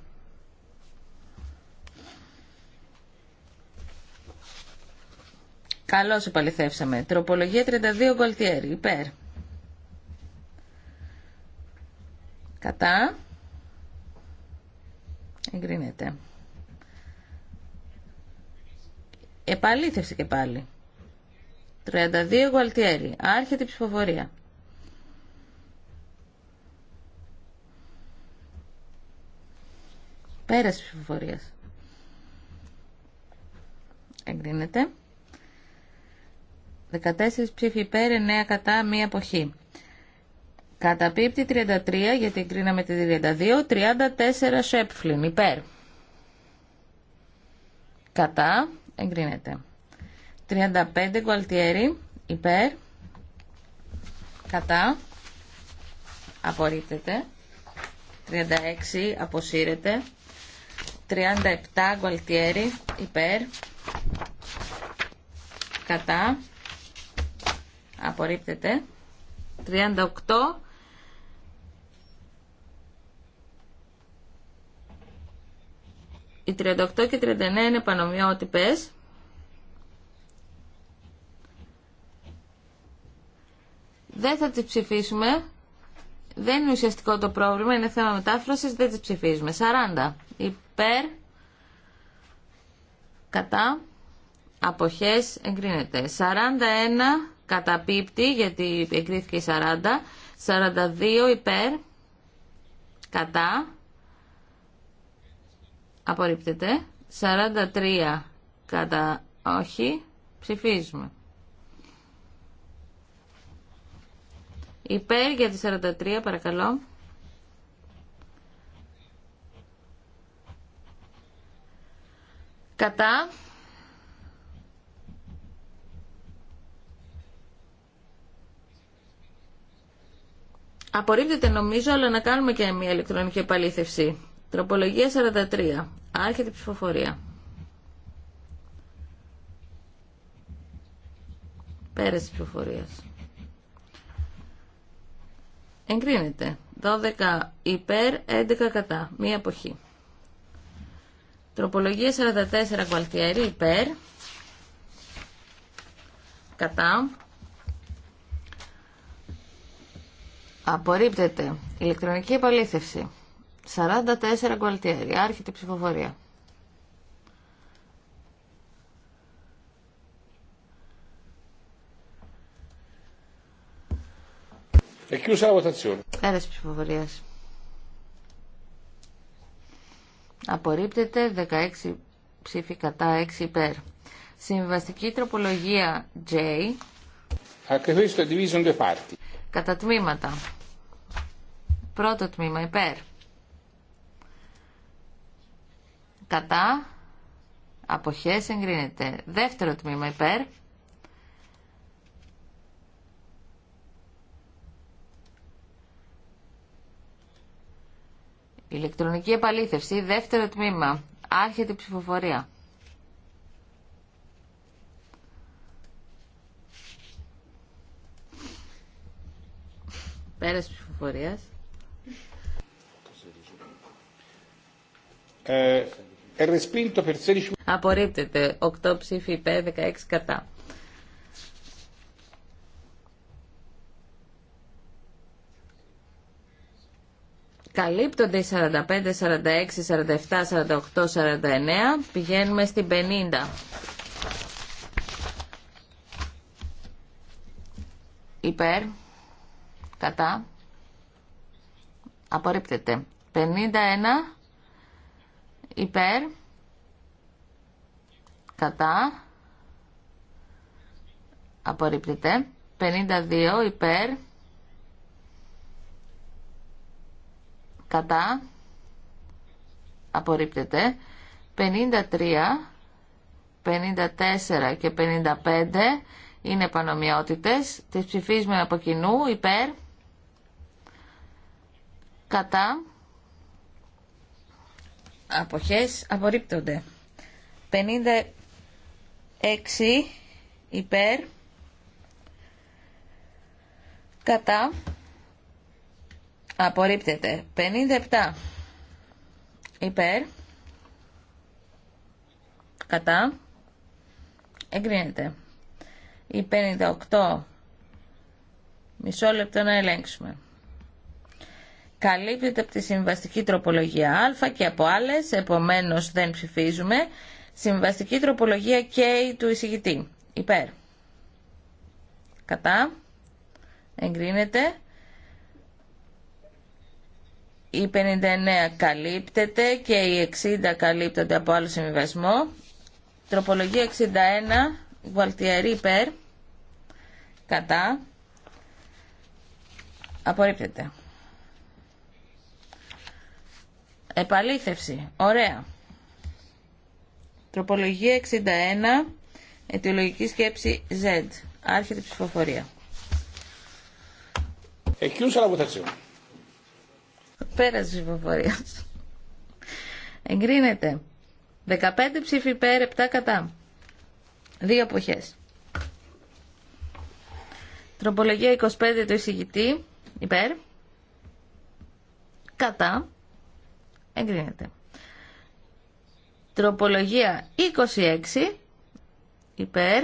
[SPEAKER 1] Καλώ επαληθεύσαμε. Τροπολογία 32 γκολτιέρι. Υπέρ. Κατά. Εγκρίνεται. Επαλήθευση και πάλι. 32 Γουαλτιέρη. Άρχεται η ψηφοφορία. η ψηφοφορία. Εγκρίνεται. 14 ψήφοι υπέρ, 9 κατά, μία αποχή. Καταπίπτει 33, γιατί εγκρίναμε τη 32, 34 σέπφλιν υπέρ. Κατά εγκρίνεται. 35 γκουαλτιέρι υπέρ κατά απορρίπτεται. 36 αποσύρεται. 37 γκουαλτιέρι υπέρ κατά απορρίπτεται. 38 Οι 38 και 39 είναι πανομοιότυπες. Δεν θα τις ψηφίσουμε. Δεν είναι ουσιαστικό το πρόβλημα, είναι θέμα μετάφρασης, δεν τις ψηφίζουμε. 40. Υπέρ, κατά, αποχές, εγκρίνεται. 41 καταπίπτει, γιατί εγκρίθηκε η 40. 42 υπέρ, κατά, Απορρίπτεται. 43 κατά όχι. Ψηφίζουμε. Υπέρ για τη 43 παρακαλώ. Κατά. Απορρίπτεται νομίζω, αλλά να κάνουμε και μια ηλεκτρονική επαλήθευση. Τροπολογία 43. Άρχεται η ψηφοφορία. Πέραση ψηφοφορία. Εγκρίνεται. 12 υπέρ, 11 κατά. Μία εποχή. Τροπολογία 44 Γουαλτιέρη υπέρ. Κατά. Απορρίπτεται. Ηλεκτρονική επαλήθευση. 44 γκολτιέρι. Άρχεται η ψηφοφορία.
[SPEAKER 4] Εκείουσα votazione.
[SPEAKER 1] Πέρας ψηφοφορίας. Απορρίπτεται 16 ψήφοι κατά 6 υπέρ. Συμβαστική τροπολογία J.
[SPEAKER 4] Ακριβώς το
[SPEAKER 1] Κατά τμήματα. Πρώτο τμήμα υπέρ. κατά, αποχές εγκρίνεται. Δεύτερο τμήμα υπέρ, Ηλεκτρονική επαλήθευση, δεύτερο τμήμα, άρχεται η ψηφοφορία. Πέρας ψηφοφορίας. Ε, Απορρίπτεται. 8 ψήφοι υπέρ, 16 κατά. Καλύπτονται οι 45, 46, 47, 48, 49. Πηγαίνουμε στην 50. Υπέρ. Κατά. Απορρίπτεται. 51 υπέρ, κατά, απορρίπτεται, 52 υπέρ, κατά, απορρίπτεται, 53, 54 και 55 είναι πανομοιότητες, τις ψηφίζουμε από κοινού, υπέρ, κατά, αποχές απορρίπτονται 56 υπέρ κατά απορρίπτεται 57 υπέρ κατά εγκρίνεται η 58 μισό λεπτό να ελέγξουμε καλύπτεται από τη συμβαστική τροπολογία Α και από άλλες, επομένως δεν ψηφίζουμε. Συμβαστική τροπολογία K του εισηγητή. Υπέρ. Κατά. Εγκρίνεται. Η 59 καλύπτεται και η 60 καλύπτονται από άλλο συμβιβασμό. Τροπολογία 61, Γουαλτιαρή υπέρ, κατά, απορρίπτεται. Επαλήθευση. Ωραία. Τροπολογία 61. Αιτιολογική σκέψη Z. Άρχεται η ψηφοφορία. θα να βοηθάξω. Πέρασε ψηφοφορία. Εγκρίνεται. 15 ψήφοι υπέρ, 7 κατά. Δύο αποχές. Τροπολογία 25 του εισηγητή. Υπέρ. Κατά εγκρίνεται. Τροπολογία 26 υπέρ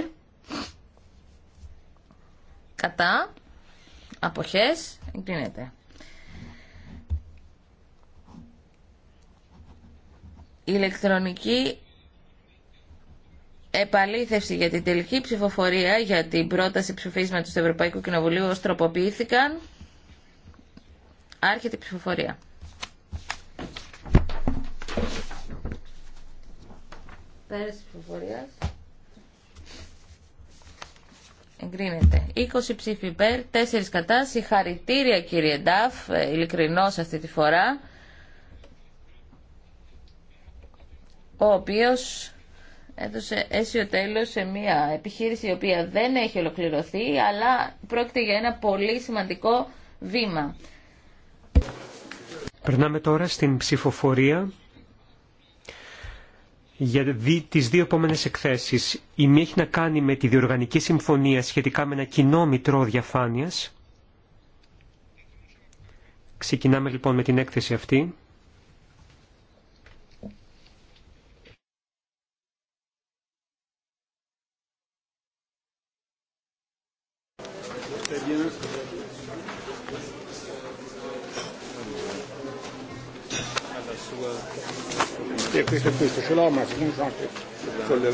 [SPEAKER 1] κατά αποχές εγκρίνεται. Ηλεκτρονική επαλήθευση για την τελική ψηφοφορία για την πρόταση ψηφίσματος του Ευρωπαϊκού Κοινοβουλίου ως τροποποιήθηκαν. Άρχεται η ψηφοφορία. Πέραση τη Εγκρίνεται. 20 ψήφοι υπέρ, 4 κατά. Συγχαρητήρια κύριε Νταφ, ε, ειλικρινώ αυτή τη φορά. Ο οποίο έδωσε αίσιο τέλος σε μια επιχείρηση η οποία δεν έχει ολοκληρωθεί, αλλά πρόκειται για ένα πολύ σημαντικό βήμα.
[SPEAKER 3] Περνάμε τώρα στην ψηφοφορία για τις δύο επόμενες εκθέσεις. Η μία έχει να κάνει με τη διοργανική συμφωνία σχετικά με ένα κοινό μητρό διαφάνειας. Ξεκινάμε λοιπόν με την έκθεση αυτή. questo, ce l'ho ma comunque
[SPEAKER 4] anche le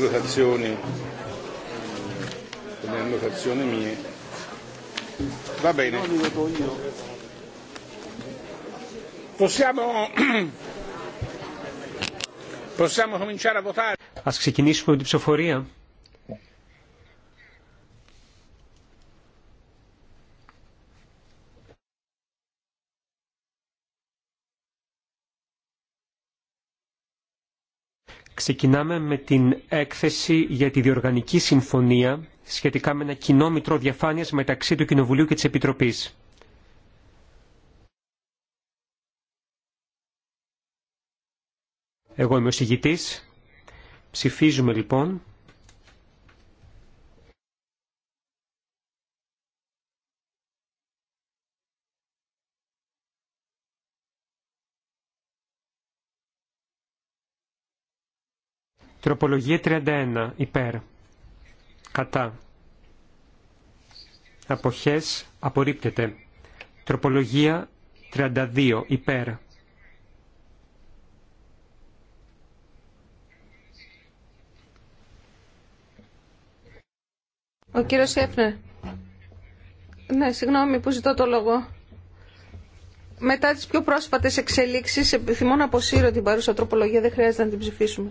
[SPEAKER 4] annotazioni, mie. Va bene. Possiamo, cominciare a votare.
[SPEAKER 3] ξεκινήσουμε την Ξεκινάμε με την έκθεση για τη διοργανική συμφωνία σχετικά με ένα κοινό μητρό διαφάνειας μεταξύ του Κοινοβουλίου και της Επιτροπής. Εγώ είμαι ο συγητής. Ψηφίζουμε λοιπόν. Τροπολογία 31. Υπέρ. Κατά. Αποχές. Απορρίπτεται. Τροπολογία 32. Υπέρ. Ο
[SPEAKER 2] κύριος Χέφνερ. Ναι, συγγνώμη που ζητώ το λόγο. Μετά τις πιο πρόσφατες εξελίξεις, επιθυμώ να αποσύρω την παρούσα τροπολογία, δεν χρειάζεται να την ψηφίσουμε.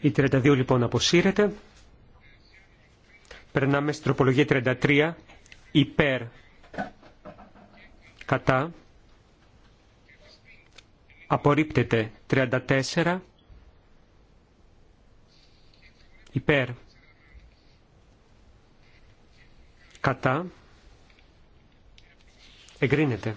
[SPEAKER 3] Η 32 λοιπόν αποσύρεται. Περνάμε στην τροπολογία 33. Υπέρ. Κατά. Απορρίπτεται 34. Υπέρ. Κατά. Εγκρίνεται.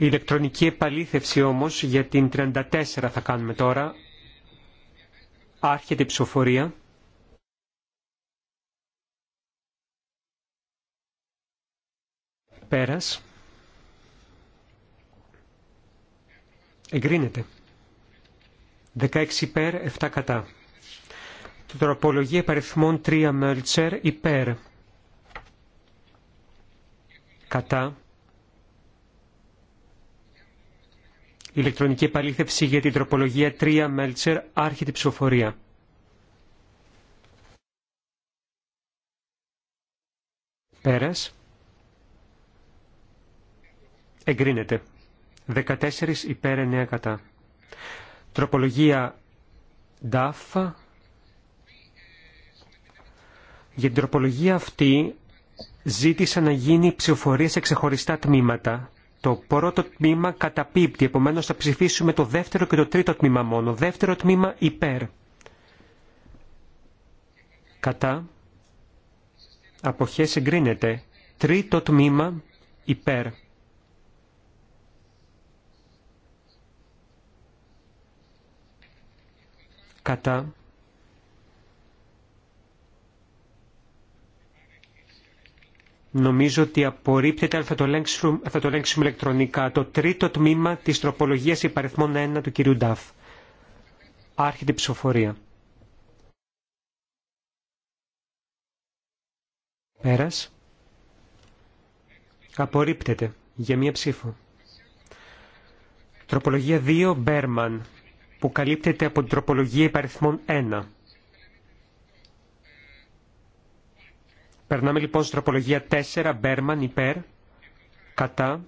[SPEAKER 3] Η ηλεκτρονική επαλήθευση όμως για την 34 θα κάνουμε τώρα. Άρχεται η ψηφοφορία. Πέρας. Εγκρίνεται. 16 υπέρ, 7 κατά. Τροπολογία παριθμών 3 Μέλτσερ υπέρ. Κατά. ηλεκτρονική επαλήθευση για την τροπολογία 3 Μέλτσερ, άρχιτη ψηφοφορία. Πέρας. Εγκρίνεται. 14 υπέρ 9 κατά. Τροπολογία DAF. Για την τροπολογία αυτή ζήτησα να γίνει ψηφοφορία σε ξεχωριστά τμήματα το πρώτο τμήμα καταπίπτει, επομένως θα ψηφίσουμε το δεύτερο και το τρίτο τμήμα μόνο. Δεύτερο τμήμα υπέρ. Κατά. Αποχές εγκρίνεται. Τρίτο τμήμα υπέρ. Κατά. Νομίζω ότι απορρίπτεται, αλλά θα το, ελέγξουμε, ηλεκτρονικά. Το τρίτο τμήμα της τροπολογίας υπαριθμών 1 του κυρίου Νταφ. Άρχεται η ψηφοφορία. Πέρας. Απορρίπτεται για μία ψήφο. Τροπολογία 2 Μπέρμαν που καλύπτεται από την τροπολογία υπαριθμών 1. Περνάμε λοιπόν στην τροπολογία 4, Μπέρμαν, υπέρ, κατά,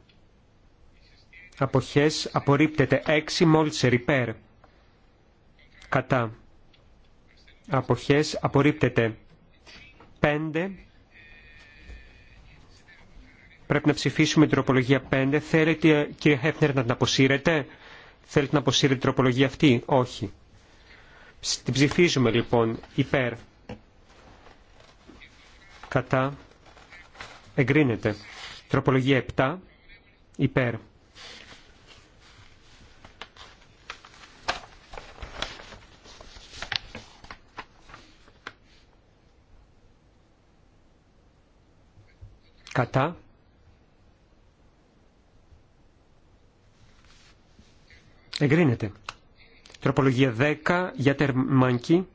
[SPEAKER 3] αποχές, απορρίπτεται 6, Μόλτσερ, υπέρ, κατά, αποχές, απορρίπτεται 5, Πρέπει να ψηφίσουμε την τροπολογία 5. Θέλετε, κύριε Χέφνερ, να την αποσύρετε. Θέλετε να αποσύρετε την τροπολογία αυτή. Όχι. Την ψηφίζουμε λοιπόν υπέρ κατά, εγκρίνεται. Τροπολογία 7, υπέρ. Κατά. Εγκρίνεται. Τροπολογία 10 για τερμάνκι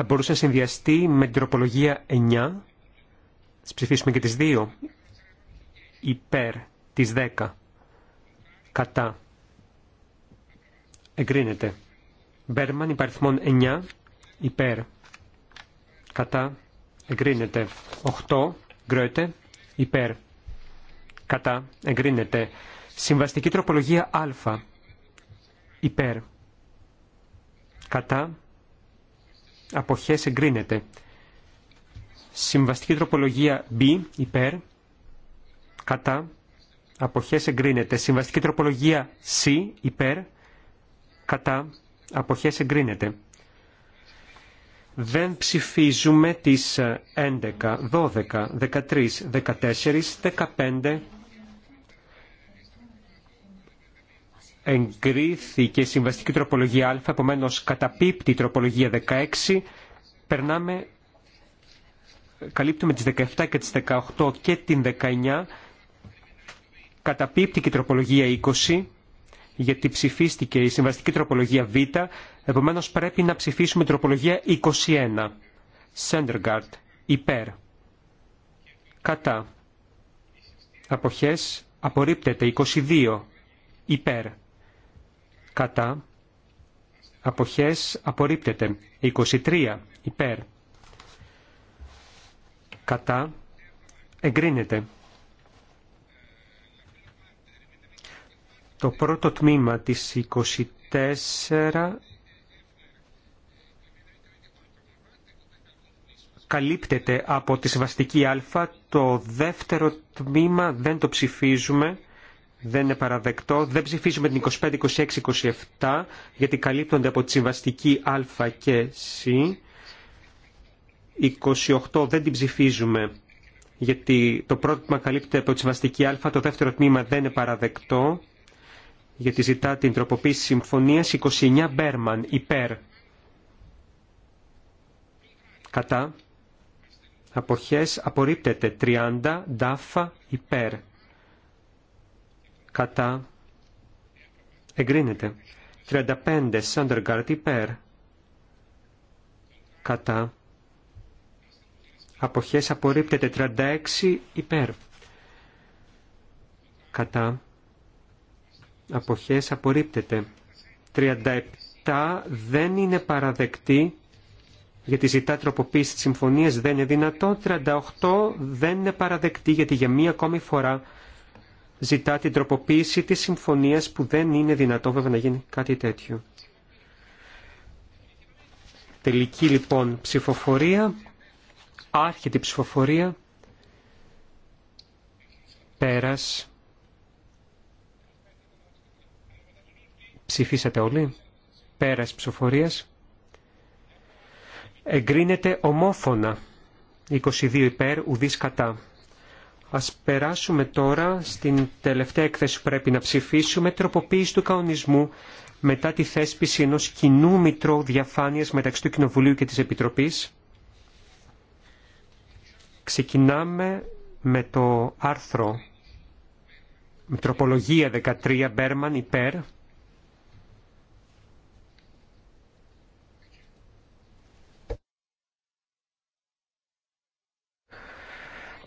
[SPEAKER 3] θα μπορούσε να συνδυαστεί με την τροπολογία 9. Τις ψηφίσουμε και τις 2. Υπέρ τις 10. Κατά. Εγκρίνεται. Μπέρμαν υπαριθμών 9. Υπέρ. Κατά. Εγκρίνεται. 8. Γκρόιτε. Υπέρ. Κατά. Εγκρίνεται. Συμβαστική τροπολογία α. Υπέρ. Κατά αποχές εγκρίνεται. Συμβαστική τροπολογία B υπέρ κατά αποχές εγκρίνεται. Συμβαστική τροπολογία C υπέρ κατά αποχές εγκρίνεται. Δεν ψηφίζουμε τις 11, 12, 13, 14, 15, εγκρίθηκε η συμβαστική τροπολογία α, επομένως καταπίπτει η τροπολογία 16, περνάμε, καλύπτουμε τις 17 και τις 18 και την 19, καταπίπτει και η τροπολογία 20, γιατί ψηφίστηκε η συμβαστική τροπολογία Β, επομένως πρέπει να ψηφίσουμε τροπολογία 21. Σέντεργαρτ, υπέρ. Κατά. Αποχές, απορρίπτεται 22. Υπέρ κατά, αποχές απορρίπτεται. 23 υπέρ, κατά, εγκρίνεται. Το πρώτο τμήμα της 24 καλύπτεται από τη συμβαστική α, το δεύτερο τμήμα δεν το ψηφίζουμε δεν είναι παραδεκτό. Δεν ψηφίζουμε την 25, 26, 27 γιατί καλύπτονται από τη συμβαστική Α και Σ. 28 δεν την ψηφίζουμε γιατί το πρώτο τμήμα καλύπτεται από τη συμβαστική Α, το δεύτερο τμήμα δεν είναι παραδεκτό γιατί ζητά την τροποποίηση συμφωνίας 29 Μπέρμαν υπέρ κατά αποχές απορρίπτεται 30 Ντάφα υπέρ κατά, εγκρίνεται. 35 Σάντεργκαρτ υπέρ, κατά, αποχές απορρίπτεται. 36 υπέρ, κατά, αποχές απορρίπτεται. 37 δεν είναι παραδεκτή γιατί ζητά τροποποίηση της συμφωνίας δεν είναι δυνατό, 38 δεν είναι παραδεκτή γιατί για μία ακόμη φορά ζητά την τροποποίηση της συμφωνίας που δεν είναι δυνατό βέβαια να γίνει κάτι τέτοιο. Τελική λοιπόν ψηφοφορία, άρχιτη ψηφοφορία, πέρας. Ψηφίσατε όλοι, πέρας ψηφοφορίας. Εγκρίνεται ομόφωνα, 22 υπέρ, ουδής κατά. Ας περάσουμε τώρα στην τελευταία έκθεση που πρέπει να ψηφίσουμε, τροποποίηση του καονισμού μετά τη θέσπιση ενός κοινού μητρώου διαφάνειας μεταξύ του Κοινοβουλίου και της Επιτροπής. Ξεκινάμε με το άρθρο Μητροπολογία 13 Μπέρμαν υπέρ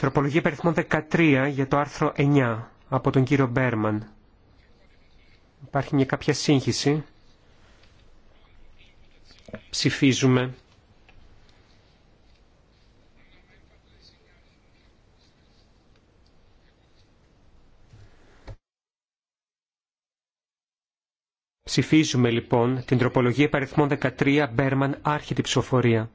[SPEAKER 3] Τροπολογία περιθμών 13 για το άρθρο 9 από τον κύριο Μπέρμαν. Υπάρχει μια κάποια σύγχυση. Ψηφίζουμε. Ψηφίζουμε λοιπόν την τροπολογία περίθμων 13 Μπέρμαν άρχιτη ψηφοφορία.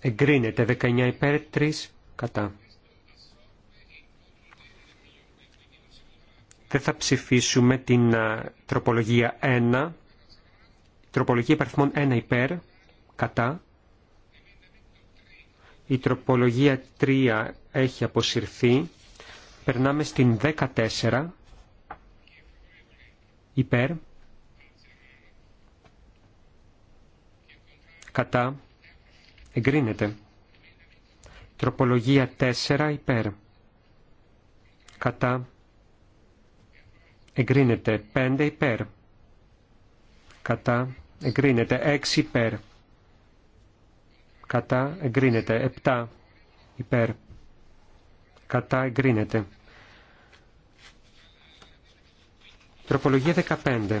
[SPEAKER 3] Εγκρίνεται 19 υπέρ 3 κατά. Δεν θα ψηφίσουμε την τροπολογία 1. Τροπολογία υπαριθμών 1 υπέρ κατά. Η τροπολογία 3 έχει αποσυρθεί. Περνάμε στην 14 υπέρ. κατά, εγκρίνεται. Τροπολογία 4 υπέρ, κατά, εγκρίνεται. 5 υπέρ, κατά, εγκρίνεται. 6 υπέρ, κατά, εγκρίνεται. 7 υπέρ, κατά, εγκρίνεται. Τροπολογία 15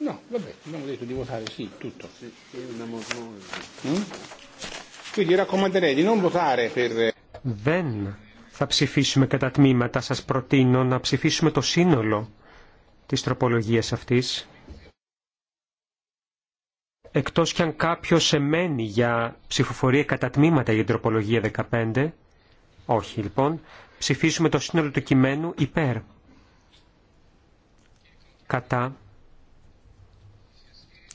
[SPEAKER 4] No, detto di votare sì, tutto. Mm? Quindi raccomanderei di non votare per... Eh,
[SPEAKER 3] Δεν θα ψηφίσουμε κατά τμήματα, σας προτείνω να ψηφίσουμε το σύνολο της τροπολογίας αυτής. Εκτός κι αν κάποιος εμένει για ψηφοφορία κατά τμήματα για την τροπολογία 15, όχι λοιπόν, ψηφίσουμε το σύνολο του κειμένου υπέρ. Κατά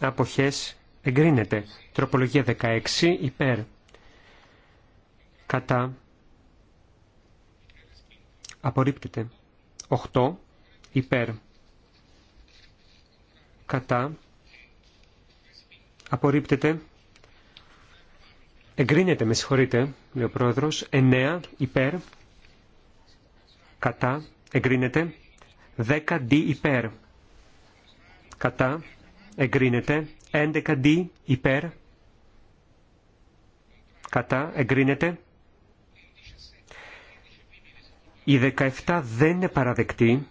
[SPEAKER 3] αποχές εγκρίνεται. Τροπολογία 16 υπέρ κατά απορρίπτεται. 8 υπέρ κατά απορρίπτεται. Εγκρίνεται, με συγχωρείτε, λέει ο πρόεδρος. 9 υπέρ κατά εγκρίνεται. 10 δι υπέρ κατά εγκρίνεται. 11D υπέρ κατά εγκρίνεται. Η 17 δεν είναι παραδεκτή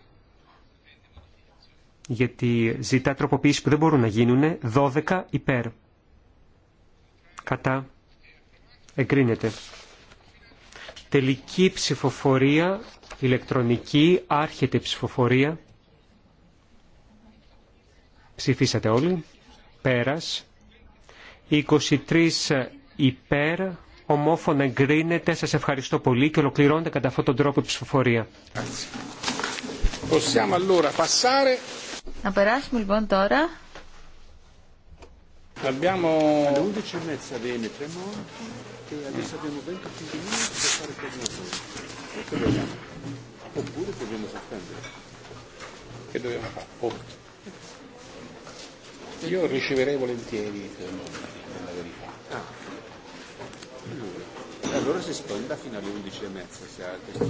[SPEAKER 3] γιατί ζητά τροποποίηση που δεν μπορούν να γίνουν. 12 υπέρ κατά εγκρίνεται. Τελική ψηφοφορία ηλεκτρονική, άρχεται ψηφοφορία. Ψηφίσατε όλοι. Πέρας. 23 υπέρ. Ομόφωνα εγκρίνεται. Σας ευχαριστώ πολύ και ολοκληρώνεται κατά αυτόν τον τρόπο η ψηφοφορία.
[SPEAKER 1] Να περάσουμε λοιπόν τώρα.
[SPEAKER 4] Abbiamo... 11 Io riceverei volentieri la verità. Ah. Allora si sponda fino alle 11 e mezza se ha questa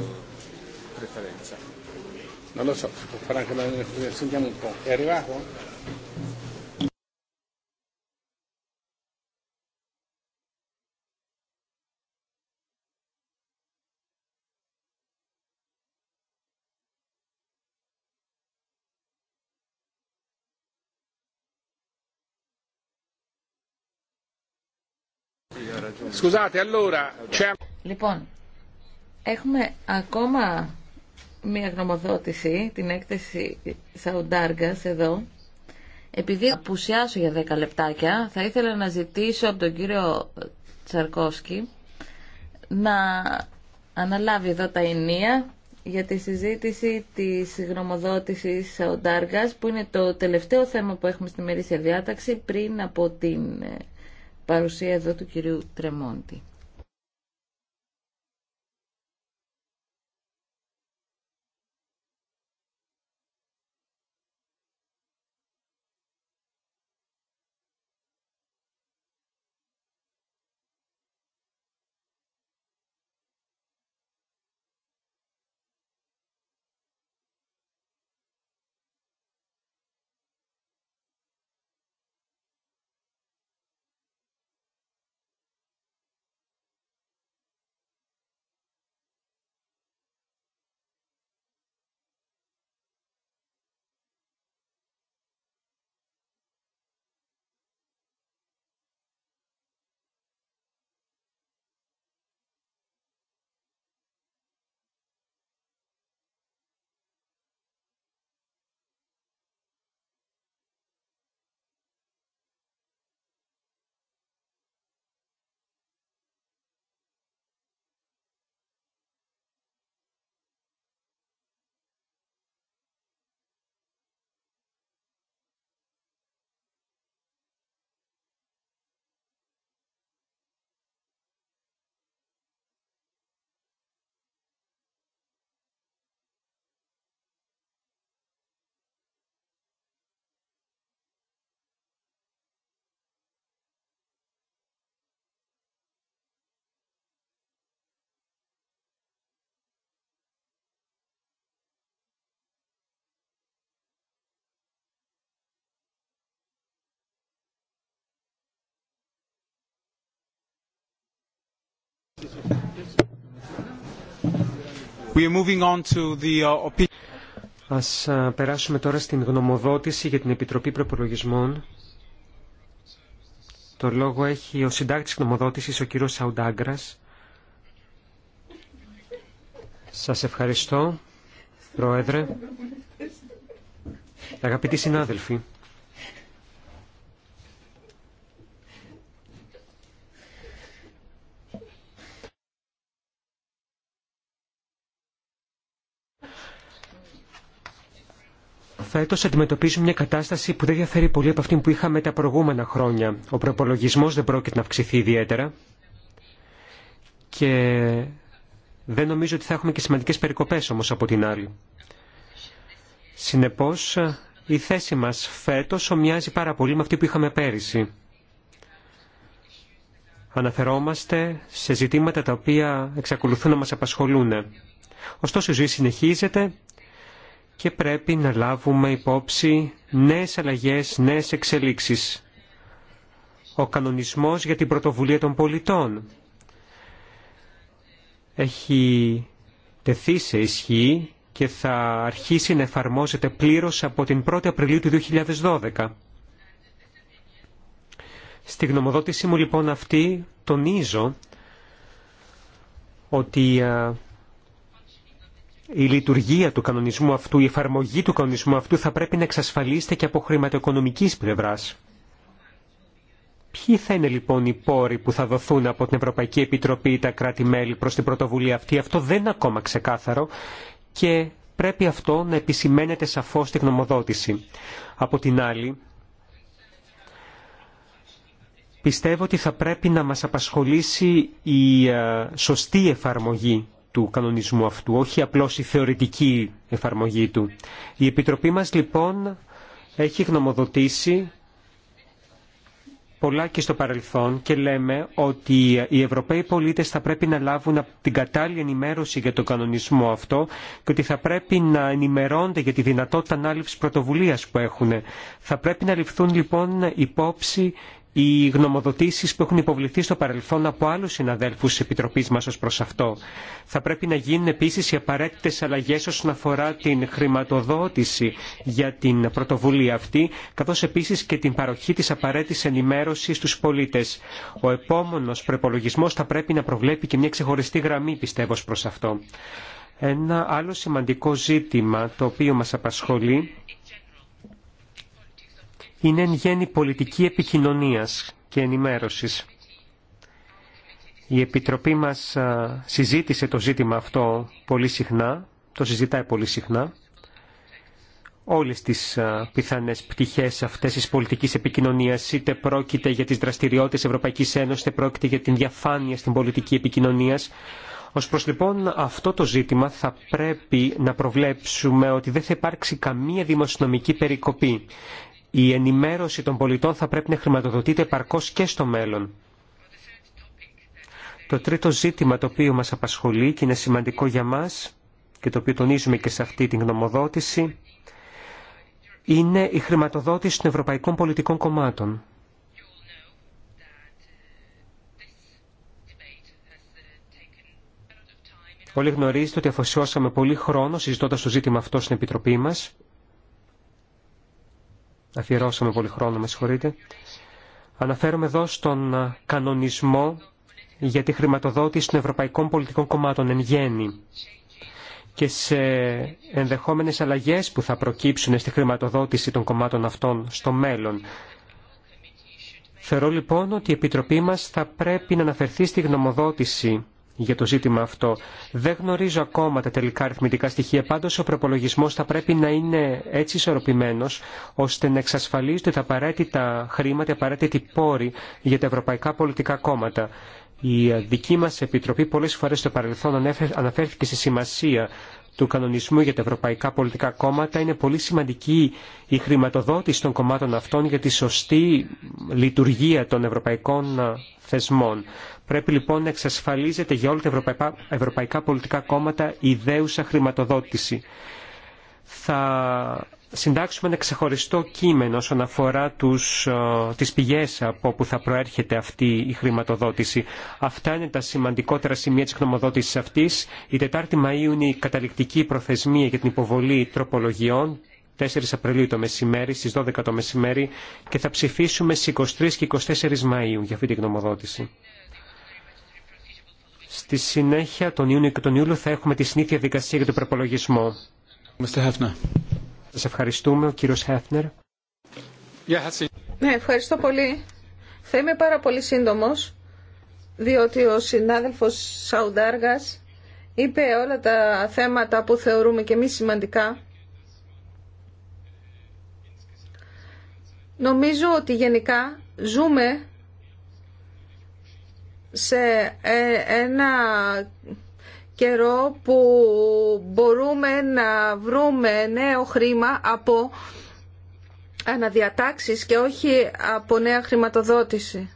[SPEAKER 4] preferenza. Non lo so, può fare anche la... sentiamo un po'. È arrivato?
[SPEAKER 1] Λοιπόν, έχουμε ακόμα μία γνωμοδότηση, την έκθεση Σαουντάργα εδώ. Επειδή απουσιάσω για 10 λεπτάκια, θα ήθελα να ζητήσω από τον κύριο Τσαρκόσκι να αναλάβει εδώ τα ενία για τη συζήτηση της γνωμοδότησης Σαουντάργας, που είναι το τελευταίο θέμα που έχουμε στη μερίσια διάταξη πριν από την ε, παρουσία εδώ του κυρίου Τρεμόντι.
[SPEAKER 3] Uh, Ας περάσουμε τώρα στην γνωμοδότηση για την Επιτροπή Προπολογισμών. Το λόγο έχει ο συντάκτης γνωμοδότησης, ο κύριος Σαουντάγκρας. Σας ευχαριστώ, Πρόεδρε. Αγαπητοί συνάδελφοι, θα αντιμετωπίζουμε μια κατάσταση που δεν διαφέρει πολύ από αυτήν που είχαμε τα προηγούμενα χρόνια. Ο προπολογισμό δεν πρόκειται να αυξηθεί ιδιαίτερα και δεν νομίζω ότι θα έχουμε και σημαντικές περικοπές όμως από την άλλη. Συνεπώς, η θέση μας φέτος ομοιάζει πάρα πολύ με αυτή που είχαμε πέρυσι. Αναφερόμαστε σε ζητήματα τα οποία εξακολουθούν να μας απασχολούν. Ωστόσο η ζωή συνεχίζεται και πρέπει να λάβουμε υπόψη νέες αλλαγές, νέες εξελίξεις. Ο κανονισμός για την πρωτοβουλία των πολιτών έχει τεθεί σε ισχύ και θα αρχίσει να εφαρμόζεται πλήρως από την 1η Απριλίου του 2012. Στη γνωμοδότησή μου λοιπόν αυτή τονίζω ότι η λειτουργία του κανονισμού αυτού, η εφαρμογή του κανονισμού αυτού θα πρέπει να εξασφαλίσετε και από χρηματοοικονομικής πλευράς. Ποιοι θα είναι λοιπόν οι πόροι που θα δοθούν από την Ευρωπαϊκή Επιτροπή ή τα κράτη-μέλη προς την πρωτοβουλία αυτή, αυτό δεν είναι ακόμα ξεκάθαρο και πρέπει αυτό να επισημαίνεται σαφώς στην γνωμοδότηση. Από την άλλη, πιστεύω ότι θα πρέπει να μας απασχολήσει η ε, σωστή εφαρμογή του κανονισμού αυτού, όχι απλώς η θεωρητική εφαρμογή του. Η Επιτροπή μας λοιπόν έχει γνωμοδοτήσει πολλά και στο παρελθόν και λέμε ότι οι Ευρωπαίοι πολίτες θα πρέπει να λάβουν την κατάλληλη ενημέρωση για τον κανονισμό αυτό και ότι θα πρέπει να ενημερώνται για τη δυνατότητα ανάληψης πρωτοβουλίας που έχουν. Θα πρέπει να ληφθούν λοιπόν υπόψη οι γνωμοδοτήσεις που έχουν υποβληθεί στο παρελθόν από άλλους συναδέλφους της Επιτροπής μας ως προς αυτό. Θα πρέπει να γίνουν επίσης οι απαραίτητες αλλαγές όσον αφορά την χρηματοδότηση για την πρωτοβουλία αυτή, καθώς επίσης και την παροχή της απαραίτητης ενημέρωσης στους πολίτες. Ο επόμενος προπολογισμό θα πρέπει να προβλέπει και μια ξεχωριστή γραμμή, πιστεύω, προς αυτό. Ένα άλλο σημαντικό ζήτημα το οποίο μας απασχολεί είναι εν γέννη πολιτική επικοινωνίας και ενημέρωσης. Η Επιτροπή μας συζήτησε το ζήτημα αυτό πολύ συχνά, το συζητάει πολύ συχνά, όλες τις πιθανές πτυχές αυτές της πολιτικής επικοινωνίας, είτε πρόκειται για τις δραστηριότητες Ευρωπαϊκής Ένωσης, είτε πρόκειται για την διαφάνεια στην πολιτική επικοινωνίας. Ως προς λοιπόν αυτό το ζήτημα θα πρέπει να προβλέψουμε ότι δεν θα υπάρξει καμία δημοσιονομική περικοπή η ενημέρωση των πολιτών θα πρέπει να χρηματοδοτείται επαρκώς και στο μέλλον. Το τρίτο ζήτημα το οποίο μας απασχολεί και είναι σημαντικό για μας και το οποίο τονίζουμε και σε αυτή την γνωμοδότηση είναι η χρηματοδότηση των ευρωπαϊκών πολιτικών κομμάτων. Όλοι γνωρίζετε ότι αφοσιώσαμε πολύ χρόνο συζητώντας το ζήτημα αυτό στην Επιτροπή μας Αφιερώσαμε πολύ χρόνο, με συγχωρείτε. Αναφέρομαι εδώ στον κανονισμό για τη χρηματοδότηση των ευρωπαϊκών πολιτικών κομμάτων εν γέννη και σε ενδεχόμενες αλλαγές που θα προκύψουν στη χρηματοδότηση των κομμάτων αυτών στο μέλλον. Θεωρώ λοιπόν ότι η Επιτροπή μας θα πρέπει να αναφερθεί στη γνωμοδότηση για το ζήτημα αυτό. Δεν γνωρίζω ακόμα τα τελικά αριθμητικά στοιχεία, πάντως ο προπολογισμός θα πρέπει να είναι έτσι ισορροπημένος, ώστε να εξασφαλίζονται τα απαραίτητα χρήματα, απαραίτητη πόρη για τα ευρωπαϊκά πολιτικά κόμματα. Η δική μας Επιτροπή πολλές φορές στο παρελθόν αναφέρθηκε στη σημασία του κανονισμού για τα ευρωπαϊκά πολιτικά κόμματα είναι πολύ σημαντική η χρηματοδότηση των κομμάτων αυτών για τη σωστή λειτουργία των ευρωπαϊκών ε, θεσμών. Πρέπει λοιπόν να εξασφαλίζεται για όλα τα ευρωπαϊκά, πολιτικά κόμματα ιδέουσα χρηματοδότηση. Θα συντάξουμε ένα ξεχωριστό κείμενο όσον αφορά ε, τις πηγές από όπου θα προέρχεται αυτή η χρηματοδότηση. Αυτά είναι τα σημαντικότερα σημεία της χρηματοδότησης αυτής. Η 4η Μαΐου είναι η καταληκτική προθεσμία για την υποβολή τροπολογιών 4 Απριλίου το μεσημέρι, στις 12 το μεσημέρι και θα ψηφίσουμε στις 23 και 24 Μαΐου για αυτή την γνωμοδότηση. Στη συνέχεια τον Ιούνιο και τον Ιούλιο θα έχουμε τη συνήθεια δικασία για τον προπολογισμό. Σας ευχαριστούμε. Ο κύριος
[SPEAKER 2] ναι, ευχαριστώ πολύ. Θα είμαι πάρα πολύ σύντομος, διότι ο συνάδελφος Σαουντάργας είπε όλα τα θέματα που θεωρούμε και εμείς σημαντικά. Νομίζω ότι γενικά ζούμε σε ε, ένα καιρό που μπορούμε να βρούμε νέο χρήμα από αναδιατάξεις και όχι από νέα χρηματοδότηση.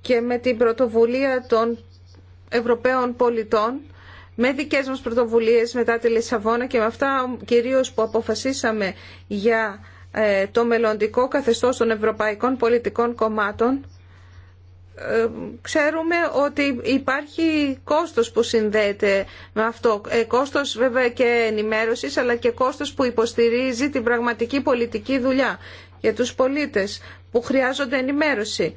[SPEAKER 2] Και με την πρωτοβουλία των Ευρωπαίων πολιτών, με δικές μας πρωτοβουλίες μετά τη Λισαβόνα και με αυτά κυρίως που αποφασίσαμε για ε, το μελλοντικό καθεστώς των ευρωπαϊκών πολιτικών κομμάτων, ξέρουμε ότι υπάρχει κόστος που συνδέεται με αυτό. Ε, κόστος βέβαια και ενημέρωσης αλλά και κόστος που υποστηρίζει την πραγματική πολιτική δουλειά για τους πολίτες που χρειάζονται ενημέρωση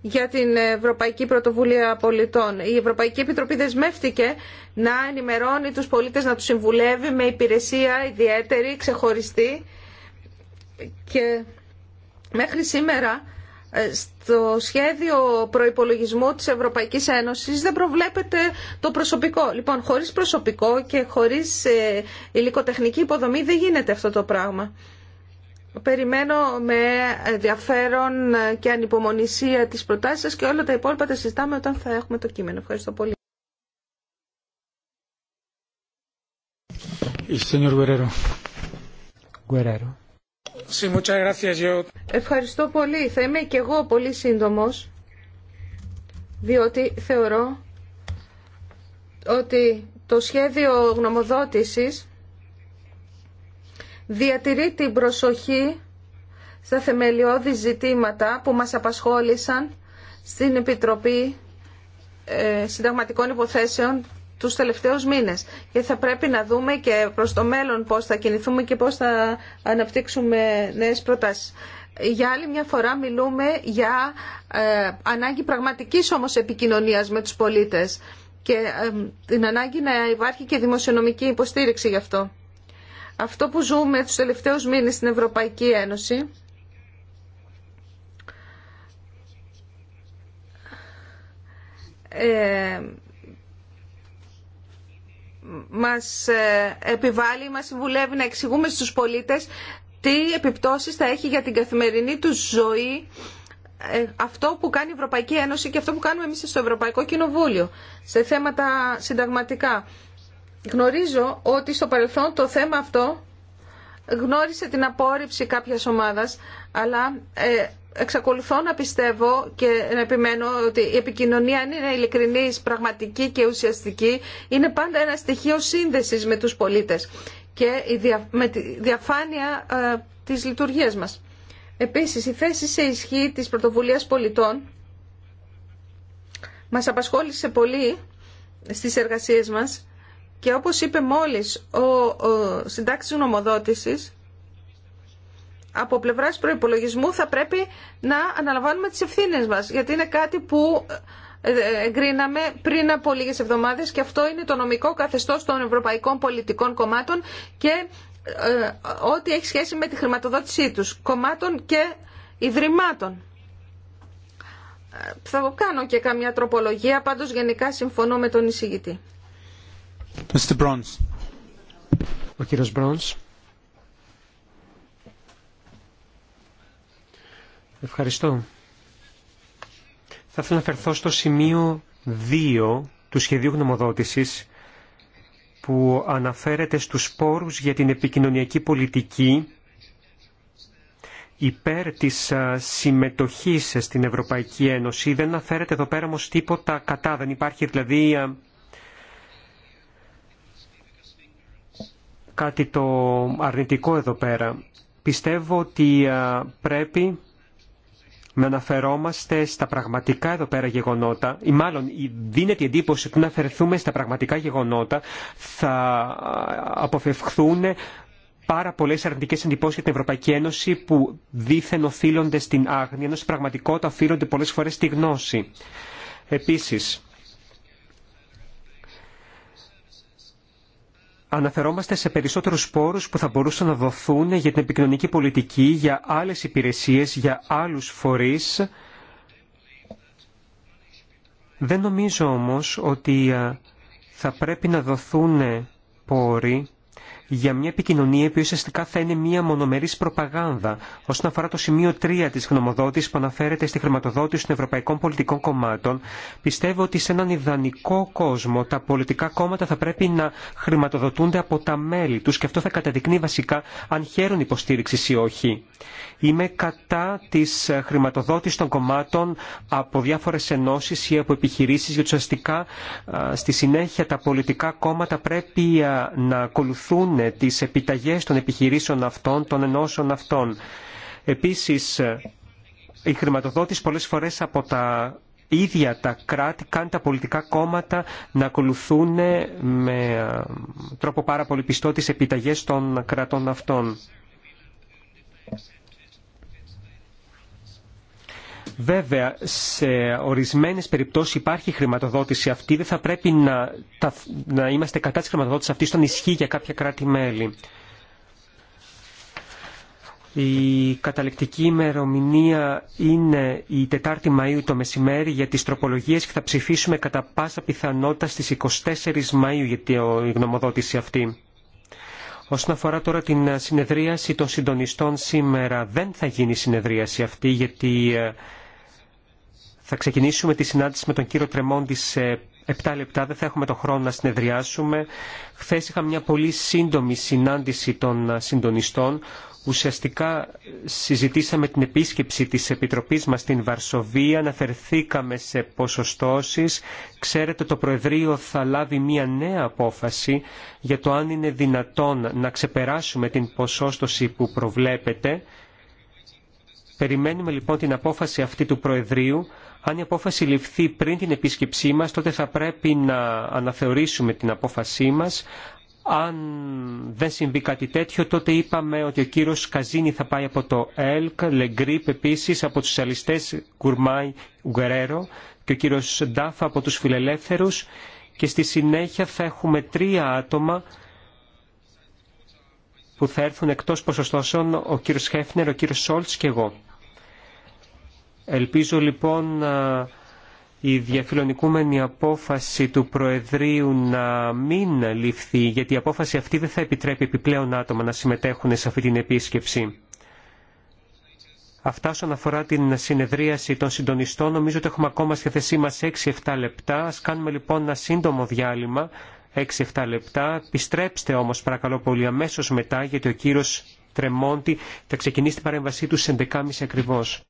[SPEAKER 2] για την Ευρωπαϊκή Πρωτοβουλία Πολιτών. Η Ευρωπαϊκή Επιτροπή δεσμεύτηκε να ενημερώνει τους πολίτες, να τους συμβουλεύει με υπηρεσία ιδιαίτερη, ξεχωριστή και μέχρι σήμερα ε, στο σχέδιο προϋπολογισμού της Ευρωπαϊκής Ένωσης δεν προβλέπεται το προσωπικό. Λοιπόν, χωρίς προσωπικό και χωρίς ε, υλικοτεχνική υποδομή δεν γίνεται αυτό το πράγμα. Περιμένω με ενδιαφέρον και ανυπομονησία τις προτάσεις και όλα τα υπόλοιπα τα συζητάμε όταν θα έχουμε το κείμενο. Ευχαριστώ πολύ. Guerrero. Ευχαριστώ πολύ. Θα είμαι και εγώ πολύ σύντομος, διότι θεωρώ ότι το σχέδιο γνωμοδότησης διατηρεί την προσοχή στα θεμελιώδη ζητήματα που μας απασχόλησαν στην Επιτροπή ε, Συνταγματικών Υποθέσεων τους τελευταίους μήνες. Και θα πρέπει να δούμε και προς το μέλλον πώς θα κινηθούμε και πώς θα αναπτύξουμε νέες προτάσεις. Για άλλη μια φορά μιλούμε για ε, ανάγκη πραγματικής όμως επικοινωνίας με τους πολίτες και ε, την ανάγκη να υπάρχει και δημοσιονομική υποστήριξη γι' αυτό. Αυτό που ζούμε τους τελευταίους μήνες στην Ευρωπαϊκή Ένωση ε, μας ε, επιβάλλει, μας συμβουλεύει να εξηγούμε στους πολίτες τι επιπτώσεις θα έχει για την καθημερινή του ζωή ε, αυτό που κάνει η Ευρωπαϊκή Ένωση και αυτό που κάνουμε εμείς στο Ευρωπαϊκό Κοινοβούλιο σε θέματα συνταγματικά. Γνωρίζω ότι στο παρελθόν το θέμα αυτό γνώρισε την απόρριψη κάποιας ομάδας, αλλά ε, εξακολουθώ να πιστεύω και να επιμένω ότι η επικοινωνία αν είναι ειλικρινής, πραγματική και ουσιαστική είναι πάντα ένα στοιχείο σύνδεσης με τους πολίτες και με τη διαφάνεια ε, της λειτουργίας μας. Επίσης, η θέση σε ισχύ της πρωτοβουλίας πολιτών μας απασχόλησε πολύ στις εργασίες μας και όπως είπε μόλις ο, ο συντάξης νομοδότησης από πλευράς προϋπολογισμού θα πρέπει να αναλαμβάνουμε τις ευθύνες μας, γιατί είναι κάτι που ε, εγκρίναμε πριν από λίγες εβδομάδες και αυτό είναι το νομικό καθεστώς των ευρωπαϊκών πολιτικών κομμάτων και ε, ό,τι έχει σχέση με τη χρηματοδότησή τους, κομμάτων και ιδρυμάτων. Ε, θα κάνω και καμιά τροπολογία, πάντως γενικά συμφωνώ με τον εισηγητή.
[SPEAKER 3] Ο κύριος Ευχαριστώ. Θα ήθελα να φερθώ στο σημείο 2 του σχεδίου γνωμοδότησης που αναφέρεται στους πόρους για την επικοινωνιακή πολιτική υπέρ της συμμετοχής στην Ευρωπαϊκή Ένωση. Δεν αναφέρεται εδώ πέρα όμως τίποτα κατά, δεν υπάρχει δηλαδή κάτι το αρνητικό εδώ πέρα. Πιστεύω ότι πρέπει να αναφερόμαστε στα πραγματικά εδώ πέρα γεγονότα, ή μάλλον δίνεται η εντύπωση ότι να αφαιρεθούμε στα πραγματικά γεγονότα, θα αποφευχθούν πάρα πολλέ αρνητικέ εντυπώσει για την Ευρωπαϊκή Ένωση που δήθεν οφείλονται στην άγνοια, ενώ στην πραγματικότητα οφείλονται πολλέ φορέ στη γνώση. Επίση, αναφερόμαστε σε περισσότερους πόρους που θα μπορούσαν να δοθούν για την επικοινωνική πολιτική, για άλλες υπηρεσίες, για άλλους φορείς. Δεν νομίζω όμως ότι ε, θα πρέπει να δοθούν πόροι για μια επικοινωνία η οποία ουσιαστικά θα είναι μια μονομερής προπαγάνδα όσον αφορά το σημείο 3 της γνωμοδότησης που αναφέρεται στη χρηματοδότηση των ευρωπαϊκών πολιτικών κομμάτων. Πιστεύω ότι σε έναν ιδανικό κόσμο τα πολιτικά κόμματα θα πρέπει να χρηματοδοτούνται από τα μέλη τους και αυτό θα καταδεικνύει βασικά αν χαίρουν υποστήριξη ή όχι. Είμαι κατά της χρηματοδότηση των κομμάτων από διάφορες ενώσεις ή από επιχειρήσεις γιατί ουσιαστικά στη συνέχεια τα πολιτικά κόμματα πρέπει να ακολουθούν είναι τις επιταγές των επιχειρήσεων αυτών, των ενώσεων αυτών. Επίσης, η χρηματοδότηση πολλές φορές από τα ίδια τα κράτη κάνει τα πολιτικά κόμματα να ακολουθούν με ε, τρόπο πάρα πολύ πιστό τις επιταγές των κρατών αυτών. Βέβαια, σε ορισμένες περιπτώσεις υπάρχει χρηματοδότηση αυτή. Δεν θα πρέπει να, να είμαστε κατά της χρηματοδότησης αυτή στον ισχύ για κάποια κράτη-μέλη. Η καταληκτική ημερομηνία είναι η 4η Μαΐου το μεσημέρι για τις τροπολογίες και θα ψηφίσουμε κατά πάσα πιθανότητα στις 24 Μαΐου για τη γνωμοδότηση αυτή. Όσον αφορά τώρα την συνεδρίαση των συντονιστών σήμερα, δεν θα γίνει η συνεδρίαση αυτή γιατί ε, θα ξεκινήσουμε τη συνάντηση με τον κύριο Τρεμόντι σε 7 λεπτά. Δεν θα έχουμε τον χρόνο να συνεδριάσουμε. Χθε είχαμε μια πολύ σύντομη συνάντηση των συντονιστών. Ουσιαστικά συζητήσαμε την επίσκεψη της Επιτροπής μας στην Βαρσοβία, αναφερθήκαμε σε ποσοστώσεις. Ξέρετε, το Προεδρείο θα λάβει μια νέα απόφαση για το αν είναι δυνατόν να ξεπεράσουμε την ποσόστοση που προβλέπεται. Περιμένουμε λοιπόν την απόφαση αυτή του Προεδρείου αν η απόφαση ληφθεί πριν την επίσκεψή μας, τότε θα πρέπει να αναθεωρήσουμε την απόφασή μας. Αν δεν συμβεί κάτι τέτοιο, τότε είπαμε ότι ο κύριος Καζίνη θα πάει από το ΕΛΚ, Λεγκρίπ επίσης, από τους αλιστές Γκουρμάι Γκουρμάι-Ουγκερέρο και ο κύριος Ντάφα από τους Φιλελεύθερους και στη συνέχεια θα έχουμε τρία άτομα που θα έρθουν εκτός ποσοστώσεων ο κύριος Χέφνερ, ο κύριος Σόλτς και εγώ. Ελπίζω λοιπόν η διαφιλονικούμενη απόφαση του Προεδρείου να μην ληφθεί, γιατί η απόφαση αυτή δεν θα επιτρέπει επιπλέον άτομα να συμμετέχουν σε αυτή την επίσκεψη. Αυτά όσον αφορά την συνεδρίαση των συντονιστών, νομίζω ότι έχουμε ακόμα στη θέσή μας 6-7 λεπτά. Ας κάνουμε λοιπόν ένα σύντομο διάλειμμα, 6-7 λεπτά. Πιστρέψτε όμως παρακαλώ πολύ αμέσως μετά, γιατί ο κύριος Τρεμόντι θα ξεκινήσει την παρέμβασή του σε 11.30 ακριβώς.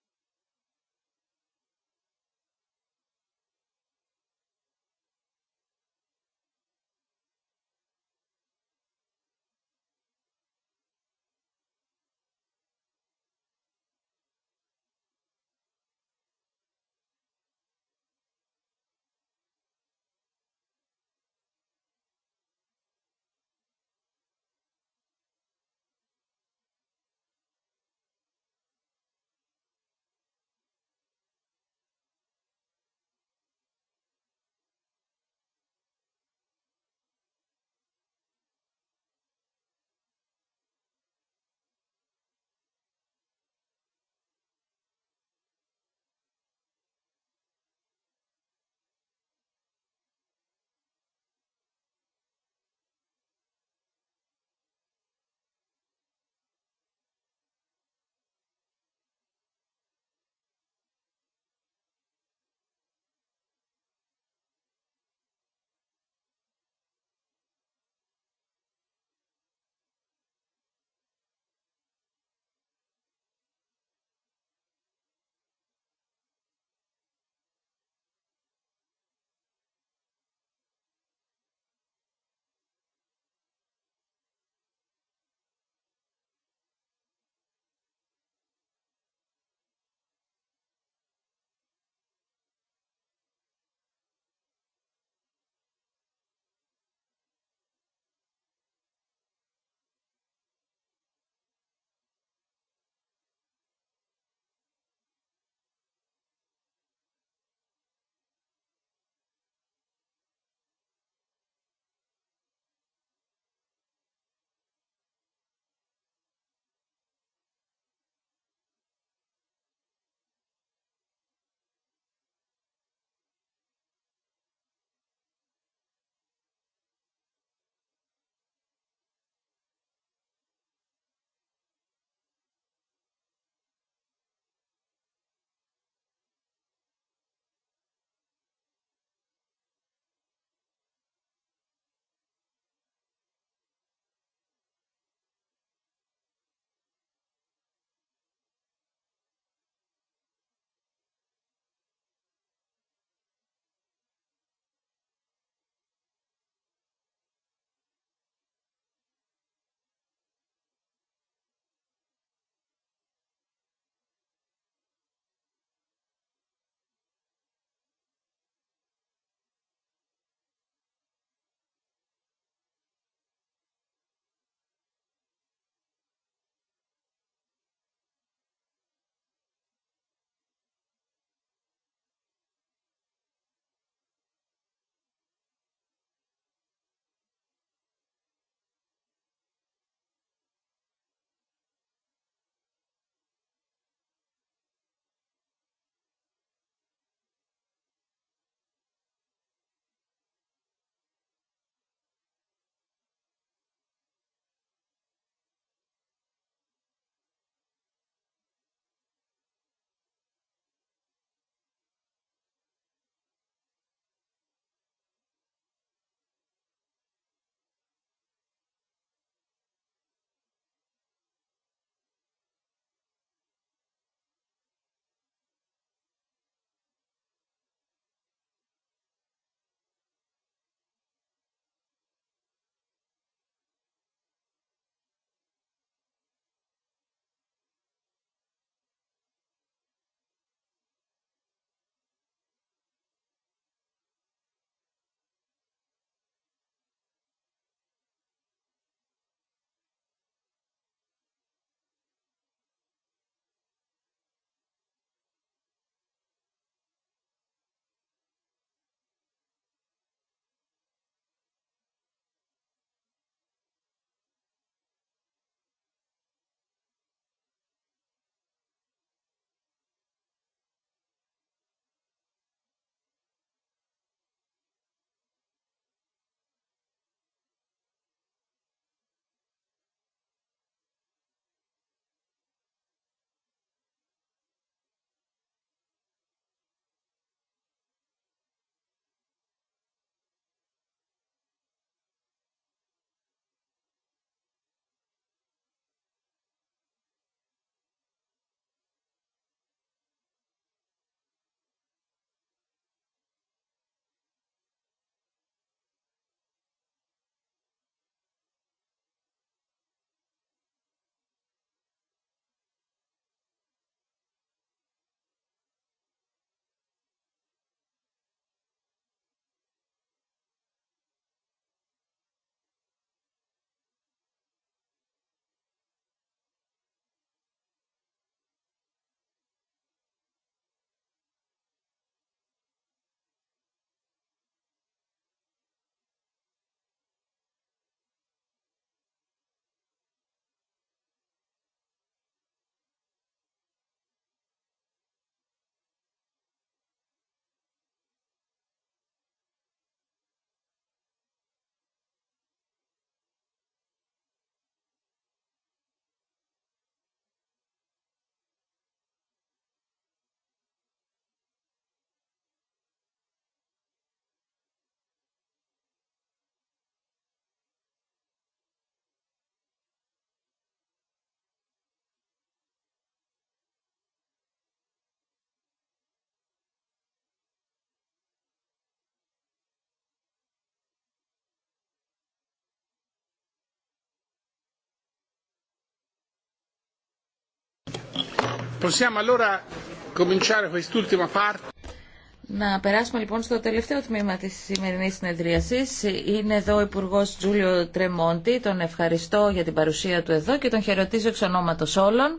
[SPEAKER 1] Να περάσουμε λοιπόν στο τελευταίο τμήμα της σημερινής συνεδρίασης. Είναι εδώ ο υπουργό Τζούλιο Τρεμόντι. Τον ευχαριστώ για την παρουσία του εδώ και τον χαιρετίζω εξ ονόματος όλων.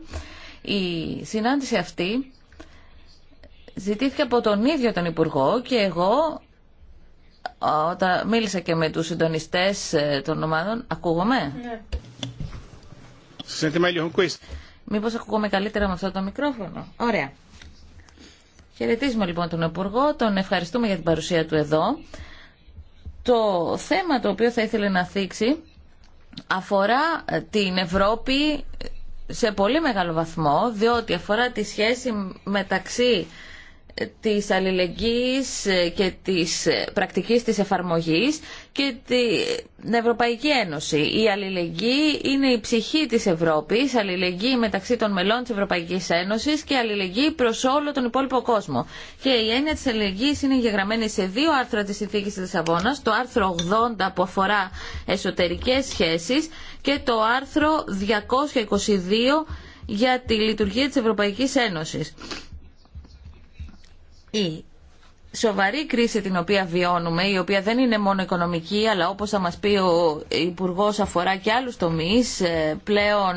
[SPEAKER 1] Η συνάντηση αυτή ζητήθηκε από τον ίδιο τον Υπουργό και εγώ όταν μίλησα και με τους συντονιστές ε, των ομάδων. Ακούγομαι. Μήπω ακούγομαι καλύτερα με αυτό το μικρόφωνο. Ωραία. Χαιρετίζουμε λοιπόν τον Υπουργό, τον ευχαριστούμε για την παρουσία του εδώ. Το θέμα το οποίο θα ήθελε να θίξει αφορά ε, την Ευρώπη σε πολύ μεγάλο βαθμό, διότι αφορά τη σχέση μεταξύ της αλληλεγγύης ε, και της ε, πρακτικής της εφαρμογής και την Ευρωπαϊκή Ένωση. Η αλληλεγγύη είναι η ψυχή της Ευρώπης, αλληλεγγύη μεταξύ των μελών της Ευρωπαϊκής Ένωσης και αλληλεγγύη προς όλο τον υπόλοιπο κόσμο. Και η έννοια της αλληλεγγύης είναι γεγραμμένη σε δύο άρθρα της Συνθήκης της Λισαβόνας, το άρθρο 80 που αφορά εσωτερικές σχέσεις και το άρθρο 222 για τη λειτουργία της Ευρωπαϊκής Ένωσης η σοβαρή κρίση την οποία βιώνουμε, η οποία δεν είναι μόνο οικονομική, αλλά όπως θα μας πει ο υπουργό αφορά και άλλους τομείς, ε, πλέον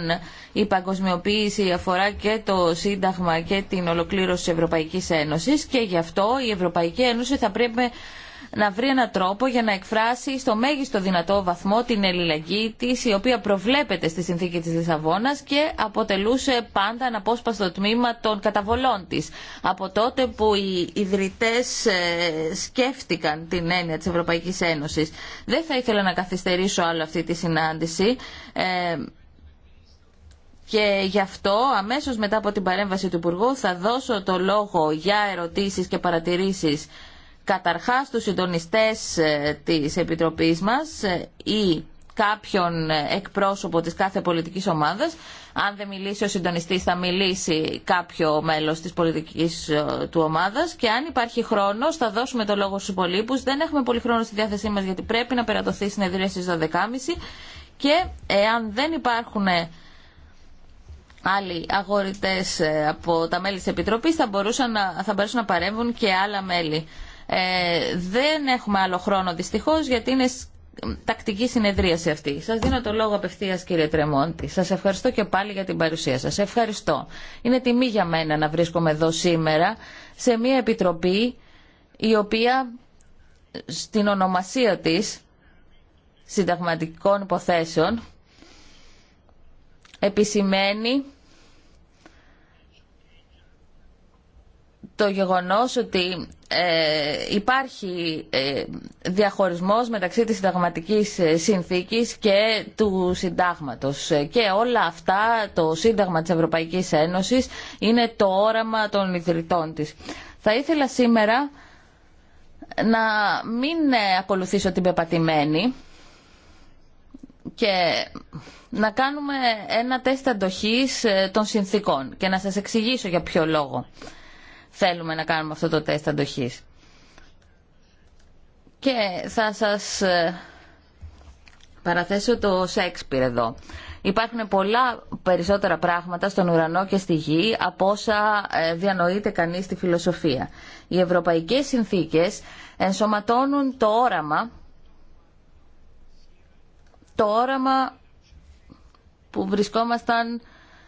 [SPEAKER 1] η παγκοσμιοποίηση αφορά και το Σύνταγμα και την ολοκλήρωση της Ευρωπαϊκής Ένωσης και γι' αυτό η Ευρωπαϊκή Ένωση θα πρέπει να βρει έναν τρόπο για να εκφράσει στο μέγιστο δυνατό βαθμό την ελληναγκή της, η οποία προβλέπεται στη συνθήκη της Λισαβόνα και αποτελούσε πάντα αναπόσπαστο τμήμα των καταβολών τη. Από τότε που οι ιδρυτές ε, σκέφτηκαν την έννοια τη Ευρωπαϊκή Ένωσης. Δεν θα ήθελα να καθυστερήσω άλλο αυτή τη συνάντηση. Ε, και γι' αυτό αμέσως μετά από την παρέμβαση του Υπουργού θα δώσω το λόγο για ερωτήσεις και παρατηρήσεις καταρχάς τους συντονιστές ε, της Επιτροπής μας ε, ή κάποιον εκπρόσωπο της κάθε πολιτικής ομάδας. Αν δεν μιλήσει ο συντονιστής θα μιλήσει κάποιο μέλος της πολιτικής ε, του ομάδας και αν υπάρχει χρόνος θα δώσουμε το λόγο στους υπολείπους. Δεν έχουμε πολύ χρόνο στη διάθεσή μας γιατί πρέπει να περατωθεί η συνεδρία στις 12.30 και εάν δεν υπάρχουν άλλοι αγορητές από τα μέλη της Επιτροπής θα, μπορούσαν να, θα μπορούσαν να παρέμβουν και άλλα μέλη. Ε, δεν έχουμε άλλο χρόνο δυστυχώς γιατί είναι τακτική συνεδρίαση αυτή. Σας δίνω το λόγο απευθείας κύριε Τρεμόντη. Σας ευχαριστώ και πάλι για την παρουσία σας. Ευχαριστώ. Είναι τιμή για μένα να βρίσκομαι εδώ σήμερα σε μια επιτροπή η οποία στην ονομασία της συνταγματικών υποθέσεων επισημαίνει το γεγονός ότι ε, υπάρχει ε, διαχωρισμός μεταξύ της συνταγματικής ε, συνθήκης και του συντάγματος. Και όλα αυτά, το Σύνταγμα της Ευρωπαϊκής Ένωσης, είναι το όραμα των ιδρυτών της. Θα ήθελα σήμερα να μην ε, ακολουθήσω την πεπατημένη και να κάνουμε ένα τεστ αντοχής των συνθήκων και να σας εξηγήσω για ποιο λόγο θέλουμε να κάνουμε αυτό το τεστ αντοχής. Και θα σας ε, παραθέσω το Σέξπιρ εδώ. Υπάρχουν πολλά περισσότερα πράγματα στον ουρανό και στη γη από όσα ε, διανοείται κανείς στη φιλοσοφία. Οι ευρωπαϊκές συνθήκες ενσωματώνουν το όραμα, το όραμα που, βρισκόμασταν,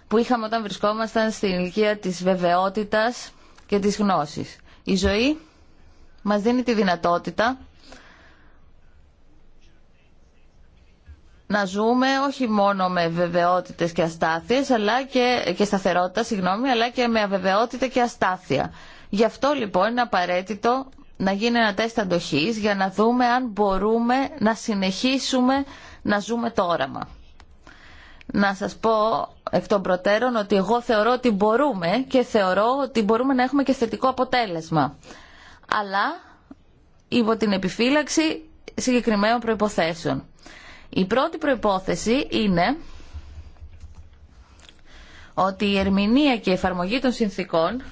[SPEAKER 1] που είχαμε όταν βρισκόμασταν στην ηλικία της βεβαιότητας και τις γνώσεις. Η ζωή μας δίνει τη δυνατότητα να ζούμε όχι μόνο με βεβαιότητες και αστάθειες αλλά και, και σταθερότητα, συγγνώμη, αλλά και με αβεβαιότητα και αστάθεια. Γι' αυτό λοιπόν είναι απαραίτητο να γίνει ένα τεστ αντοχής για να δούμε αν μπορούμε να συνεχίσουμε να ζούμε το όραμα να σας πω εκ των προτέρων ότι εγώ θεωρώ ότι μπορούμε και θεωρώ ότι μπορούμε να έχουμε και θετικό αποτέλεσμα. Αλλά υπό την επιφύλαξη συγκεκριμένων προϋποθέσεων. Η πρώτη προϋπόθεση είναι ότι η ερμηνεία και η εφαρμογή των συνθήκων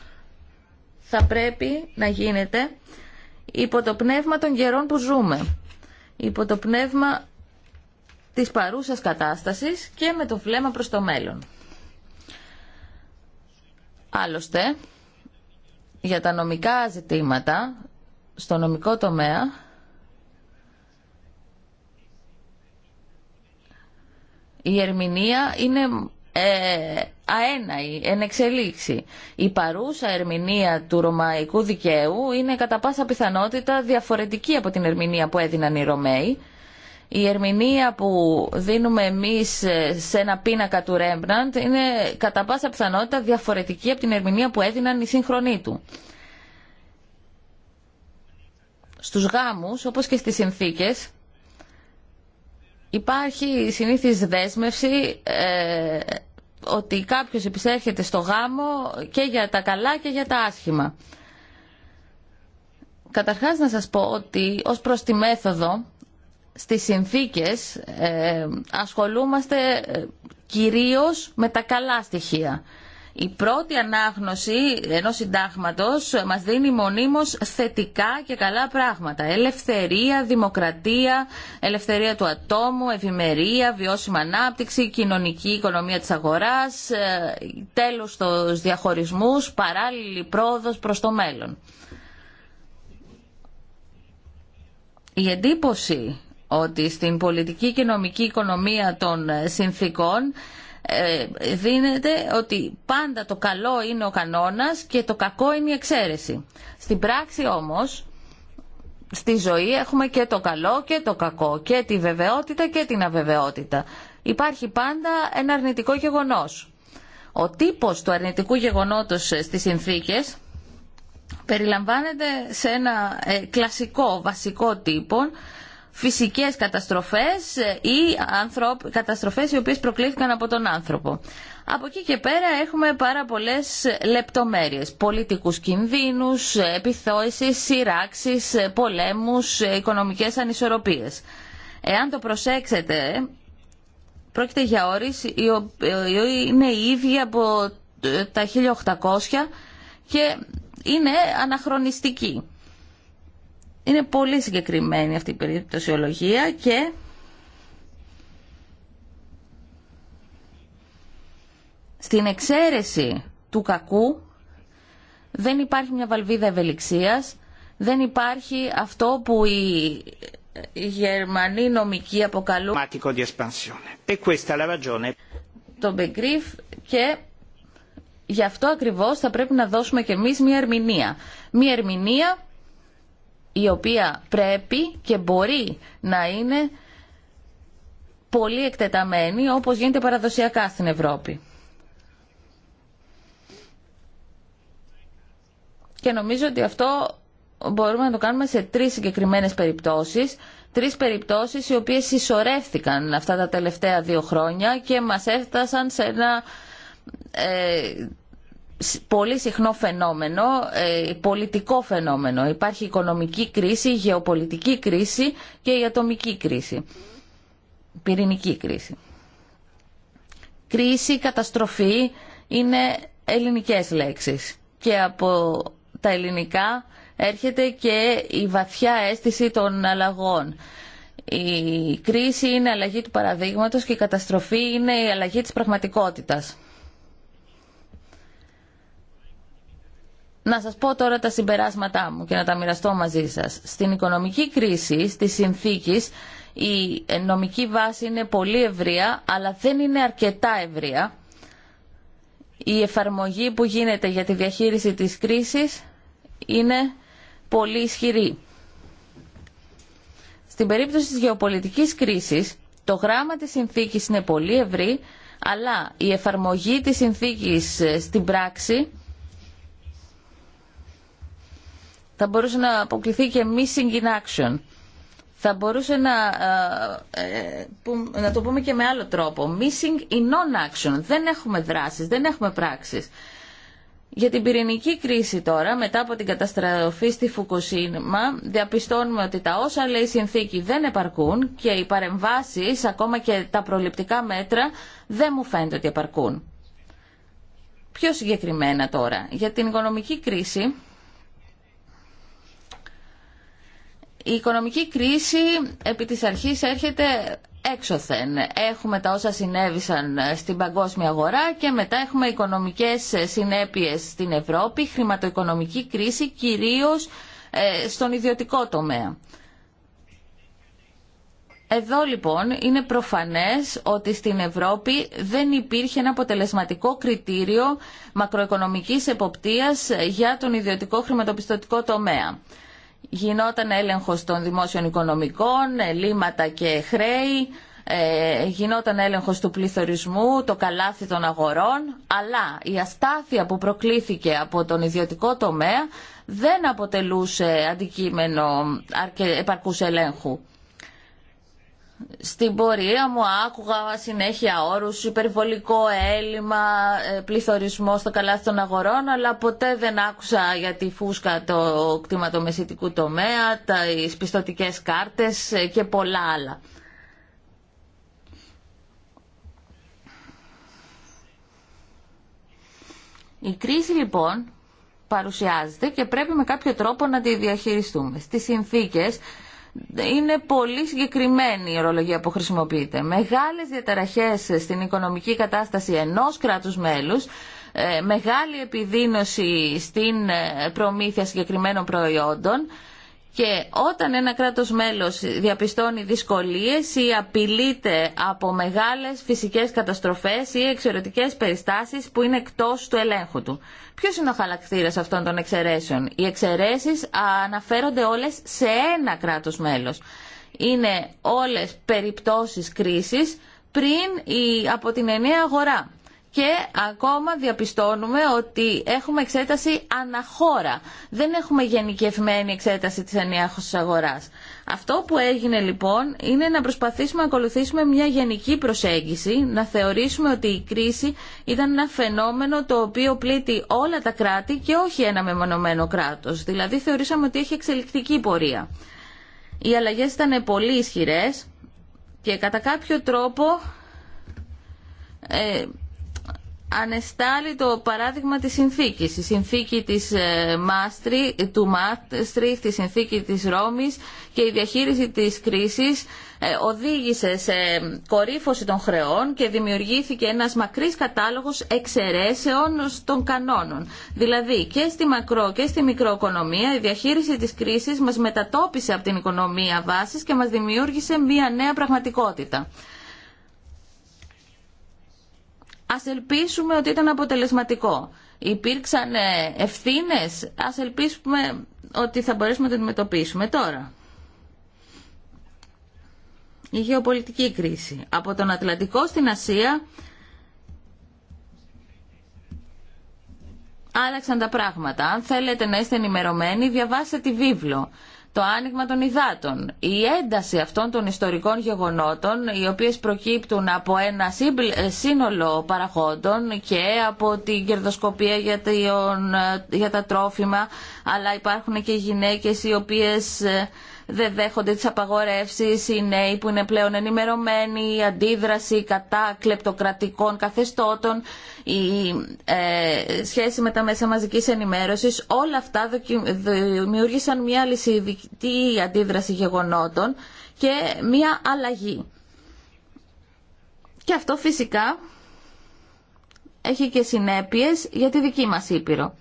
[SPEAKER 1] θα πρέπει να γίνεται υπό το πνεύμα των καιρών που ζούμε. Υπό το πνεύμα της παρούσας κατάστασης και με το βλέμμα προς το μέλλον. Άλλωστε, για τα νομικά ζητήματα, στο νομικό τομέα, η ερμηνεία είναι ε, αέναη, εν εξελίξη. Η παρούσα ερμηνεία του ρωμαϊκού δικαίου είναι κατά πάσα πιθανότητα διαφορετική από την ερμηνεία που έδιναν οι Ρωμαίοι η ερμηνεία που δίνουμε εμείς σε ένα πίνακα του Ρέμπραντ είναι κατά πάσα πιθανότητα διαφορετική από την ερμηνεία που έδιναν οι σύγχρονοί του. Στους γάμους, όπως και στις συνθήκες, υπάρχει συνήθις δέσμευση ε, ότι κάποιος επισέρχεται στο γάμο και για τα καλά και για τα άσχημα. Καταρχάς να σας πω ότι ως προς τη μέθοδο στις συνθήκες ε, ασχολούμαστε ε, κυρίως με τα καλά στοιχεία. Η πρώτη ανάγνωση ενός συντάγματος μας δίνει μονίμως θετικά και καλά πράγματα. Ελευθερία, δημοκρατία, ελευθερία του ατόμου, ευημερία, βιώσιμη ανάπτυξη, κοινωνική οικονομία της αγοράς, ε, τέλος στους διαχωρισμούς, παράλληλη πρόοδος προς το μέλλον. Η εντύπωση ότι στην πολιτική και νομική οικονομία των συνθήκων ε, δίνεται ότι πάντα το καλό είναι ο κανόνας και το κακό είναι η εξαίρεση. Στην πράξη όμως, στη ζωή έχουμε και το καλό και το κακό, και τη βεβαιότητα και την αβεβαιότητα. Υπάρχει πάντα ένα αρνητικό γεγονός. Ο τύπος του αρνητικού γεγονότος ε, στις συνθήκες περιλαμβάνεται σε ένα ε, κλασικό βασικό τύπο φυσικές καταστροφές ε, ή ανθρωπ... καταστροφές οι οποίες προκλήθηκαν από τον άνθρωπο. Από εκεί και πέρα έχουμε πάρα πολλές λεπτομέρειες, πολιτικούς κινδύνους, ε, επιθώσεις, σειράξεις, ε, πολέμους, οικονομικές ανισορροπίες. Εάν το προσέξετε, πρόκειται για όρις οι οποίοι είναι οι ίδιοι από τα 1800 και είναι αναχρονιστικοί. Είναι πολύ συγκεκριμένη αυτή η περιπτωσιολογία και στην εξαίρεση του κακού δεν υπάρχει μια βαλβίδα ευελιξίας, δεν υπάρχει αυτό που οι Γερμανοί νομικοί αποκαλούν ε, το Μπεγκρίφ και γι' αυτό ακριβώς θα πρέπει να δώσουμε και εμείς μια ερμηνεία. Μια ερμηνεία η οποία πρέπει και μπορεί να είναι πολύ εκτεταμένη όπως γίνεται παραδοσιακά στην Ευρώπη. Και νομίζω ότι αυτό μπορούμε να το κάνουμε σε τρεις συγκεκριμένες περιπτώσεις. Τρεις περιπτώσεις οι οποίες συσσωρεύτηκαν αυτά τα τελευταία δύο χρόνια και μας έφτασαν σε ένα ε, πολύ συχνό φαινόμενο, ε, πολιτικό φαινόμενο. Υπάρχει οικονομική κρίση, γεωπολιτική κρίση και η ατομική κρίση, πυρηνική κρίση. Κρίση, καταστροφή είναι ελληνικές λέξεις και από τα ελληνικά έρχεται και η βαθιά αίσθηση των αλλαγών. Η κρίση είναι αλλαγή του παραδείγματος και η καταστροφή είναι η αλλαγή της πραγματικότητας. να σας πω τώρα τα συμπεράσματά μου και να τα μοιραστώ μαζί σας. Στην οικονομική κρίση, στις συνθήκες, η νομική βάση είναι πολύ ευρεία, αλλά δεν είναι αρκετά ευρία. Η εφαρμογή που γίνεται για τη διαχείριση της κρίσης είναι πολύ ισχυρή. Στην περίπτωση της γεωπολιτικής κρίσης, το γράμμα της συνθήκης είναι πολύ ευρύ, αλλά η εφαρμογή της συνθήκης ε, στην πράξη θα μπορούσε να αποκληθεί και missing in action. Θα μπορούσε να, ε, ε, να το πούμε και με άλλο τρόπο. Missing in non-action. Δεν έχουμε δράσεις, δεν έχουμε πράξεις. Για την πυρηνική κρίση τώρα, μετά από την καταστροφή στη Φουκοσίμα, διαπιστώνουμε ότι τα όσα λέει η συνθήκη δεν επαρκούν και οι παρεμβάσεις, ακόμα και τα προληπτικά μέτρα, δεν μου φαίνεται ότι επαρκούν. Πιο συγκεκριμένα τώρα, για την οικονομική κρίση, Η οικονομική κρίση επί της αρχής έρχεται έξωθεν. Έχουμε τα όσα συνέβησαν στην παγκόσμια αγορά και μετά έχουμε οικονομικές συνέπειες στην Ευρώπη, χρηματοοικονομική κρίση κυρίως ε, στον ιδιωτικό τομέα. Εδώ λοιπόν είναι προφανές ότι στην Ευρώπη δεν υπήρχε ένα αποτελεσματικό κριτήριο μακροοικονομικής εποπτείας για τον ιδιωτικό χρηματοπιστωτικό τομέα γινόταν έλεγχος των δημόσιων οικονομικών, ελλείμματα και χρέη, ε, γινόταν έλεγχος του πληθωρισμού, το καλάθι των αγορών, αλλά η αστάθεια που προκλήθηκε από τον ιδιωτικό τομέα δεν αποτελούσε αντικείμενο επαρκούς ελέγχου στην πορεία μου άκουγα συνέχεια όρους, υπερβολικό έλλειμμα, ε, πληθωρισμό στο καλάθι των αγορών, αλλά ποτέ δεν άκουσα για τη φούσκα το κτηματομεσητικού τομέα, τα πιστοτικές κάρτες ε, και πολλά άλλα. Η κρίση λοιπόν παρουσιάζεται και πρέπει με κάποιο τρόπο να τη διαχειριστούμε. Στις συνθήκες είναι πολύ συγκεκριμένη η ορολογία που χρησιμοποιείται. Μεγάλες διαταραχές στην οικονομική κατάσταση ενός κράτους μέλους, ε, μεγάλη επιδείνωση στην ε, προμήθεια συγκεκριμένων προϊόντων, και όταν ένα κράτος μέλος διαπιστώνει δυσκολίες ή απειλείται από μεγάλες φυσικές καταστροφές ή εξαιρετικές περιστάσεις που είναι εκτός του ελέγχου του. Ποιος είναι ο χαλακτήρας αυτών των εξαιρέσεων. Οι εξαιρέσεις αναφέρονται όλες σε ένα κράτος μέλος. Είναι όλες περιπτώσεις κρίσης πριν από την ενιαία αγορά και ακόμα διαπιστώνουμε ότι έχουμε εξέταση αναχώρα. Δεν έχουμε γενικευμένη εξέταση της ανιάχωσης αγοράς. Αυτό που έγινε λοιπόν είναι να προσπαθήσουμε να ακολουθήσουμε μια γενική προσέγγιση, να θεωρήσουμε ότι η κρίση ήταν ένα φαινόμενο το οποίο πλήττει όλα τα κράτη και όχι ένα μεμονωμένο κράτος. Δηλαδή θεωρήσαμε ότι έχει εξελικτική πορεία. Οι αλλαγές ήταν πολύ ισχυρές και κατά κάποιο τρόπο... Ε, ανεστάλλει το παράδειγμα της συνθήκης. Η συνθήκη της ε, Μάστρι, του Μάστρι, τη συνθήκη της Ρώμης και η διαχείριση της κρίσης ε, οδήγησε σε κορύφωση των χρεών και δημιουργήθηκε ένας μακρύς κατάλογος εξαιρέσεων των κανόνων. Δηλαδή και στη μακρό και στη μικροοικονομία η διαχείριση της κρίσης μας μετατόπισε από την οικονομία βάσης και μας δημιούργησε μια νέα πραγματικότητα. Ας ελπίσουμε ότι ήταν αποτελεσματικό. Υπήρξαν ε, ευθύνε. Ας ελπίσουμε ότι θα μπορέσουμε να το αντιμετωπίσουμε τώρα. Η γεωπολιτική κρίση. Από τον Ατλαντικό στην Ασία άλλαξαν τα πράγματα. Αν θέλετε να είστε ενημερωμένοι, διαβάστε τη βίβλο το άνοιγμα των υδάτων. Η ένταση αυτών των ιστορικών γεγονότων, οι οποίες προκύπτουν από ένα ε, σύνολο παραγόντων και από την κερδοσκοπία ε, για τα τρόφιμα, αλλά υπάρχουν και γυναίκες οι οποίες ε, δεν δέχονται τις απαγορεύσεις, οι νέοι που είναι πλέον ενημερωμένοι, η αντίδραση κατά κλεπτοκρατικών καθεστώτων, η ε, σχέση με τα μέσα μαζικής ενημέρωσης, όλα αυτά δημιούργησαν μια λυσιδική αντίδραση γεγονότων και μια αλλαγή. Και αυτό φυσικά έχει και συνέπειες για τη δική μας Ήπειρο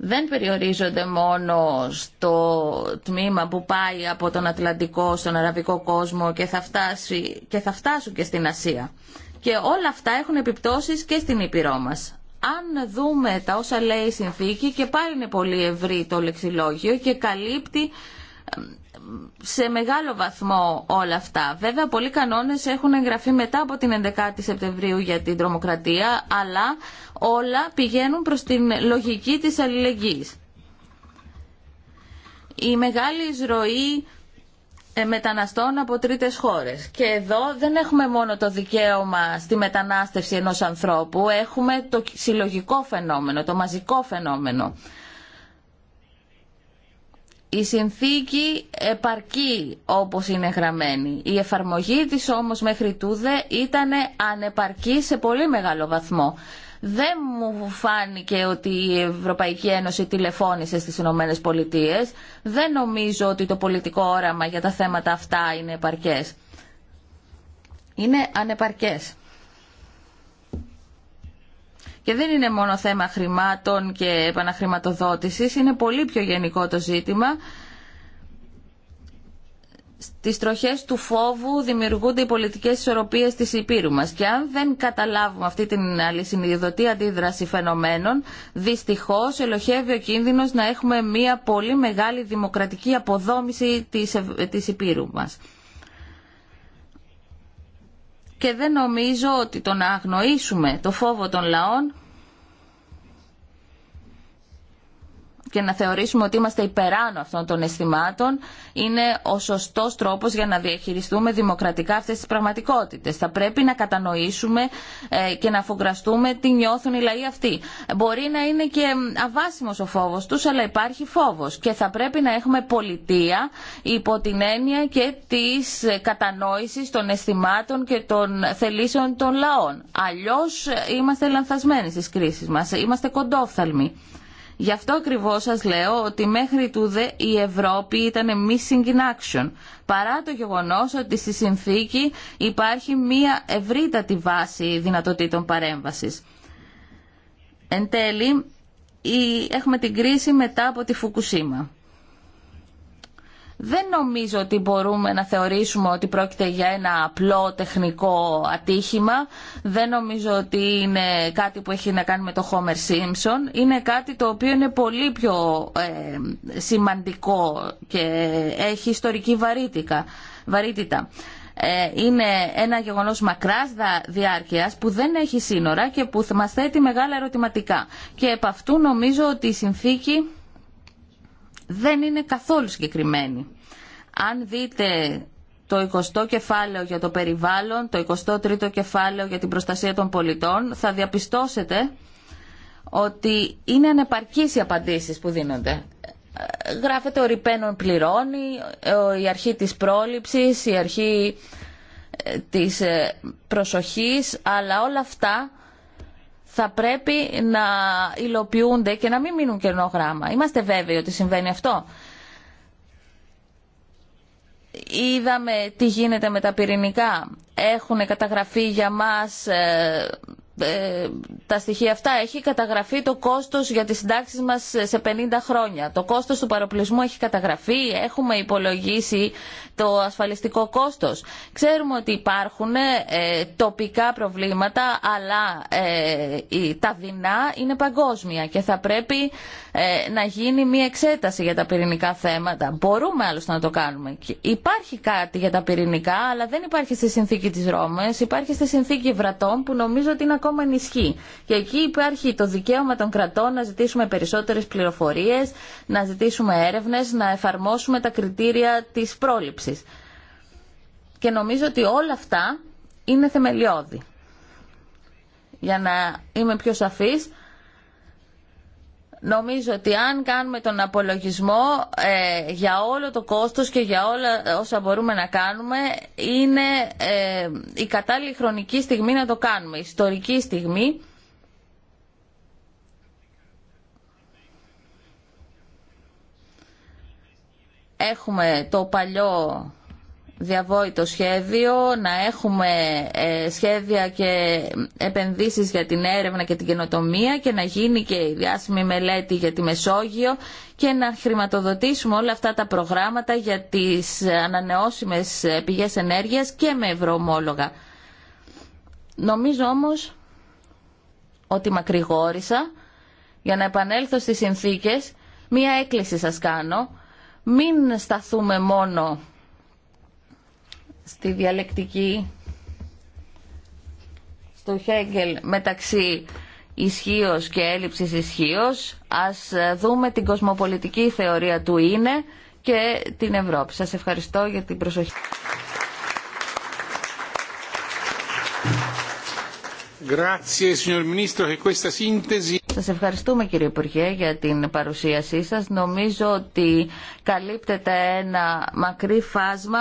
[SPEAKER 1] δεν περιορίζονται μόνο στο τμήμα που πάει από τον Ατλαντικό στον Αραβικό κόσμο και θα, φτάσει, και θα φτάσουν και στην Ασία. Και όλα αυτά έχουν επιπτώσεις και στην Ήπειρό μας. Αν δούμε τα όσα λέει η συνθήκη και πάλι είναι πολύ ευρύ το λεξιλόγιο και καλύπτει σε μεγάλο βαθμό όλα αυτά. Βέβαια, πολλοί κανόνες έχουν εγγραφεί μετά από την 11η Σεπτεμβρίου για την τρομοκρατία, αλλά όλα πηγαίνουν προς την λογική της αλληλεγγύης. Η μεγάλη εισρωή ε, μεταναστών από τρίτες χώρες. Και εδώ δεν έχουμε μόνο το δικαίωμα στη μετανάστευση ενός ανθρώπου, έχουμε το συλλογικό φαινόμενο, το μαζικό φαινόμενο. Η συνθήκη επαρκεί όπως είναι γραμμένη. Η εφαρμογή της όμως μέχρι τούδε ήταν ανεπαρκή σε πολύ μεγάλο βαθμό δεν μου φάνηκε ότι η Ευρωπαϊκή Ένωση τηλεφώνησε στις Ηνωμένε Πολιτείε. Δεν νομίζω ότι το πολιτικό όραμα για τα θέματα αυτά είναι επαρκές. Είναι ανεπαρκές. Και δεν είναι μόνο θέμα χρημάτων και επαναχρηματοδότησης, είναι πολύ πιο γενικό το ζήτημα στις τροχές του φόβου δημιουργούνται οι πολιτικές ισορροπίες της Υπήρου μας και αν δεν καταλάβουμε αυτή την αλλησυνειδωτή αντίδραση φαινομένων δυστυχώς ελοχεύει ο κίνδυνος να έχουμε μια πολύ μεγάλη δημοκρατική αποδόμηση της, της Υπήρου μας. Και δεν νομίζω ότι το να αγνοήσουμε το φόβο των λαών και να θεωρήσουμε ότι είμαστε υπεράνω αυτών των αισθημάτων είναι ο σωστός τρόπος για να διαχειριστούμε δημοκρατικά αυτές τις πραγματικότητες. Θα πρέπει να κατανοήσουμε ε, και να αφογκραστούμε τι νιώθουν οι λαοί αυτοί. Μπορεί να είναι και αβάσιμος ο φόβος τους, αλλά υπάρχει φόβος και θα πρέπει να έχουμε πολιτεία υπό την έννοια και της κατανόησης των αισθημάτων και των θελήσεων των λαών. Αλλιώς ε, είμαστε λανθασμένοι στις κρίσεις μας, είμαστε κοντόφθαλμοι. Γι' αυτό ακριβώ σα λέω ότι μέχρι τούδε η Ευρώπη ήταν missing in action. Παρά το γεγονός ότι στη συνθήκη υπάρχει μια ευρύτατη βάση δυνατοτήτων παρέμβασης. Εν τέλει, έχουμε την κρίση μετά από τη Φουκουσίμα. Δεν νομίζω ότι μπορούμε να θεωρήσουμε ότι πρόκειται για ένα απλό τεχνικό ατύχημα. Δεν νομίζω ότι είναι κάτι που έχει να κάνει με το Homer Simpson. Είναι κάτι το οποίο είναι πολύ πιο ε, σημαντικό και έχει ιστορική βαρύτητα. βαρύτητα ε, είναι ένα γεγονός μακράς διάρκειας που δεν έχει σύνορα και που μας θέτει μεγάλα ερωτηματικά. Και επ' αυτού νομίζω ότι η συνθήκη δεν είναι καθόλου συγκεκριμένη. Αν δείτε το 20ο κεφάλαιο για το περιβάλλον, το 23ο κεφάλαιο για την προστασία των πολιτών, θα διαπιστώσετε ότι είναι ανεπαρκείς οι απαντήσεις που δίνονται. Γράφεται ο ρηπαίνων πληρώνει, η αρχή της πρόληψης, η αρχή ε, της ε, προσοχής, αλλά όλα αυτά θα πρέπει να υλοποιούνται και να μην μείνουν κενό γράμμα. Είμαστε βέβαιοι ότι συμβαίνει αυτό. Είδαμε τι γίνεται με τα πυρηνικά. Έχουν καταγραφεί για μας ε, ε, τα στοιχεία αυτά. Έχει καταγραφεί το κόστος για τις συντάξεις μας σε 50 χρόνια. Το κόστος του παροπλισμού έχει καταγραφεί. Έχουμε υπολογίσει το ασφαλιστικό κόστος. Ξέρουμε ότι υπάρχουν ε, τοπικά προβλήματα, αλλά ε, τα δεινά είναι παγκόσμια και θα πρέπει ε, να γίνει μια εξέταση για τα πυρηνικά θέματα. Μπορούμε άλλωστε να το κάνουμε. Υπάρχει κάτι για τα πυρηνικά, αλλά δεν υπάρχει στη συνθήκη της Ρώμης. Υπάρχει στη συνθήκη Βρατών που νομίζω ότι είναι ακόμα ακόμα Και εκεί υπάρχει το δικαίωμα των κρατών να ζητήσουμε περισσότερες πληροφορίες, να ζητήσουμε έρευνες, να εφαρμόσουμε τα κριτήρια της πρόληψης. Και νομίζω ότι όλα αυτά είναι θεμελιώδη. Για να είμαι πιο σαφής, Νομίζω ότι αν κάνουμε τον απολογισμό ε, για όλο το κόστος και για όλα όσα μπορούμε να κάνουμε είναι ε, η κατάλληλη χρονική στιγμή να το κάνουμε, η ιστορική στιγμή. Έχουμε το παλιό διαβόητο σχέδιο, να έχουμε ε, σχέδια και επενδύσεις για την έρευνα και την καινοτομία και να γίνει και η διάσημη μελέτη για τη Μεσόγειο και να χρηματοδοτήσουμε όλα αυτά τα προγράμματα για τις ανανεώσιμες πηγές ενέργειας και με ευρωομόλογα. Νομίζω όμως ότι μακρηγόρησα για να επανέλθω στις συνθήκες. Μία έκκληση σας κάνω. Μην σταθούμε μόνο στη διαλεκτική στο Χέγγελ μεταξύ ισχύω και έλλειψης ισχύω, ας ε, δούμε την κοσμοπολιτική θεωρία του είναι και την Ευρώπη. Σας ευχαριστώ για την προσοχή. Σας ευχαριστούμε κύριε Υπουργέ για την παρουσίασή σας. Νομίζω ότι καλύπτεται ένα μακρύ φάσμα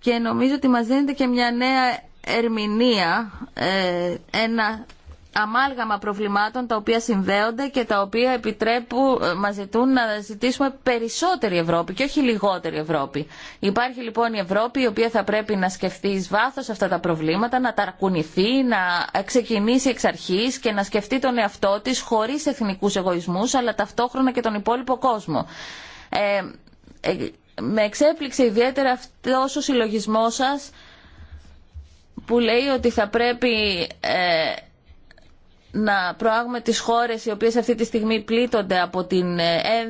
[SPEAKER 1] και νομίζω ότι μας δίνεται και μια νέα ερμηνεία, ε, ένα αμάλγαμα προβλημάτων τα οποία συνδέονται και τα οποία επιτρέπουν, ε, μας ζητούν να ζητήσουμε περισσότερη Ευρώπη και όχι λιγότερη Ευρώπη. Υπάρχει λοιπόν η Ευρώπη η οποία θα πρέπει να σκεφτεί εις βάθος αυτά τα προβλήματα, να ταρκουνηθεί, να ξεκινήσει εξ αρχής και να σκεφτεί τον εαυτό της χωρίς εθνικούς εγωισμούς αλλά ταυτόχρονα και τον υπόλοιπο κόσμο. Ε, ε με εξέπληξε ιδιαίτερα αυτός ο συλλογισμός σας που λέει ότι θα πρέπει ε, να προάγουμε τις χώρες οι οποίες αυτή τη στιγμή πλήττονται από την ε, ε,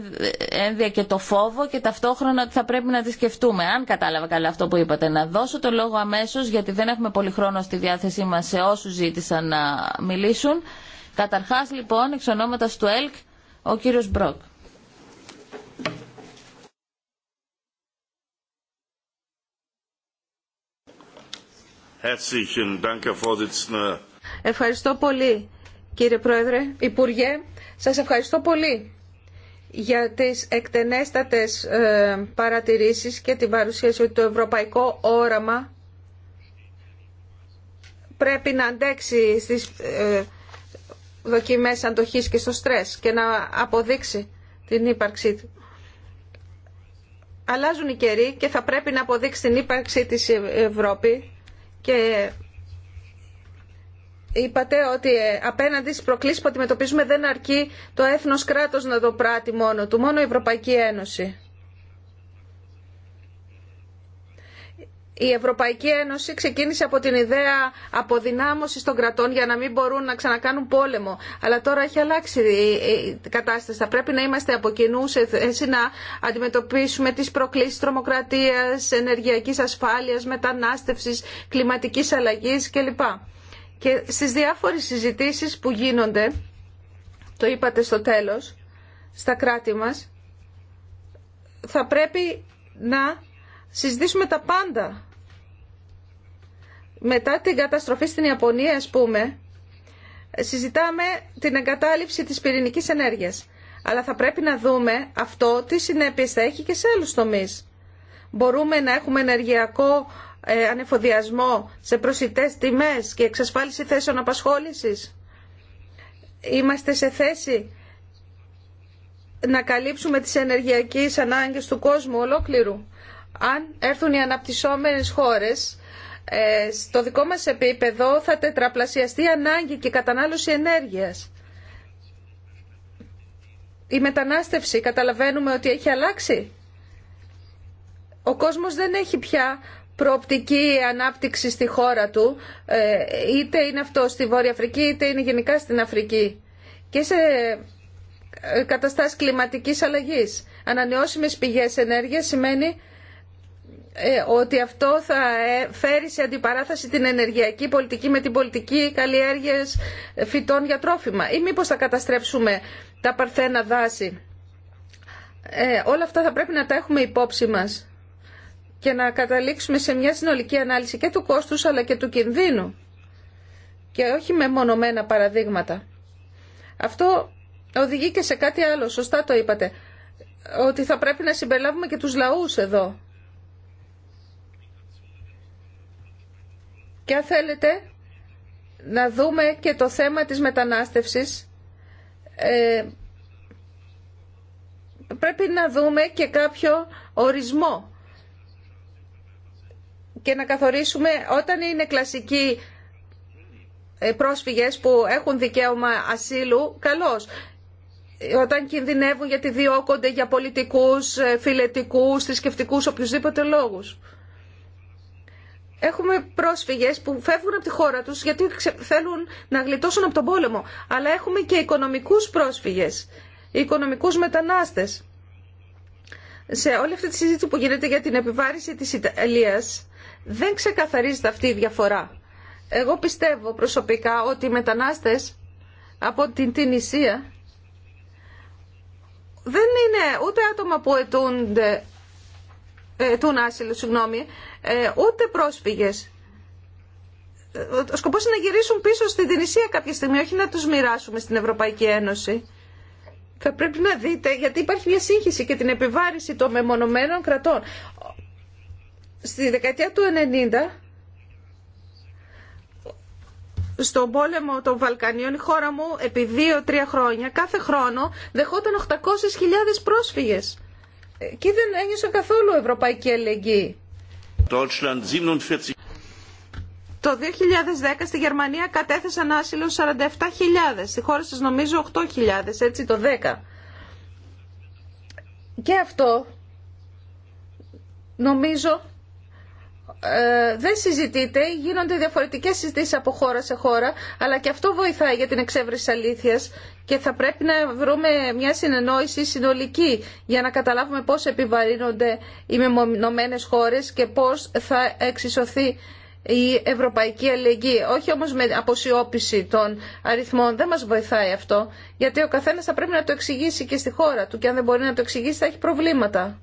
[SPEAKER 1] ένδια και το φόβο και ταυτόχρονα ότι θα πρέπει να τις σκεφτούμε. Αν κατάλαβα καλά αυτό που είπατε, να δώσω το λόγο αμέσως γιατί δεν έχουμε πολύ χρόνο στη διάθεσή μας σε όσους ζήτησαν να μιλήσουν. Καταρχάς λοιπόν, εξ του ΕΛΚ, ο κύριος Μπρόκ.
[SPEAKER 2] Ευχαριστώ πολύ, κύριε Πρόεδρε. Υπουργέ, σας ευχαριστώ πολύ για τις εκτενέστατες ε, παρατηρήσεις και την παρουσίαση ότι το ευρωπαϊκό όραμα πρέπει να αντέξει στις ε, δοκιμές αντοχής και στο στρες και να αποδείξει την ύπαρξή του. Αλλάζουν οι καιροί και θα πρέπει να αποδείξει την ύπαρξή της Ευρώπη και είπατε ότι ε, απέναντι στις προκλήσεις που αντιμετωπίζουμε δεν αρκεί το έθνος κράτος να το πράττει μόνο του, μόνο η Ευρωπαϊκή Ένωση. η Ευρωπαϊκή Ένωση ξεκίνησε από την ιδέα αποδυνάμωσης των κρατών για να μην μπορούν να ξανακάνουν πόλεμο. Αλλά τώρα έχει αλλάξει η κατάσταση. Θα πρέπει να είμαστε από κοινού σε θέση να αντιμετωπίσουμε τις προκλήσεις τρομοκρατίας, ενεργειακής ασφάλειας, μετανάστευσης, κλιματικής αλλαγής κλπ. Και στις διάφορες συζητήσεις που γίνονται, το είπατε στο τέλος, στα κράτη μας, θα πρέπει να συζητήσουμε τα πάντα μετά την καταστροφή στην Ιαπωνία, ας πούμε, συζητάμε την εγκατάλειψη της πυρηνικής ενέργειας. Αλλά θα πρέπει να δούμε αυτό τι συνέπειες θα έχει και σε άλλους τομείς. Μπορούμε να έχουμε ενεργειακό ε, ανεφοδιασμό σε προσιτές τιμές και εξασφάλιση θέσεων απασχόλησης. Είμαστε σε θέση να καλύψουμε τις ενεργειακές ανάγκες του κόσμου ολόκληρου. Αν έρθουν οι αναπτυσσόμενες χώρες ε, στο δικό μας επίπεδο θα τετραπλασιαστεί ανάγκη και κατανάλωση ενέργειας. Η μετανάστευση καταλαβαίνουμε ότι έχει αλλάξει. Ο κόσμος δεν έχει πια προοπτική ανάπτυξη στη χώρα του, ε, είτε είναι αυτό στη Βόρεια Αφρική, είτε είναι γενικά στην Αφρική. Και σε ε, καταστάσεις κλιματικής αλλαγής. Ανανεώσιμες πηγές ενέργειας σημαίνει ε, ότι αυτό θα ε, φέρει σε αντιπαράθεση την ενεργειακή πολιτική με την πολιτική καλλιέργειας φυτών για τρόφιμα ή μήπως θα καταστρέψουμε τα παρθένα δάση. Ε, όλα αυτά θα πρέπει να τα έχουμε υπόψη μας και να καταλήξουμε σε μια συνολική ανάλυση και του κόστους αλλά και του κινδύνου και όχι με μονομένα παραδείγματα. Αυτό οδηγεί και σε κάτι άλλο, σωστά το είπατε, ότι θα πρέπει να συμπεριλάβουμε και τους λαούς εδώ Και αν θέλετε να δούμε και το θέμα της μετανάστευσης, ε, πρέπει να δούμε και κάποιο ορισμό και να καθορίσουμε όταν είναι κλασικοί ε, πρόσφυγες που έχουν δικαίωμα ασύλου, καλώς. Όταν κινδυνεύουν γιατί διώκονται για πολιτικούς, ε, φιλετικούς, θρησκευτικού οποιουσδήποτε λόγους. Έχουμε πρόσφυγες που φεύγουν από τη χώρα τους γιατί θέλουν να γλιτώσουν από τον πόλεμο. Αλλά έχουμε και οικονομικούς πρόσφυγες, οικονομικούς μετανάστες. Σε όλη αυτή τη συζήτηση που γίνεται για την επιβάρηση της Ιταλίας δεν ξεκαθαρίζεται αυτή η διαφορά. Εγώ πιστεύω προσωπικά ότι οι μετανάστες από την Τινησία δεν είναι ούτε άτομα που αιτούν άσυλο, συγγνώμη, ε, ούτε πρόσφυγες. Ο σκοπός είναι να γυρίσουν πίσω στην Τινησία κάποια στιγμή, όχι να τους μοιράσουμε στην Ευρωπαϊκή Ένωση. Θα πρέπει να δείτε, γιατί υπάρχει μια σύγχυση και την επιβάρηση των μεμονωμένων κρατών. Στη δεκαετία του 90, στον πόλεμο των Βαλκανίων, η χώρα μου επί δύο-τρία χρόνια, κάθε χρόνο δεχόταν 800.000 πρόσφυγες. Ε, και δεν ένιωσαν καθόλου ευρωπαϊκή ελεγγύη το 2010 στη Γερμανία κατέθεσαν άσυλο 47.000, στη χώρα σας νομίζω 8.000, έτσι το 10. Και αυτό νομίζω ε, δεν συζητείται, γίνονται διαφορετικές συζητήσεις από χώρα σε χώρα, αλλά και αυτό βοηθάει για την εξέβρεση αλήθειας και θα πρέπει να βρούμε μια συνεννόηση συνολική για να καταλάβουμε πώς επιβαρύνονται οι μεμονωμένες χώρες και πώς θα εξισωθεί η ευρωπαϊκή αλληλεγγύη. Όχι όμως με αποσιώπηση των αριθμών, δεν μας βοηθάει αυτό, γιατί ο καθένας θα πρέπει να το εξηγήσει και στη χώρα του και αν δεν μπορεί να το εξηγήσει θα έχει προβλήματα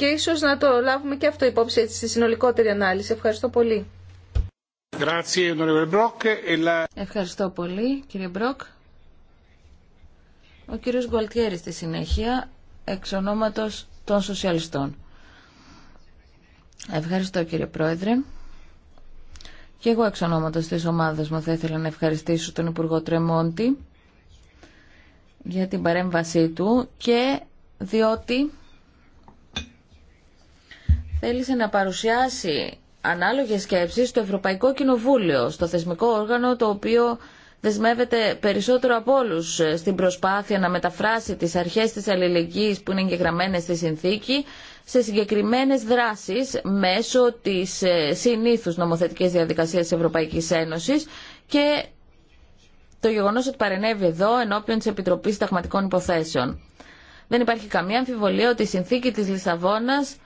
[SPEAKER 2] και ίσως να το λάβουμε και αυτό υπόψη στη συνολικότερη ανάλυση. Ευχαριστώ πολύ.
[SPEAKER 4] E
[SPEAKER 2] Ευχαριστώ πολύ κύριε Μπροκ. Ο κύριος Γκουαλτιέρη
[SPEAKER 1] στη συνέχεια, εξ ονόματος των Σοσιαλιστών. Ευχαριστώ κύριε Πρόεδρε. Και εγώ εξ ονόματος της ομάδας μου θα ήθελα να ευχαριστήσω τον Υπουργό Τρεμόντι για την παρέμβασή του και διότι θέλησε να παρουσιάσει ανάλογες σκέψεις στο Ευρωπαϊκό Κοινοβούλιο, στο θεσμικό όργανο το οποίο δεσμεύεται περισσότερο από όλου ε, στην προσπάθεια να μεταφράσει τις αρχές της αλληλεγγύης που είναι εγγεγραμμένες στη συνθήκη σε συγκεκριμένες δράσεις μέσω της ε, συνήθους νομοθετικής διαδικασίας της Ευρωπαϊκής Ένωσης και το γεγονός ότι παρενέβη εδώ ενώπιον της Επιτροπής Ταγματικών Υποθέσεων. Δεν υπάρχει καμία αμφιβολία ότι η συνθήκη της Λισαβόνας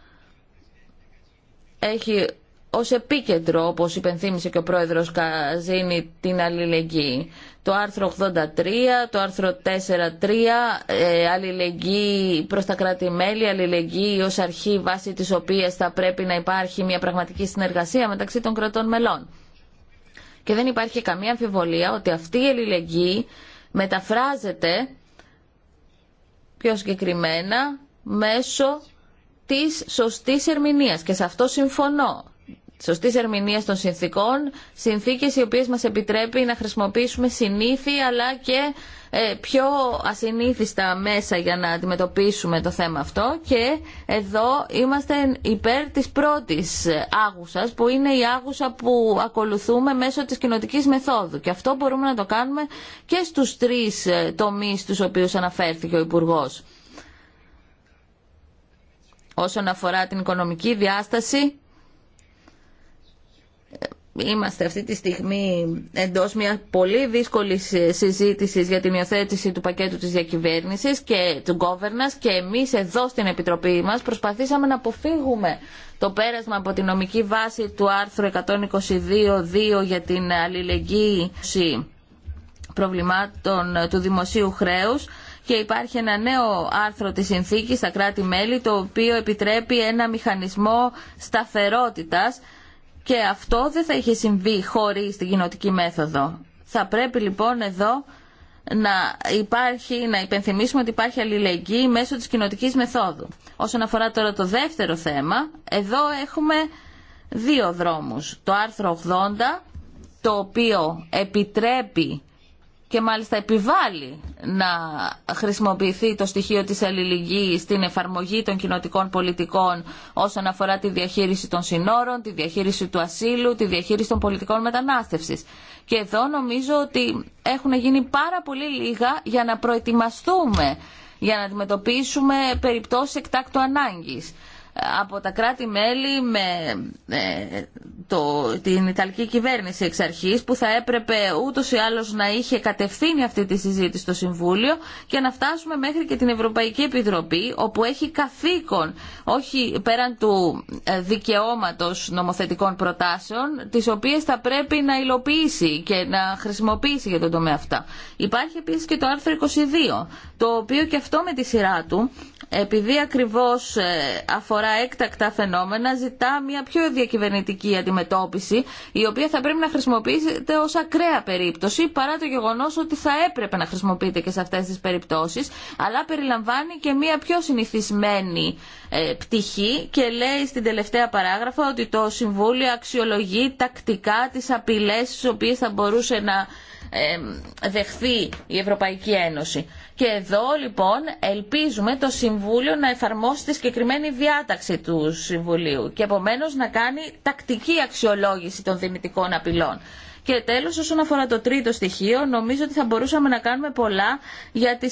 [SPEAKER 1] έχει ως επίκεντρο, όπως υπενθύμησε και ο πρόεδρος Καζίνη, την αλληλεγγύη. Το άρθρο 83, το άρθρο 4.3, ε, αλληλεγγύη προς τα κράτη-μέλη, αλληλεγγύη ως αρχή βάση της οποίας θα πρέπει να υπάρχει μια πραγματική συνεργασία μεταξύ των κρατών μελών. Και δεν υπάρχει καμία αμφιβολία ότι αυτή η αλληλεγγύη μεταφράζεται πιο συγκεκριμένα μέσω της σωστής ερμηνείας και σε αυτό συμφωνώ. Σωστή ερμηνεία των συνθήκων, συνθήκε οι οποίε μα επιτρέπει να χρησιμοποιήσουμε συνήθι αλλά και ε, πιο ασυνήθιστα μέσα για να αντιμετωπίσουμε το θέμα αυτό. Και εδώ είμαστε υπέρ τη πρώτη άγουσα που είναι η άγουσα που ακολουθούμε μέσω τη κοινοτική μεθόδου. Και αυτό μπορούμε να το κάνουμε και στου τρει ε, τομεί στου οποίου αναφέρθηκε ο Υπουργό. Όσον αφορά την οικονομική διάσταση, είμαστε αυτή τη στιγμή εντός μια πολύ δύσκολη συζήτηση για την υιοθέτηση του πακέτου της διακυβέρνησης και του governance και εμείς εδώ στην Επιτροπή μας προσπαθήσαμε να αποφύγουμε το πέρασμα από την νομική βάση του άρθρου 122.2 για την αλληλεγγύη προβλημάτων του δημοσίου χρέους και υπάρχει ένα νέο άρθρο της συνθήκης στα κράτη-μέλη το οποίο επιτρέπει ένα μηχανισμό σταθερότητας και αυτό δεν θα είχε συμβεί χωρίς την κοινοτική μέθοδο. Θα πρέπει λοιπόν εδώ να, υπάρχει, να υπενθυμίσουμε ότι υπάρχει αλληλεγγύη μέσω της κοινοτική μεθόδου. Όσον αφορά τώρα το δεύτερο θέμα, εδώ έχουμε δύο δρόμους. Το άρθρο 80, το οποίο επιτρέπει και μάλιστα επιβάλλει να χρησιμοποιηθεί το στοιχείο της αλληλεγγύης στην εφαρμογή των κοινοτικών πολιτικών όσον αφορά τη διαχείριση των συνόρων, τη διαχείριση του ασύλου, τη διαχείριση των πολιτικών μετανάστευσης. Και εδώ νομίζω ότι έχουν γίνει πάρα πολύ λίγα για να προετοιμαστούμε, για να αντιμετωπίσουμε περιπτώσεις εκτάκτου ανάγκης από τα κράτη-μέλη με ε, το, την Ιταλική κυβέρνηση εξ αρχής που θα έπρεπε ούτως ή άλλως να είχε κατευθύνει αυτή τη συζήτηση στο Συμβούλιο και να φτάσουμε μέχρι και την Ευρωπαϊκή Επιτροπή όπου έχει καθήκον όχι πέραν του ε, δικαιώματος νομοθετικών προτάσεων τις οποίες θα πρέπει να υλοποιήσει και να χρησιμοποιήσει για τον τομέα αυτά. Υπάρχει επίσης και το άρθρο 22 το οποίο και αυτό με τη σειρά του επειδή ακριβώς ε, αφορά αφορά έκτακτα φαινόμενα ζητά μια πιο διακυβερνητική αντιμετώπιση η οποία θα πρέπει να χρησιμοποιείται ως ακραία περίπτωση παρά το γεγονός ότι θα έπρεπε να χρησιμοποιείται και σε αυτές τις περιπτώσεις αλλά περιλαμβάνει και μια πιο συνηθισμένη ε, πτυχή και λέει στην τελευταία παράγραφα ότι το Συμβούλιο αξιολογεί τακτικά τις απειλές τι οποίες θα μπορούσε να δεχθεί η Ευρωπαϊκή Ένωση. Και εδώ λοιπόν ελπίζουμε το Συμβούλιο να εφαρμόσει τη συγκεκριμένη διάταξη του Συμβουλίου και επομένως να κάνει τακτική αξιολόγηση των δυνητικών απειλών. Και τέλο, όσον αφορά το τρίτο στοιχείο, νομίζω ότι θα μπορούσαμε να κάνουμε πολλά για τι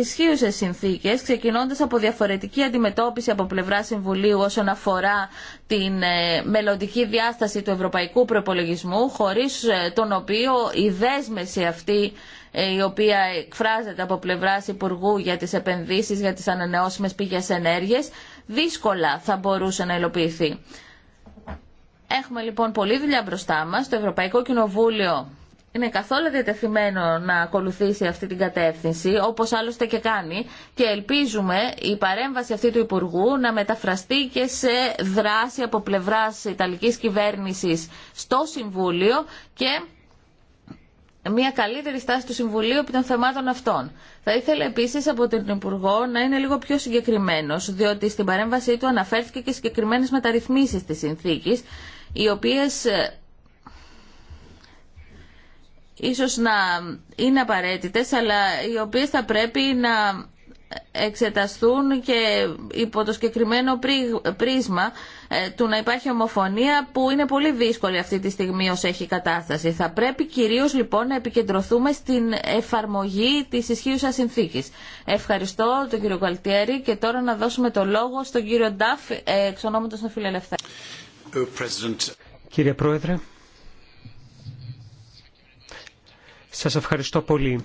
[SPEAKER 1] ισχύουσε συνθήκε, ξεκινώντα από διαφορετική αντιμετώπιση από πλευρά Συμβουλίου όσον αφορά την ε, μελλοντική διάσταση του ευρωπαϊκού προπολογισμού, χωρί ε, τον οποίο η δέσμευση αυτή ε, η οποία εκφράζεται από πλευρά Υπουργού για τις επενδύσεις για τις ανανεώσιμες πηγές ενέργειας, δύσκολα θα μπορούσε να υλοποιηθεί. Έχουμε λοιπόν πολλή δουλειά μπροστά μας. Το Ευρωπαϊκό Κοινοβούλιο είναι καθόλου διατεθειμένο να ακολουθήσει αυτή την κατεύθυνση, όπως άλλωστε και κάνει, και ελπίζουμε η παρέμβαση αυτή του Υπουργού να μεταφραστεί και σε δράση από πλευράς Ιταλικής κυβέρνησης στο Συμβούλιο και μια καλύτερη στάση του Συμβουλίου επί των θεμάτων αυτών. Θα ήθελα επίσης από τον Υπουργό να είναι λίγο πιο συγκεκριμένος, διότι στην παρέμβασή του αναφέρθηκε και συγκεκριμένες μεταρρυθμίσεις της συνθήκης οι οποίες ε, ίσως να είναι απαραίτητες, αλλά οι οποίες θα πρέπει να εξεταστούν και υπό το συγκεκριμένο πρίσμα ε, του να υπάρχει ομοφωνία που είναι πολύ δύσκολη αυτή τη στιγμή ως έχει κατάσταση. Θα πρέπει κυρίως λοιπόν να επικεντρωθούμε στην εφαρμογή της ισχύουσας συνθήκης. Ευχαριστώ τον κύριο Καλτιέρη και τώρα να δώσουμε το λόγο στον κύριο Ντάφ ε, εξ ονόματος των Φιλελευθέρων.
[SPEAKER 3] Oh, Κύριε Πρόεδρε, σας ευχαριστώ πολύ.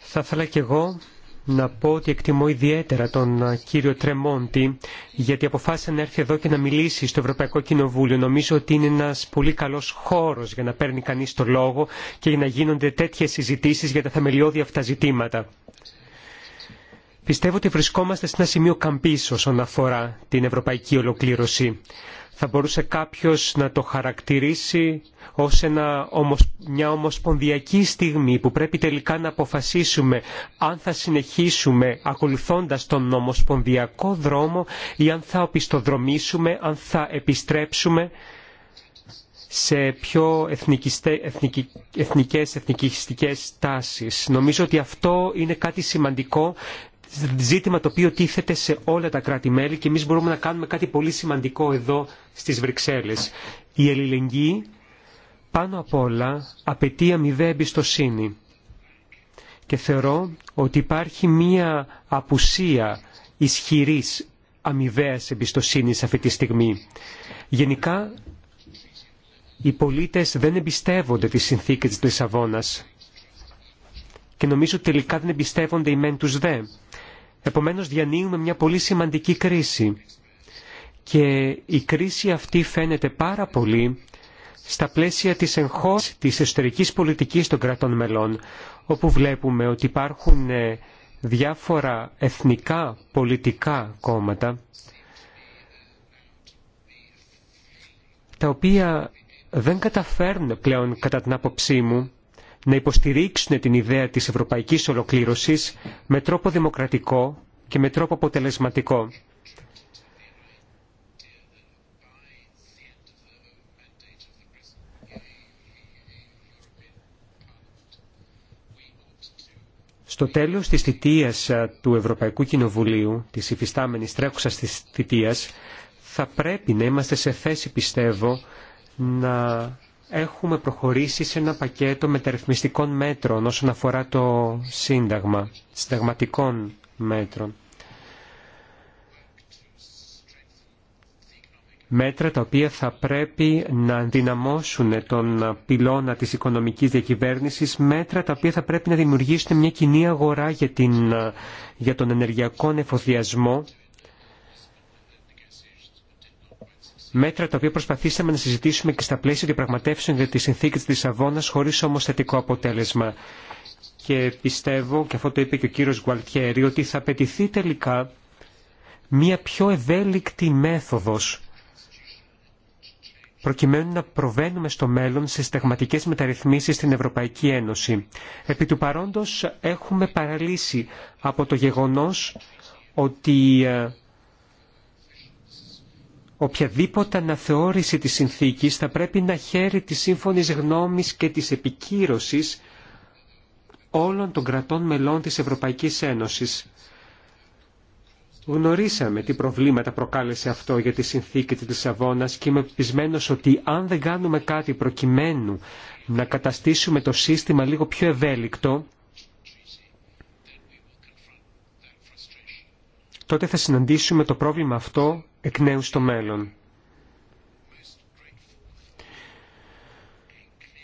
[SPEAKER 3] Θα ήθελα και εγώ να πω ότι εκτιμώ ιδιαίτερα τον κύριο Τρεμόντι γιατί αποφάσισε να έρθει εδώ και να μιλήσει στο Ευρωπαϊκό Κοινοβούλιο. Νομίζω ότι είναι ένας πολύ καλός χώρος για να παίρνει κανείς το λόγο και για να γίνονται τέτοιες συζητήσεις για τα θεμελιώδη αυτά ζητήματα. Πιστεύω ότι βρισκόμαστε σε ένα σημείο καμπής όσον αφορά την ευρωπαϊκή ολοκλήρωση. Θα μπορούσε κάποιος να το χαρακτηρίσει ως ένα, μια ομοσπονδιακή στιγμή που πρέπει τελικά να αποφασίσουμε αν θα συνεχίσουμε ακολουθώντας τον ομοσπονδιακό δρόμο ή αν θα οπισθοδρομήσουμε, αν θα επιστρέψουμε σε πιο εθνικι, εθνικές, εθνικιστικές τάσεις. Νομίζω ότι αυτό είναι κάτι σημαντικό ζήτημα το οποίο τίθεται σε όλα τα κράτη-μέλη και εμείς μπορούμε να κάνουμε κάτι πολύ σημαντικό εδώ στις Βρυξέλλες. Η ελληνική πάνω απ' όλα απαιτεί αμοιβαία εμπιστοσύνη. Και θεωρώ ότι υπάρχει μία απουσία ισχυρής αμοιβαία εμπιστοσύνη αυτή τη στιγμή. Γενικά, οι πολίτες δεν εμπιστεύονται τις συνθήκες της Λισαβόνας και νομίζω τελικά δεν εμπιστεύονται οι μεν τους δε. Επομένως διανύουμε μια πολύ σημαντική κρίση. Και η κρίση αυτή φαίνεται πάρα πολύ στα πλαίσια της εγχώρησης της εσωτερικής πολιτικής των κρατών μελών, όπου βλέπουμε ότι υπάρχουν ε, διάφορα εθνικά πολιτικά κόμματα, τα οποία δεν καταφέρνουν πλέον κατά την άποψή μου να υποστηρίξουν την ιδέα της ευρωπαϊκής ολοκλήρωσης με τρόπο δημοκρατικό και με τρόπο αποτελεσματικό. Στο τέλος της θητείας του Ευρωπαϊκού Κοινοβουλίου, της υφιστάμενης τρέχουσας της θητείας, θα πρέπει να είμαστε σε θέση, πιστεύω, να έχουμε προχωρήσει σε ένα πακέτο μεταρρυθμιστικών μέτρων όσον αφορά το Σύνταγμα, συνταγματικών μέτρων. μέτρα τα οποία θα πρέπει να δυναμώσουν τον πυλώνα της οικονομικής διακυβέρνησης, μέτρα τα οποία θα πρέπει να δημιουργήσουν μια κοινή αγορά για, την, για τον ενεργειακό εφοδιασμό, μέτρα τα οποία προσπαθήσαμε να συζητήσουμε και στα πλαίσια πραγματεύσεων για τη συνθήκη τη Λισαβόνα, χωρίς όμως θετικό αποτέλεσμα. Και πιστεύω, και αυτό το είπε και ο κύριος Γουαλτιέρη, ότι θα απαιτηθεί τελικά μία πιο ευέλικτη μέθοδος προκειμένου να προβαίνουμε στο μέλλον σε στεγματικές μεταρρυθμίσεις στην Ευρωπαϊκή Ένωση. Επί του παρόντος έχουμε παραλύσει από το γεγονός ότι ε, οποιαδήποτε αναθεώρηση της συνθήκης θα πρέπει να χαίρει τη σύμφωνη γνώμης και της επικύρωσης όλων των κρατών μελών της Ευρωπαϊκής Ένωσης. Γνωρίσαμε τι προβλήματα προκάλεσε αυτό για τη συνθήκη της Λισαβόνας και είμαι πεισμένος ότι αν δεν κάνουμε κάτι προκειμένου να καταστήσουμε το σύστημα λίγο πιο ευέλικτο, τότε θα συναντήσουμε το πρόβλημα αυτό εκ νέου στο μέλλον.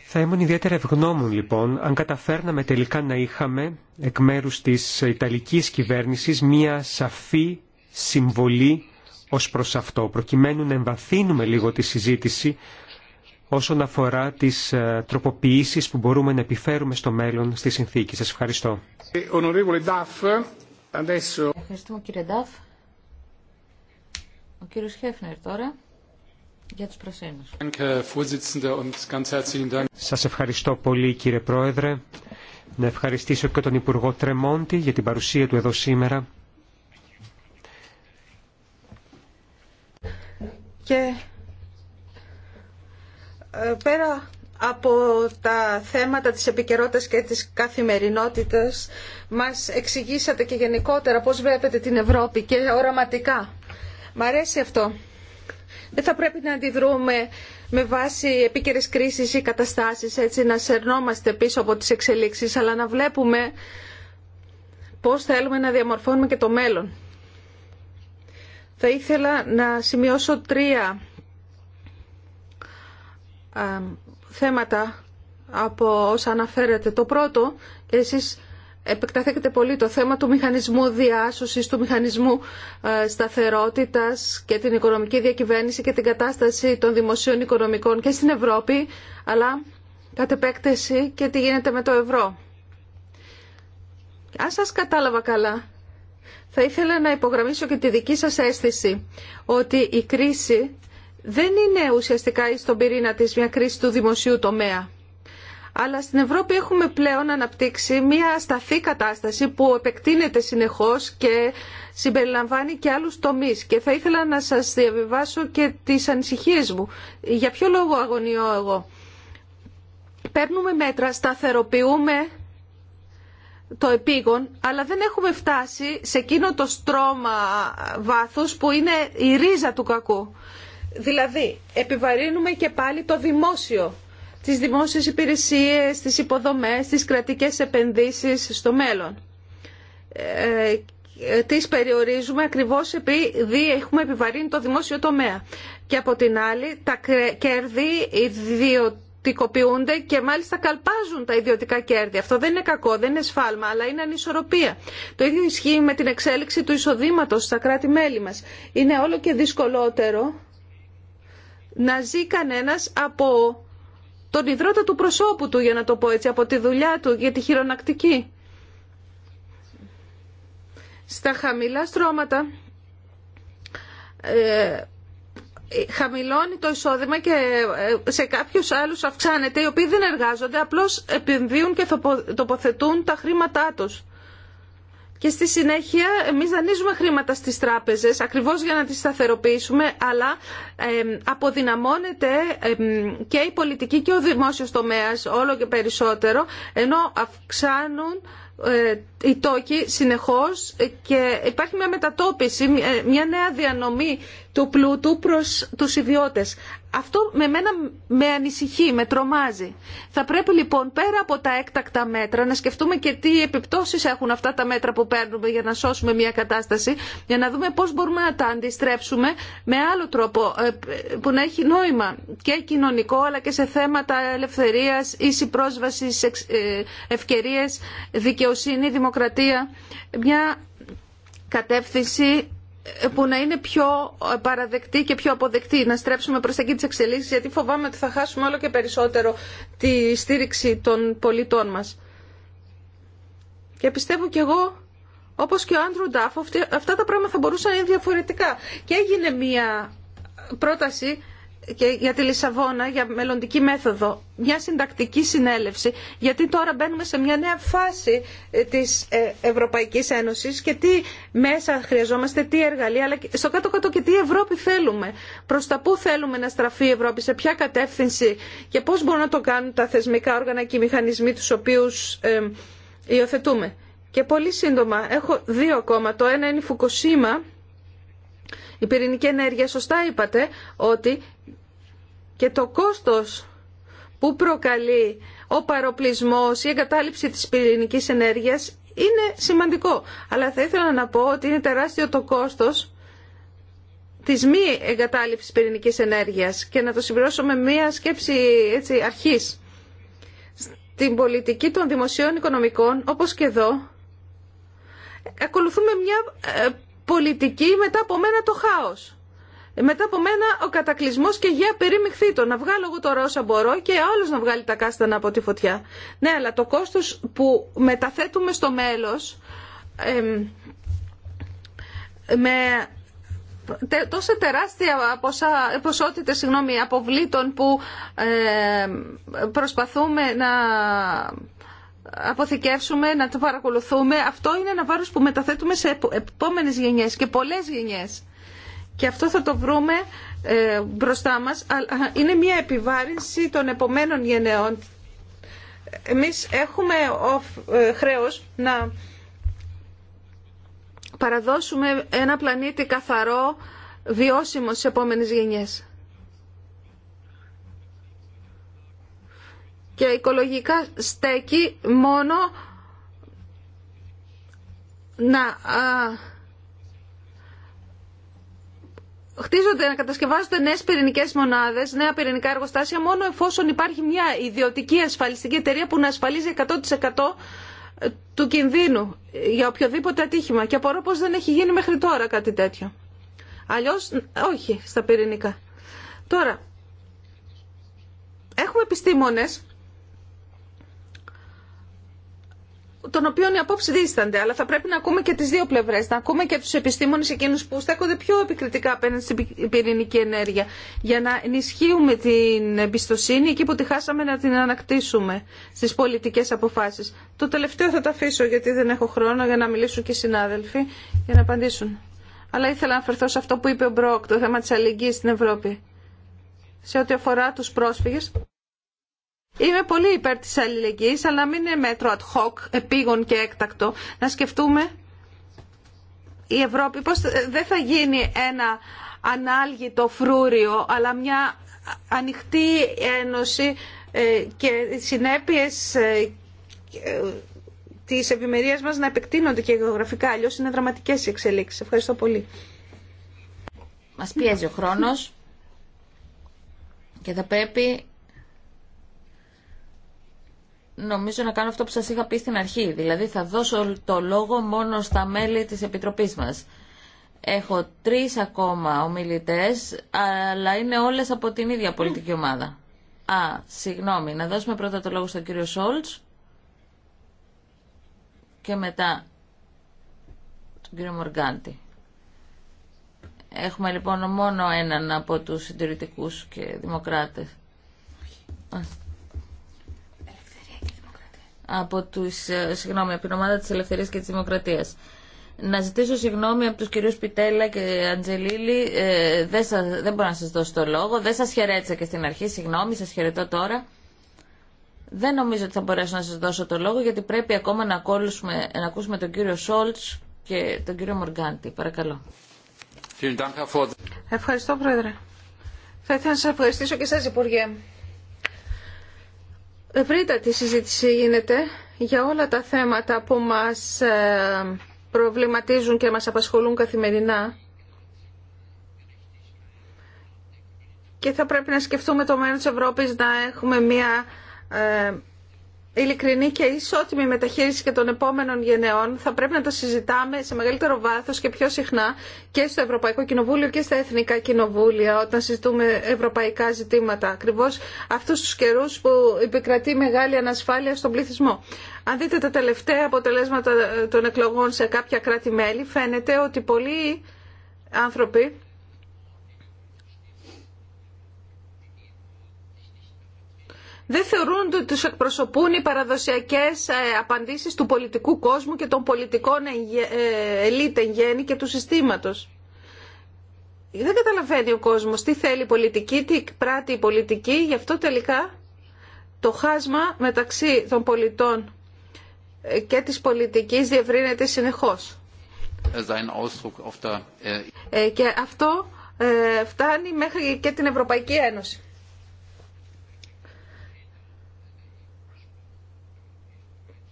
[SPEAKER 3] Θα ήμουν ιδιαίτερα ευγνώμων λοιπόν αν καταφέρναμε τελικά να είχαμε εκ μέρους της Ιταλικής κυβέρνησης μία σαφή συμβολή ως προς αυτό, προκειμένου να εμβαθύνουμε λίγο τη συζήτηση όσον αφορά τις ε, τροποποιήσεις που μπορούμε να επιφέρουμε στο μέλλον στη συνθήκη. Σας ευχαριστώ.
[SPEAKER 1] Ευχαριστούμε κύριε Ντάφ. Ο κύριος Χέφνερ τώρα για τους
[SPEAKER 3] Σας ευχαριστώ πολύ κύριε Πρόεδρε. Να ευχαριστήσω και τον Υπουργό Τρεμόντι για την παρουσία του εδώ σήμερα.
[SPEAKER 2] Και ε, πέρα από τα θέματα της επικαιρότητα και της καθημερινότητας μας εξηγήσατε και γενικότερα πώς βλέπετε την Ευρώπη και οραματικά. Μ' αρέσει αυτό. Δεν θα πρέπει να αντιδρούμε με βάση επίκαιρες κρίσεις ή καταστάσεις, έτσι να σερνόμαστε πίσω από τις εξελίξεις, αλλά να βλέπουμε πώς θέλουμε να διαμορφώνουμε και το μέλλον. Θα ήθελα να σημειώσω τρία θέματα από όσα αναφέρετε. Το πρώτο, εσείς επεκταθήκατε πολύ το θέμα του μηχανισμού διάσωσης, του μηχανισμού ε, σταθερότητας και την οικονομική διακυβέρνηση και την κατάσταση των δημοσίων οικονομικών και στην Ευρώπη, αλλά κατ' επέκταση και τι γίνεται με το ευρώ. Αν σας κατάλαβα καλά, θα ήθελα να υπογραμμίσω και τη δική σας αίσθηση ότι η κρίση δεν είναι ουσιαστικά στον πυρήνα της μια κρίση του δημοσίου τομέα αλλά στην Ευρώπη έχουμε πλέον αναπτύξει μια σταθή κατάσταση που επεκτείνεται συνεχώς και συμπεριλαμβάνει και άλλους τομείς και θα ήθελα να σας διαβιβάσω και τις ανησυχίες μου. Για ποιο λόγο αγωνιώ εγώ. Παίρνουμε μέτρα, σταθεροποιούμε το επίγον, αλλά δεν έχουμε φτάσει σε εκείνο το στρώμα βάθους που είναι η ρίζα του κακού. Δηλαδή, επιβαρύνουμε και πάλι το δημόσιο τις δημόσιες υπηρεσίες, τις υποδομές, τις κρατικές επενδύσεις στο μέλλον. Ε, ε τις περιορίζουμε ακριβώς επειδή έχουμε επιβαρύνει το δημόσιο τομέα. Και από την άλλη τα κέρδη ιδιωτικοποιούνται και μάλιστα καλπάζουν τα ιδιωτικά κέρδη. Αυτό δεν είναι κακό, δεν είναι σφάλμα, αλλά είναι ανισορροπία. Το ίδιο ισχύει με την εξέλιξη του εισοδήματος στα κράτη-μέλη μας. Είναι όλο και δυσκολότερο να ζει κανένας από τον ιδρώτα του προσώπου του, για να το πω έτσι, από τη δουλειά του, για τη χειρονακτική. Στα χαμηλά στρώματα ε, χαμηλώνει το εισόδημα και ε, σε κάποιους άλλους αυξάνεται, οι οποίοι δεν εργάζονται, απλώς επενδύουν και τοποθετούν τα χρήματά τους και στη συνέχεια εμείς δανείζουμε χρήματα στις τράπεζες ακριβώς για να τις σταθεροποιήσουμε αλλά ε, αποδυναμώνεται και η πολιτική και ο δημόσιος τομέας όλο και περισσότερο ενώ αυξάνουν ε, οι τόκοι συνεχώς ε, και υπάρχει μια μετατόπιση, μια νέα διανομή του πλούτου προς τους ιδιώτες. Αυτό με μένα με ανησυχεί, με τρομάζει. Θα πρέπει λοιπόν πέρα από τα έκτακτα μέτρα να σκεφτούμε και τι επιπτώσεις έχουν αυτά τα μέτρα που παίρνουμε για να σώσουμε μια κατάσταση, για να δούμε πώς μπορούμε να τα αντιστρέψουμε με άλλο τρόπο ε, που να έχει νόημα και κοινωνικό αλλά και σε θέματα ελευθερίας, ίση πρόσβαση, ε, ευκαιρίες, δικαιοσύνη, δημοκρατία. Μια κατεύθυνση που να είναι πιο ε, παραδεκτή και πιο αποδεκτή, να στρέψουμε προς εκεί τις εξελίξεις, γιατί φοβάμαι ότι θα χάσουμε όλο και περισσότερο τη στήριξη των πολιτών μας. Και πιστεύω κι εγώ, όπως και ο Άντρου Ντάφ, αυτά τα πράγματα θα μπορούσαν να είναι διαφορετικά. Και έγινε μία πρόταση και για τη Λισαβόνα, για μελλοντική μέθοδο, μια συντακτική συνέλευση, γιατί τώρα μπαίνουμε σε μια νέα φάση ε, της ε, Ευρωπαϊκής Ένωσης και τι μέσα χρειαζόμαστε, τι εργαλεία, αλλά στο κάτω-κάτω και τι Ευρώπη θέλουμε, προς τα πού θέλουμε να στραφεί η Ευρώπη, σε ποια κατεύθυνση και πώς μπορούν να το κάνουν τα θεσμικά όργανα και οι μηχανισμοί τους οποίους ε, υιοθετούμε. Και πολύ σύντομα, έχω δύο ακόμα. Το ένα είναι η Φουκοσίμα, η πυρηνική ενέργεια, σωστά είπατε ότι και το κόστος που προκαλεί ο παροπλισμός, η εγκατάλειψη της πυρηνικής ενέργειας είναι σημαντικό. Αλλά θα ήθελα να πω ότι είναι τεράστιο το κόστος της μη εγκατάλειψης πυρηνικής ενέργειας και να το συμπληρώσω με μία σκέψη έτσι, αρχής. Στην πολιτική των δημοσίων οικονομικών, όπως και εδώ, ακολουθούμε μια ε, πολιτική μετά από μένα το χάος μετά από μένα ο κατακλυσμό και για περίμηχθή το. Να βγάλω εγώ τώρα όσα μπορώ και άλλο να βγάλει τα κάστανα από τη φωτιά. Ναι, αλλά το κόστο που μεταθέτουμε στο μέλο με τόσα τεράστια ποσά, ποσότητα συγγνώμη, αποβλήτων που ε, προσπαθούμε να αποθηκεύσουμε, να το παρακολουθούμε, αυτό είναι ένα βάρος που μεταθέτουμε σε επόμενες γενιές και πολλές γενιές. Και αυτό θα το βρούμε ε, μπροστά μας. Είναι μια επιβάρυνση των επομένων γενεών. Εμείς έχουμε ε, χρέος να παραδώσουμε ένα πλανήτη καθαρό, βιώσιμο στις επόμενες γενιές. Και οικολογικά στέκει μόνο να χτίζονται, να κατασκευάζονται νέε πυρηνικέ μονάδε, νέα πυρηνικά εργοστάσια, μόνο εφόσον υπάρχει μια ιδιωτική ασφαλιστική εταιρεία που να ασφαλίζει 100% ε, του κινδύνου για οποιοδήποτε ατύχημα. Και απορώ πως δεν έχει γίνει μέχρι τώρα κάτι τέτοιο. Αλλιώς, όχι, στα πυρηνικά. Τώρα, έχουμε επιστήμονες των οποίων οι απόψει δίστανται, αλλά θα πρέπει να ακούμε και τι δύο πλευρέ. Να ακούμε και του επιστήμονε εκείνου που στέκονται πιο επικριτικά απέναντι στην πυρηνική ενέργεια, για να ενισχύουμε την εμπιστοσύνη εκεί που τη χάσαμε να την ανακτήσουμε στι πολιτικέ αποφάσει. Το τελευταίο θα το αφήσω, γιατί δεν έχω χρόνο για να μιλήσουν και οι συνάδελφοι για να απαντήσουν. Αλλά ήθελα να αφαιρθώ σε αυτό που είπε ο Μπροκ, το θέμα τη αλληλεγγύη στην Ευρώπη. Σε ό,τι αφορά του πρόσφυγε. Είμαι πολύ υπέρ της αλληλεγγύης, αλλά μην είναι μέτρο ad hoc, επίγον και έκτακτο. Να σκεφτούμε η Ευρώπη πώς ε, δεν θα γίνει ένα ανάλγητο φρούριο, αλλά μια ανοιχτή ένωση ε, και συνέπειες ε, της ευημερία μας να επεκτείνονται και γεωγραφικά. αλλιώ είναι δραματικές οι εξελίξεις. Ευχαριστώ πολύ. Μας πιέζει ο χρόνος και θα πρέπει
[SPEAKER 1] νομίζω να κάνω αυτό που σας είχα πει στην αρχή. Δηλαδή θα δώσω το λόγο μόνο στα μέλη της Επιτροπής μας. Έχω τρεις ακόμα ομιλητές, αλλά είναι όλες από την ίδια πολιτική ομάδα. Α, συγγνώμη, να δώσουμε πρώτα το λόγο στον κύριο Σόλτς και μετά τον κύριο Μοργκάντη. Έχουμε λοιπόν μόνο έναν από τους συντηρητικού και δημοκράτες από, τους, ε, συγγνώμη, από την ομάδα της Ελευθερίας και της Δημοκρατίας. Να ζητήσω συγγνώμη από τους κυρίους Πιτέλα και Αντζελίλη, ε, δεν, δεν μπορώ να σας δώσω το λόγο, δεν σας χαιρέτησα και στην αρχή, συγγνώμη, σας χαιρετώ τώρα. Δεν νομίζω ότι θα μπορέσω να σας δώσω το λόγο γιατί πρέπει ακόμα να, ακούσουμε, να ακούσουμε τον κύριο Σόλτς και τον
[SPEAKER 2] κύριο Μοργκάντη. Παρακαλώ. Ευχαριστώ Πρόεδρε. Θα ήθελα να σας ευχαριστήσω και σας Υπουργέ ευρύτατη συζήτηση γίνεται για όλα τα θέματα που μας ε, προβληματίζουν και μας απασχολούν καθημερινά. Και θα πρέπει να σκεφτούμε το μέλλον της Ευρώπης να έχουμε μια ε, ειλικρινή και ισότιμη μεταχείριση και των επόμενων γενεών θα πρέπει να το συζητάμε σε μεγαλύτερο βάθος και πιο συχνά και στο Ευρωπαϊκό Κοινοβούλιο και στα Εθνικά Κοινοβούλια όταν συζητούμε ευρωπαϊκά ζητήματα. ακριβώς αυτούς τους καιρούς που επικρατεί μεγάλη ανασφάλεια στον πληθυσμό. Αν δείτε τα τελευταία αποτελέσματα των εκλογών σε κάποια κράτη-μέλη φαίνεται ότι πολλοί άνθρωποι δεν θεωρούν ότι τους εκπροσωπούν οι παραδοσιακές ε, απαντήσεις του πολιτικού κόσμου και των πολιτικών ε, ελίτ εν γέννη και του συστήματος. Δεν καταλαβαίνει ο κόσμος τι θέλει η πολιτική, τι πράττει η πολιτική, γι' αυτό τελικά το χάσμα μεταξύ των πολιτών ε, και της πολιτικής διευρύνεται συνεχώς. Και αυτό φτάνει μέχρι και την Ευρωπαϊκή Ένωση.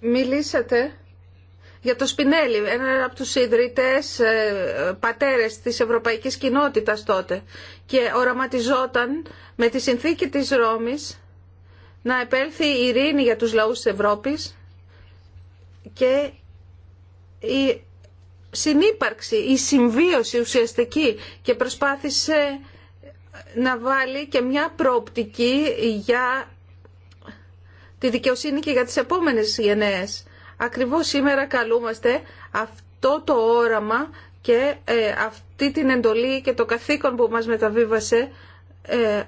[SPEAKER 2] Μιλήσατε για το Σπινέλη, ένα από τους ιδρυτές ε, πατέρες της ευρωπαϊκής κοινότητας τότε και οραματιζόταν με τη συνθήκη της Ρώμης να επέλθει η ειρήνη για τους λαούς της Ευρώπης και η συνύπαρξη, η συμβίωση ουσιαστική και προσπάθησε να βάλει και μια προοπτική για τη δικαιοσύνη και για τις επόμενες γενναίες. Ακριβώς σήμερα καλούμαστε αυτό το όραμα και ε, αυτή την εντολή και το καθήκον που μας μεταβίβασε ε,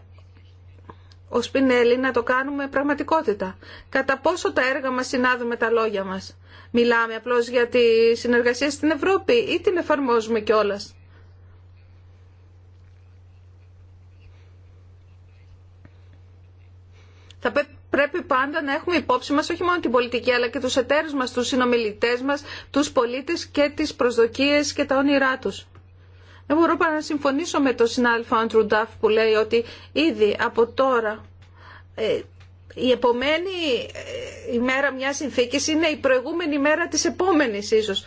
[SPEAKER 2] ο Σπινέλη να το κάνουμε πραγματικότητα. Κατά πόσο τα έργα μας συνάδουν με τα λόγια μας. Μιλάμε απλώς για τη συνεργασία στην Ευρώπη ή την εφαρμόζουμε κιόλα. Θα πρέπει πάντα να έχουμε υπόψη μας όχι μόνο την πολιτική αλλά και τους εταίρους μας, τους συνομιλητές μας, τους πολίτες και τις προσδοκίες και τα όνειρά τους. Δεν μπορώ παρά να συμφωνήσω με τον συνάδελφο Άντρου Ντάφ που λέει ότι ήδη από τώρα ε, η επομένη ε, ημέρα μια συνθήκη είναι η προηγούμενη ημέρα της επόμενης ίσως.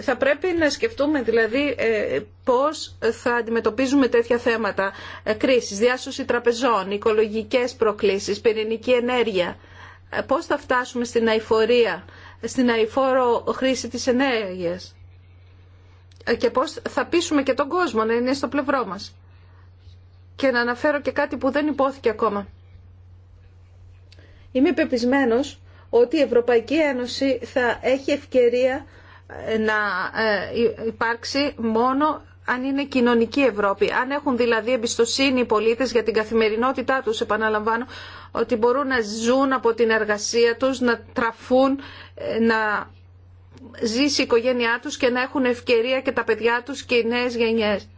[SPEAKER 2] Θα πρέπει να σκεφτούμε δηλαδή ε, πώς θα αντιμετωπίζουμε τέτοια θέματα ε, κρίση, διάσωση τραπεζών, οικολογικές προκλήσεις, πυρηνική ενέργεια. Πώς θα φτάσουμε στην αηφορία, στην αηφόρο χρήση της ενέργειας και πώς θα πείσουμε και τον κόσμο να είναι στο πλευρό μας. Και να αναφέρω και κάτι που δεν υπόθηκε ακόμα Είμαι πεπισμένος ότι η Ευρωπαϊκή Ένωση θα έχει ευκαιρία ε, να ε, υπάρξει μόνο αν είναι κοινωνική Ευρώπη. Αν έχουν δηλαδή εμπιστοσύνη οι πολίτες για την καθημερινότητά τους, επαναλαμβάνω, ότι μπορούν να ζουν από την εργασία τους, να τραφούν, ε, να ζήσει η οικογένειά τους και να έχουν ευκαιρία και τα παιδιά τους και οι νέες γενιές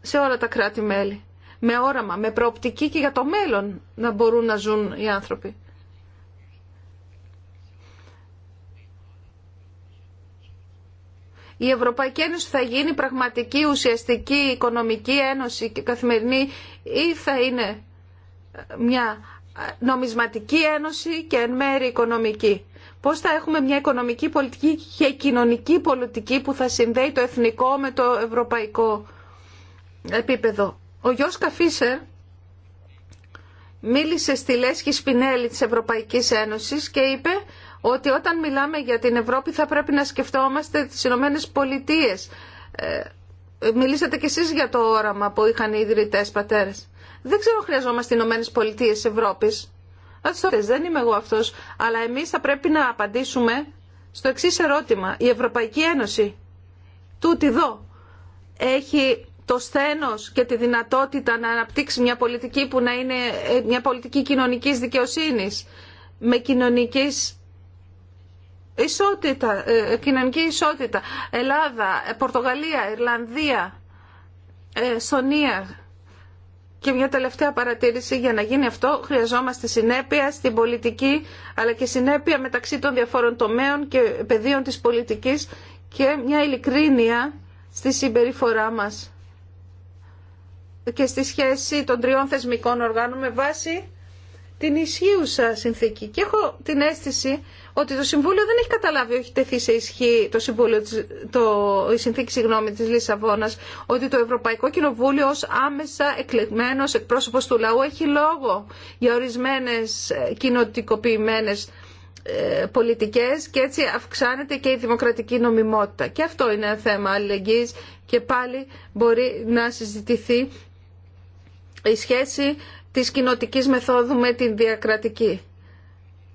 [SPEAKER 2] σε όλα τα κράτη-μέλη. Με όραμα, με προοπτική και για το μέλλον να μπορούν να ζουν οι άνθρωποι. η Ευρωπαϊκή Ένωση θα γίνει πραγματική ουσιαστική οικονομική ένωση και καθημερινή ή θα είναι μια νομισματική ένωση και εν μέρη οικονομική. Πώς θα έχουμε μια οικονομική πολιτική και κοινωνική πολιτική που θα συνδέει το εθνικό με το ευρωπαϊκό επίπεδο. Ο Γιώσκα Καφίσερ μίλησε στη Λέσχη Σπινέλη της Ευρωπαϊκής Ένωσης και είπε ότι όταν μιλάμε για την Ευρώπη θα πρέπει να σκεφτόμαστε τις Ηνωμένε Πολιτείε. Ε, μιλήσατε κι εσείς για το όραμα που είχαν οι ιδρυτές πατέρες. Δεν ξέρω χρειαζόμαστε Ηνωμένε Πολιτείε Ευρώπης. Δεν είμαι εγώ αυτός. Αλλά εμείς θα πρέπει να απαντήσουμε στο εξή ερώτημα. Η Ευρωπαϊκή Ένωση, τούτη εδώ, έχει το σθένος και τη δυνατότητα να αναπτύξει μια πολιτική που να είναι ε, μια πολιτική κοινωνικής δικαιοσύνης με κοινωνικής Ισότητα, ε, κοινωνική ισότητα. Ελλάδα, ε, Πορτογαλία, Ιρλανδία, ε, Σονία. Και μια τελευταία παρατήρηση για να γίνει αυτό χρειαζόμαστε συνέπεια στην πολιτική αλλά και συνέπεια μεταξύ των διαφόρων τομέων και πεδίων της πολιτικής και μια ειλικρίνεια στη συμπεριφορά μας και στη σχέση των τριών θεσμικών οργάνων με βάση την ισχύουσα συνθήκη. Και έχω την αίσθηση ότι το Συμβούλιο δεν έχει καταλάβει, έχει τεθεί σε ισχύ το Συμβούλιο, το, η συνθήκη συγγνώμη της Λισαβόνας, ότι το Ευρωπαϊκό Κοινοβούλιο ως άμεσα εκλεγμένος εκπρόσωπος του λαού έχει λόγο για ορισμένες ε, κοινοτικοποιημένες ε, πολιτικές και έτσι αυξάνεται και η δημοκρατική νομιμότητα. Και αυτό είναι ένα θέμα αλληλεγγύης και πάλι μπορεί να συζητηθεί η σχέση της κοινοτικής μεθόδου με την διακρατική.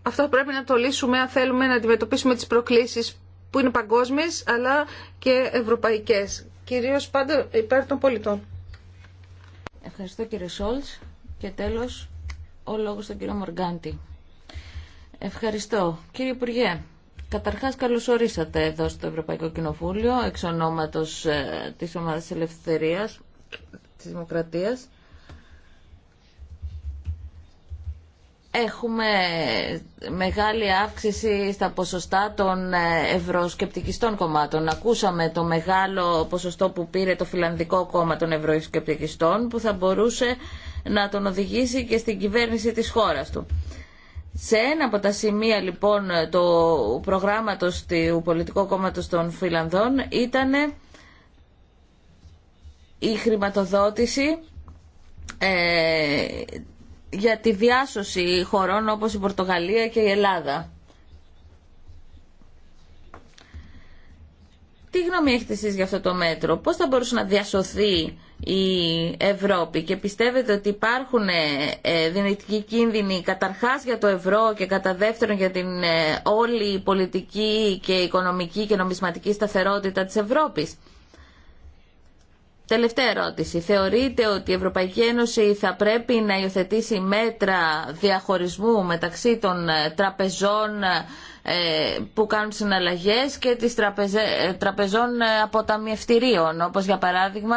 [SPEAKER 2] Αυτό πρέπει να το λύσουμε αν θέλουμε να αντιμετωπίσουμε τις προκλήσεις που είναι παγκόσμιες αλλά και ευρωπαϊκές. Κυρίως πάντα υπέρ των πολιτών. Ευχαριστώ κύριε Σόλτς
[SPEAKER 1] και τέλος ο λόγος στον κύριο Μοργκάντη. Ευχαριστώ. Κύριε Υπουργέ, καταρχάς καλωσορίσατε εδώ στο Ευρωπαϊκό Κοινοβούλιο εξ ονόματος ε, της Ομάδας Ελευθερίας της Δημοκρατίας. Έχουμε μεγάλη αύξηση στα ποσοστά των ε, ευρωσκεπτικιστών κομμάτων. Ακούσαμε το μεγάλο ποσοστό που πήρε το Φιλανδικό Κόμμα των Ευρωσκεπτικιστών που θα μπορούσε να τον οδηγήσει και στην κυβέρνηση της χώρας του. Σε ένα από τα σημεία λοιπόν του προγράμματος του Πολιτικού Κόμματος των Φιλανδών ήταν η χρηματοδότηση ε, για τη διάσωση χωρών όπως η Πορτογαλία και η Ελλάδα. Τι γνώμη έχετε εσείς για αυτό το μέτρο, πώς θα μπορούσε να διασωθεί η Ευρώπη και πιστεύετε ότι υπάρχουν ε, ε, δυνητικοί κίνδυνοι καταρχάς για το ευρώ και κατά δεύτερον για την ε, όλη πολιτική και οικονομική και νομισματική σταθερότητα της Ευρώπης. Τελευταία ερώτηση. Θεωρείτε ότι η Ευρωπαϊκή Ένωση θα πρέπει να υιοθετήσει μέτρα διαχωρισμού μεταξύ των ε, τραπεζών ε, που κάνουν συναλλαγές και των ε, τραπεζών αποταμιευτηρίων, όπως για παράδειγμα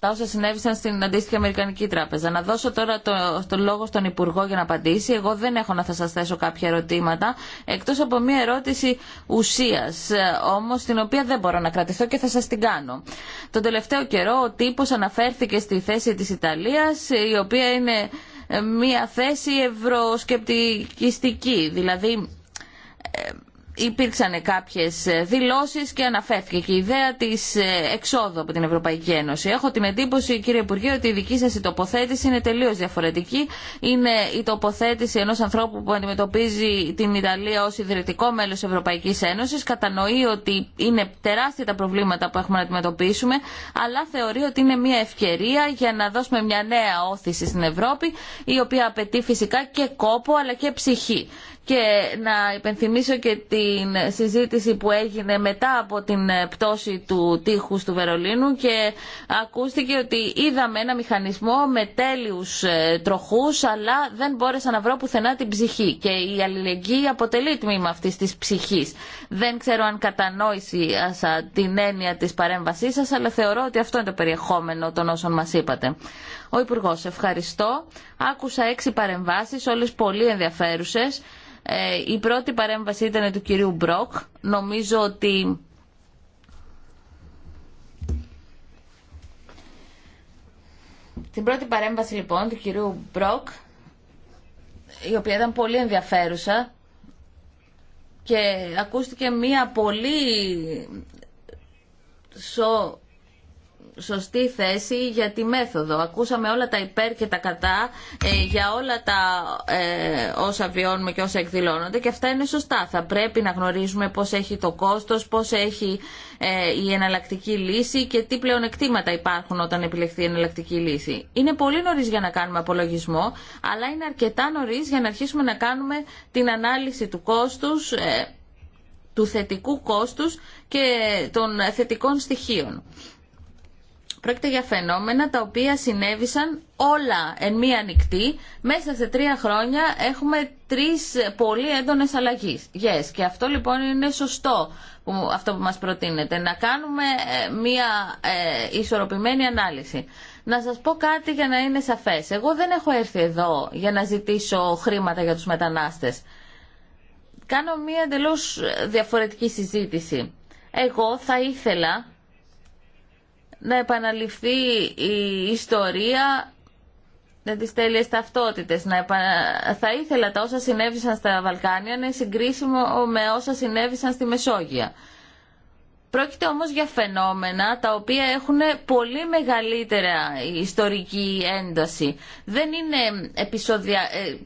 [SPEAKER 1] τα όσα συνέβησαν στην αντίστοιχη Αμερικανική Τράπεζα. Να δώσω τώρα το, το λόγο στον Υπουργό για να απαντήσει. Εγώ δεν έχω να θα σας θέσω κάποια ερωτήματα, εκτό από μια ερώτηση ουσία, ε, όμω, την οποία δεν μπορώ να κρατηθώ και θα σα την κάνω. Τον τελευταίο καιρό ο τύπο αναφέρθηκε στη θέση τη Ιταλία, η οποία είναι ε, μια θέση ευρωσκεπτικιστική. Δηλαδή, ε, υπήρξαν κάποιες ε, δηλώσεις και αναφέρθηκε και η ιδέα της ε, εξόδου από την Ευρωπαϊκή Ένωση. Έχω την εντύπωση, κύριε Υπουργέ, ότι η δική σας η τοποθέτηση είναι τελείως διαφορετική. Είναι η τοποθέτηση ενός ανθρώπου που αντιμετωπίζει την Ιταλία ως ιδρυτικό μέλος Ευρωπαϊκής Ένωσης, κατανοεί ότι είναι τεράστια τα προβλήματα που έχουμε να αντιμετωπίσουμε, αλλά θεωρεί ότι είναι μια ευκαιρία για να δώσουμε μια νέα όθηση στην Ευρώπη, η οποία απαιτεί φυσικά και κόπο αλλά και ψυχή. Και να υπενθυμίσω και την συζήτηση που έγινε μετά από την πτώση του τείχους του Βερολίνου και ακούστηκε ότι είδαμε ένα μηχανισμό με τέλειους ε, τροχούς αλλά δεν μπόρεσα να βρω πουθενά την ψυχή και η αλληλεγγύη αποτελεί τμήμα αυτής της ψυχής. Δεν ξέρω αν κατανόηση την έννοια της παρέμβασής σας αλλά θεωρώ ότι αυτό είναι το περιεχόμενο των όσων μας είπατε. Ο Υπουργός, ευχαριστώ. Άκουσα έξι παρεμβάσεις, όλες πολύ ενδιαφέρουσες. Ε, η πρώτη παρέμβαση ήταν του κυρίου Μπροκ. Νομίζω ότι την πρώτη παρέμβαση λοιπόν του κυρίου Μπροκ η οποία ήταν πολύ ενδιαφέρουσα και ακούστηκε μία πολύ σο σωστή θέση για τη μέθοδο. Ακούσαμε όλα τα υπέρ και τα κατά ε, για όλα τα ε, όσα βιώνουμε και όσα εκδηλώνονται και αυτά είναι σωστά. Θα πρέπει να γνωρίζουμε πώς έχει το κόστος, πώς έχει ε, η εναλλακτική λύση και τι πλεονεκτήματα υπάρχουν όταν επιλεχθεί η εναλλακτική λύση. Είναι πολύ νωρί για να κάνουμε απολογισμό, αλλά είναι αρκετά νωρί για να αρχίσουμε να κάνουμε την ανάλυση του κόστους, του θετικού κόστους και των θετικών στοιχείων. Πρόκειται για φαινόμενα τα οποία συνέβησαν όλα εν μία νυχτή. Μέσα σε τρία χρόνια έχουμε τρει πολύ έντονε αλλαγέ. Yes. Και αυτό λοιπόν είναι σωστό αυτό που μας προτείνεται. Να κάνουμε ε, μία ε, ισορροπημένη ανάλυση. Να σα πω κάτι για να είναι σαφέ. Εγώ δεν έχω έρθει εδώ για να ζητήσω χρήματα για τους μετανάστε. Κάνω μία εντελώ διαφορετική συζήτηση. Εγώ θα ήθελα να επαναληφθεί η ιστορία με τις τέλειες ταυτότητες. Να επα... Θα ήθελα τα όσα συνέβησαν στα Βαλκάνια να είναι συγκρίσιμο με όσα συνέβησαν στη Μεσόγεια. Πρόκειται όμως για φαινόμενα τα οποία έχουν πολύ μεγαλύτερα ιστορική ένταση. Δεν είναι επεισοδια... Ε,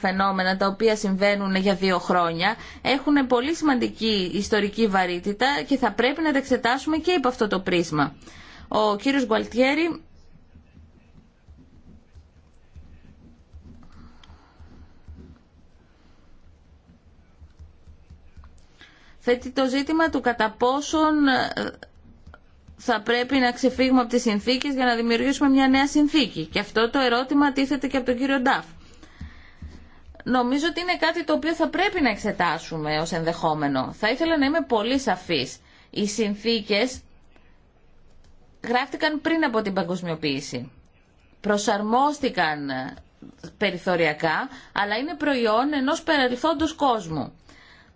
[SPEAKER 1] φαινόμενα τα οποία συμβαίνουν για δύο χρόνια έχουν πολύ σημαντική ιστορική βαρύτητα και θα πρέπει να τα εξετάσουμε και υπό αυτό το πρίσμα. Ο κύριος Γκουαλτιέρη θέτει το ζήτημα του κατά πόσον ε, θα πρέπει να ξεφύγουμε από τις συνθήκες για να δημιουργήσουμε μια νέα συνθήκη. Και αυτό το ερώτημα τίθεται και από τον κύριο Νταφ νομίζω ότι είναι κάτι το οποίο θα πρέπει να εξετάσουμε ως ενδεχόμενο. Θα ήθελα να είμαι πολύ σαφής. Οι συνθήκες γράφτηκαν πριν από την παγκοσμιοποίηση. Προσαρμόστηκαν περιθωριακά, αλλά είναι προϊόν ενός παρελθόντος κόσμου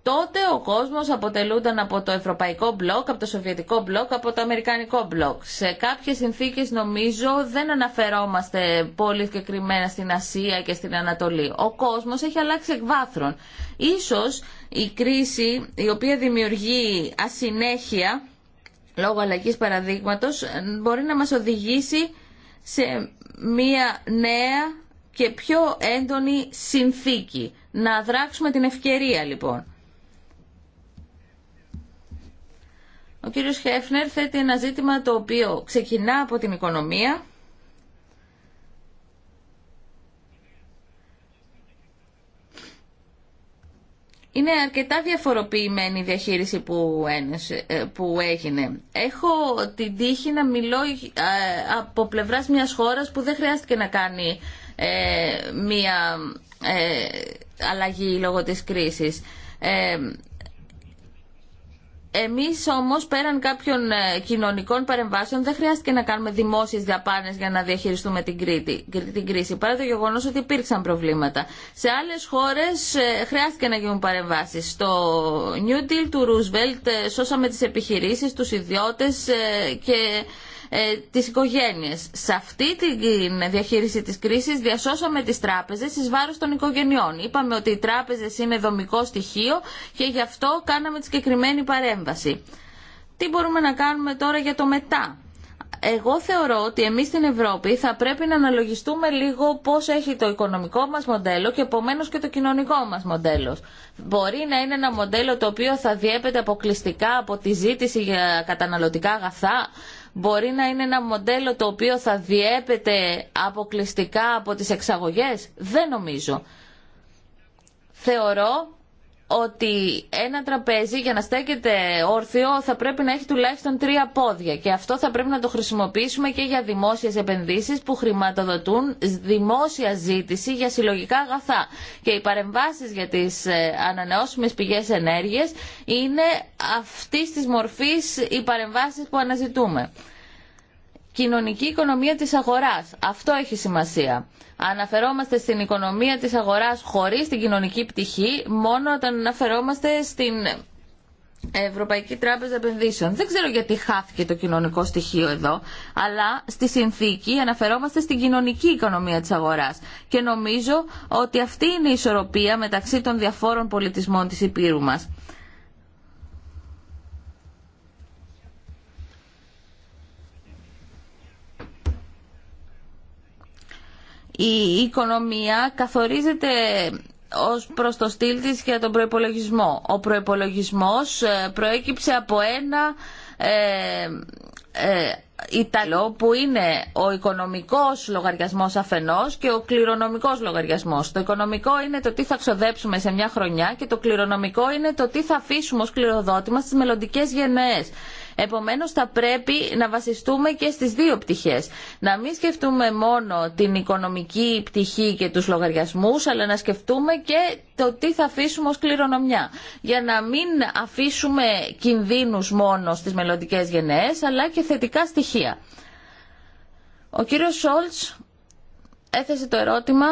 [SPEAKER 1] τότε ο κόσμος αποτελούνταν από το ευρωπαϊκό μπλοκ, από το σοβιετικό μπλοκ, από το αμερικανικό μπλοκ. Σε κάποιες συνθήκες νομίζω δεν αναφερόμαστε πολύ συγκεκριμένα στην Ασία και στην Ανατολή. Ο κόσμος έχει αλλάξει εκ βάθρων. Ίσως η κρίση η οποία δημιουργεί ασυνέχεια λόγω αλλαγής παραδείγματος μπορεί να μας οδηγήσει σε μία νέα και πιο έντονη συνθήκη. Να δράξουμε την ευκαιρία λοιπόν. Ο κύριος Χέφνερ θέτει ένα ζήτημα το οποίο ξεκινά από την οικονομία Είναι αρκετά διαφοροποιημένη η διαχείριση που, ε, που έγινε. Έχω την τύχη να μιλώ ε, από πλευράς μιας χώρας που δεν χρειάστηκε να κάνει ε, μια αλλαγή λόγω της κρίσης. Εμείς όμως πέραν κάποιων ε, κοινωνικών παρεμβάσεων δεν χρειάστηκε να κάνουμε δημόσιες διαπάνες για να διαχειριστούμε την, κρίση παρά το γεγονό ότι υπήρξαν προβλήματα. Σε άλλες χώρες ε, χρειάστηκε να γίνουν παρεμβάσει. Στο New Deal του Roosevelt ε, σώσαμε τις επιχειρήσεις, τους ιδιώτες και ε, τις οικογένειες. Σε αυτή τη διαχείριση της κρίσης διασώσαμε τις τράπεζες εις βάρος των οικογενειών. Είπαμε ότι οι τράπεζες είναι δομικό στοιχείο και γι' αυτό κάναμε τη συγκεκριμένη παρέμβαση. Τι μπορούμε να κάνουμε τώρα για το μετά. Εγώ θεωρώ ότι εμείς στην Ευρώπη θα πρέπει να αναλογιστούμε λίγο πώς έχει το οικονομικό μας μοντέλο και επομένως και το κοινωνικό μας μοντέλο. Μπορεί να είναι ένα μοντέλο το οποίο θα διέπεται αποκλειστικά από τη ζήτηση για καταναλωτικά αγαθά μπορεί να είναι ένα μοντέλο το οποίο θα διέπεται αποκλειστικά από τις εξαγωγές. Δεν νομίζω. Θεωρώ ότι ένα τραπέζι για να στέκεται όρθιο θα πρέπει να έχει τουλάχιστον τρία πόδια και αυτό θα πρέπει να το χρησιμοποιήσουμε και για δημόσιες επενδύσεις που χρηματοδοτούν δημόσια ζήτηση για συλλογικά αγαθά. Και οι παρεμβάσεις για τις ε, ανανεώσιμες πηγές ενέργειας είναι αυτής της μορφής οι παρεμβάσεις που αναζητούμε κοινωνική οικονομία της αγοράς. Αυτό έχει σημασία. Αναφερόμαστε στην οικονομία της αγοράς χωρίς την κοινωνική πτυχή, μόνο όταν αναφερόμαστε στην Ευρωπαϊκή Τράπεζα Επενδύσεων. Δεν ξέρω γιατί χάθηκε το κοινωνικό στοιχείο εδώ, αλλά στη συνθήκη αναφερόμαστε στην κοινωνική οικονομία της αγοράς. Και νομίζω ότι αυτή είναι η ισορροπία μεταξύ των διαφόρων πολιτισμών της Υπήρου μας. η οικονομία καθορίζεται ως προς το στυλ της για τον προϋπολογισμό. Ο προϋπολογισμός ε, προέκυψε από ένα ε, ε, Ιταλό που είναι ο οικονομικός λογαριασμός αφενός και ο κληρονομικός λογαριασμός. Το οικονομικό είναι το τι θα ξοδέψουμε σε μια χρονιά και το κληρονομικό είναι το τι θα αφήσουμε ως κληροδότημα στις μελλοντικές γενναίες. Επομένως θα πρέπει να βασιστούμε και στις δύο πτυχές. Να μην σκεφτούμε μόνο την οικονομική πτυχή και τους λογαριασμούς, αλλά να σκεφτούμε και το τι θα αφήσουμε ως κληρονομιά. Για να μην αφήσουμε κινδύνους μόνο στις μελλοντικέ γενναίες, αλλά και θετικά στοιχεία. Ο κύριος Σόλτς έθεσε το ερώτημα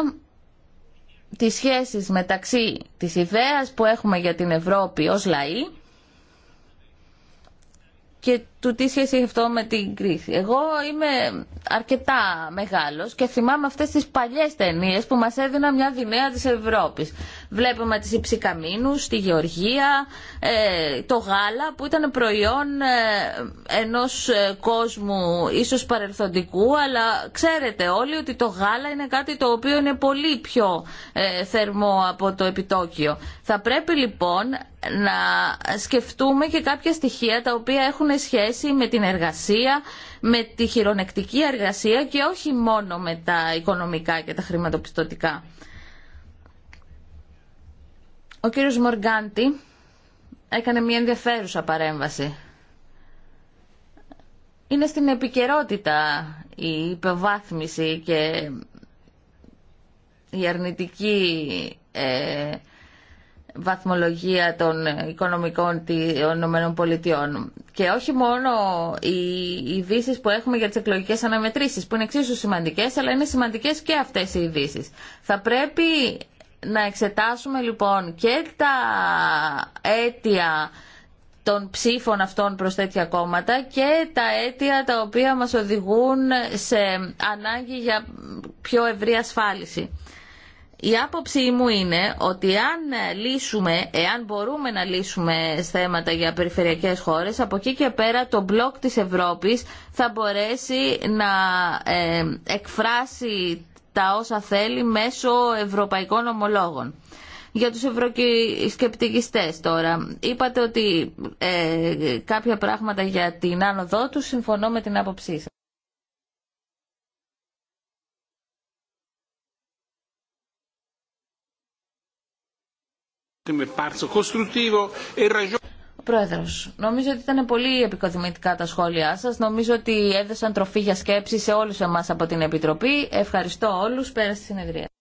[SPEAKER 1] τις σχέσεις μεταξύ της ιδέας που έχουμε για την Ευρώπη ως λαοί και του τι σχέση έχει αυτό με την κρίση. Εγώ είμαι αρκετά μεγάλο και θυμάμαι αυτέ τι παλιέ ταινίε που μα έδιναν μια δυναία τη Ευρώπη. Βλέπουμε τι Ιψίκαμίνου τη Γεωργία, ε, το γάλα που ήταν προϊόν ε, ενός ε, κόσμου ίσω παρελθοντικού αλλά ξέρετε όλοι ότι το γάλα είναι κάτι το οποίο είναι πολύ πιο θερμό από το επιτόκιο. Θα πρέπει λοιπόν να σκεφτούμε και κάποια στοιχεία τα οποία έχουν σχέση με την εργασία, με τη χειρονεκτική εργασία και όχι μόνο με τα οικονομικά και τα χρηματοπιστωτικά. Ο κύριος Μοργκάντη έκανε μια ενδιαφέρουσα παρέμβαση. Είναι στην επικαιρότητα η υποβάθμιση και η αρνητική ε, βαθμολογία των οικονομικών των ΗΠΑ. Και όχι μόνο οι ειδήσει που έχουμε για τις εκλογικέ αναμετρήσεις, που είναι εξίσου σημαντικές, αλλά είναι σημαντικέ και αυτές οι ειδήσει. Θα πρέπει να εξετάσουμε λοιπόν και τα αίτια των ψήφων αυτών προς τέτοια κόμματα και τα αίτια τα οποία μας οδηγούν σε ανάγκη για πιο ευρύ ασφάλιση. Η άποψή μου είναι ότι αν λύσουμε, εάν μπορούμε να λύσουμε θέματα για περιφερειακές χώρες, από εκεί και πέρα το μπλοκ της Ευρώπης θα μπορέσει να ε, εκφράσει τα όσα θέλει μέσω ευρωπαϊκών ομολόγων. Για τους ευρωσκεπτικιστές τώρα, είπατε ότι ε, κάποια πράγματα για την άνοδό τους συμφωνώ με την άποψή σας. Ο Πρόεδρος, νομίζω ότι ήταν πολύ επικοδημητικά τα σχόλιά σας. Νομίζω ότι έδωσαν τροφή για σκέψη σε όλους εμάς από την Επιτροπή. Ευχαριστώ όλους. Πέρα στη συνεδρία.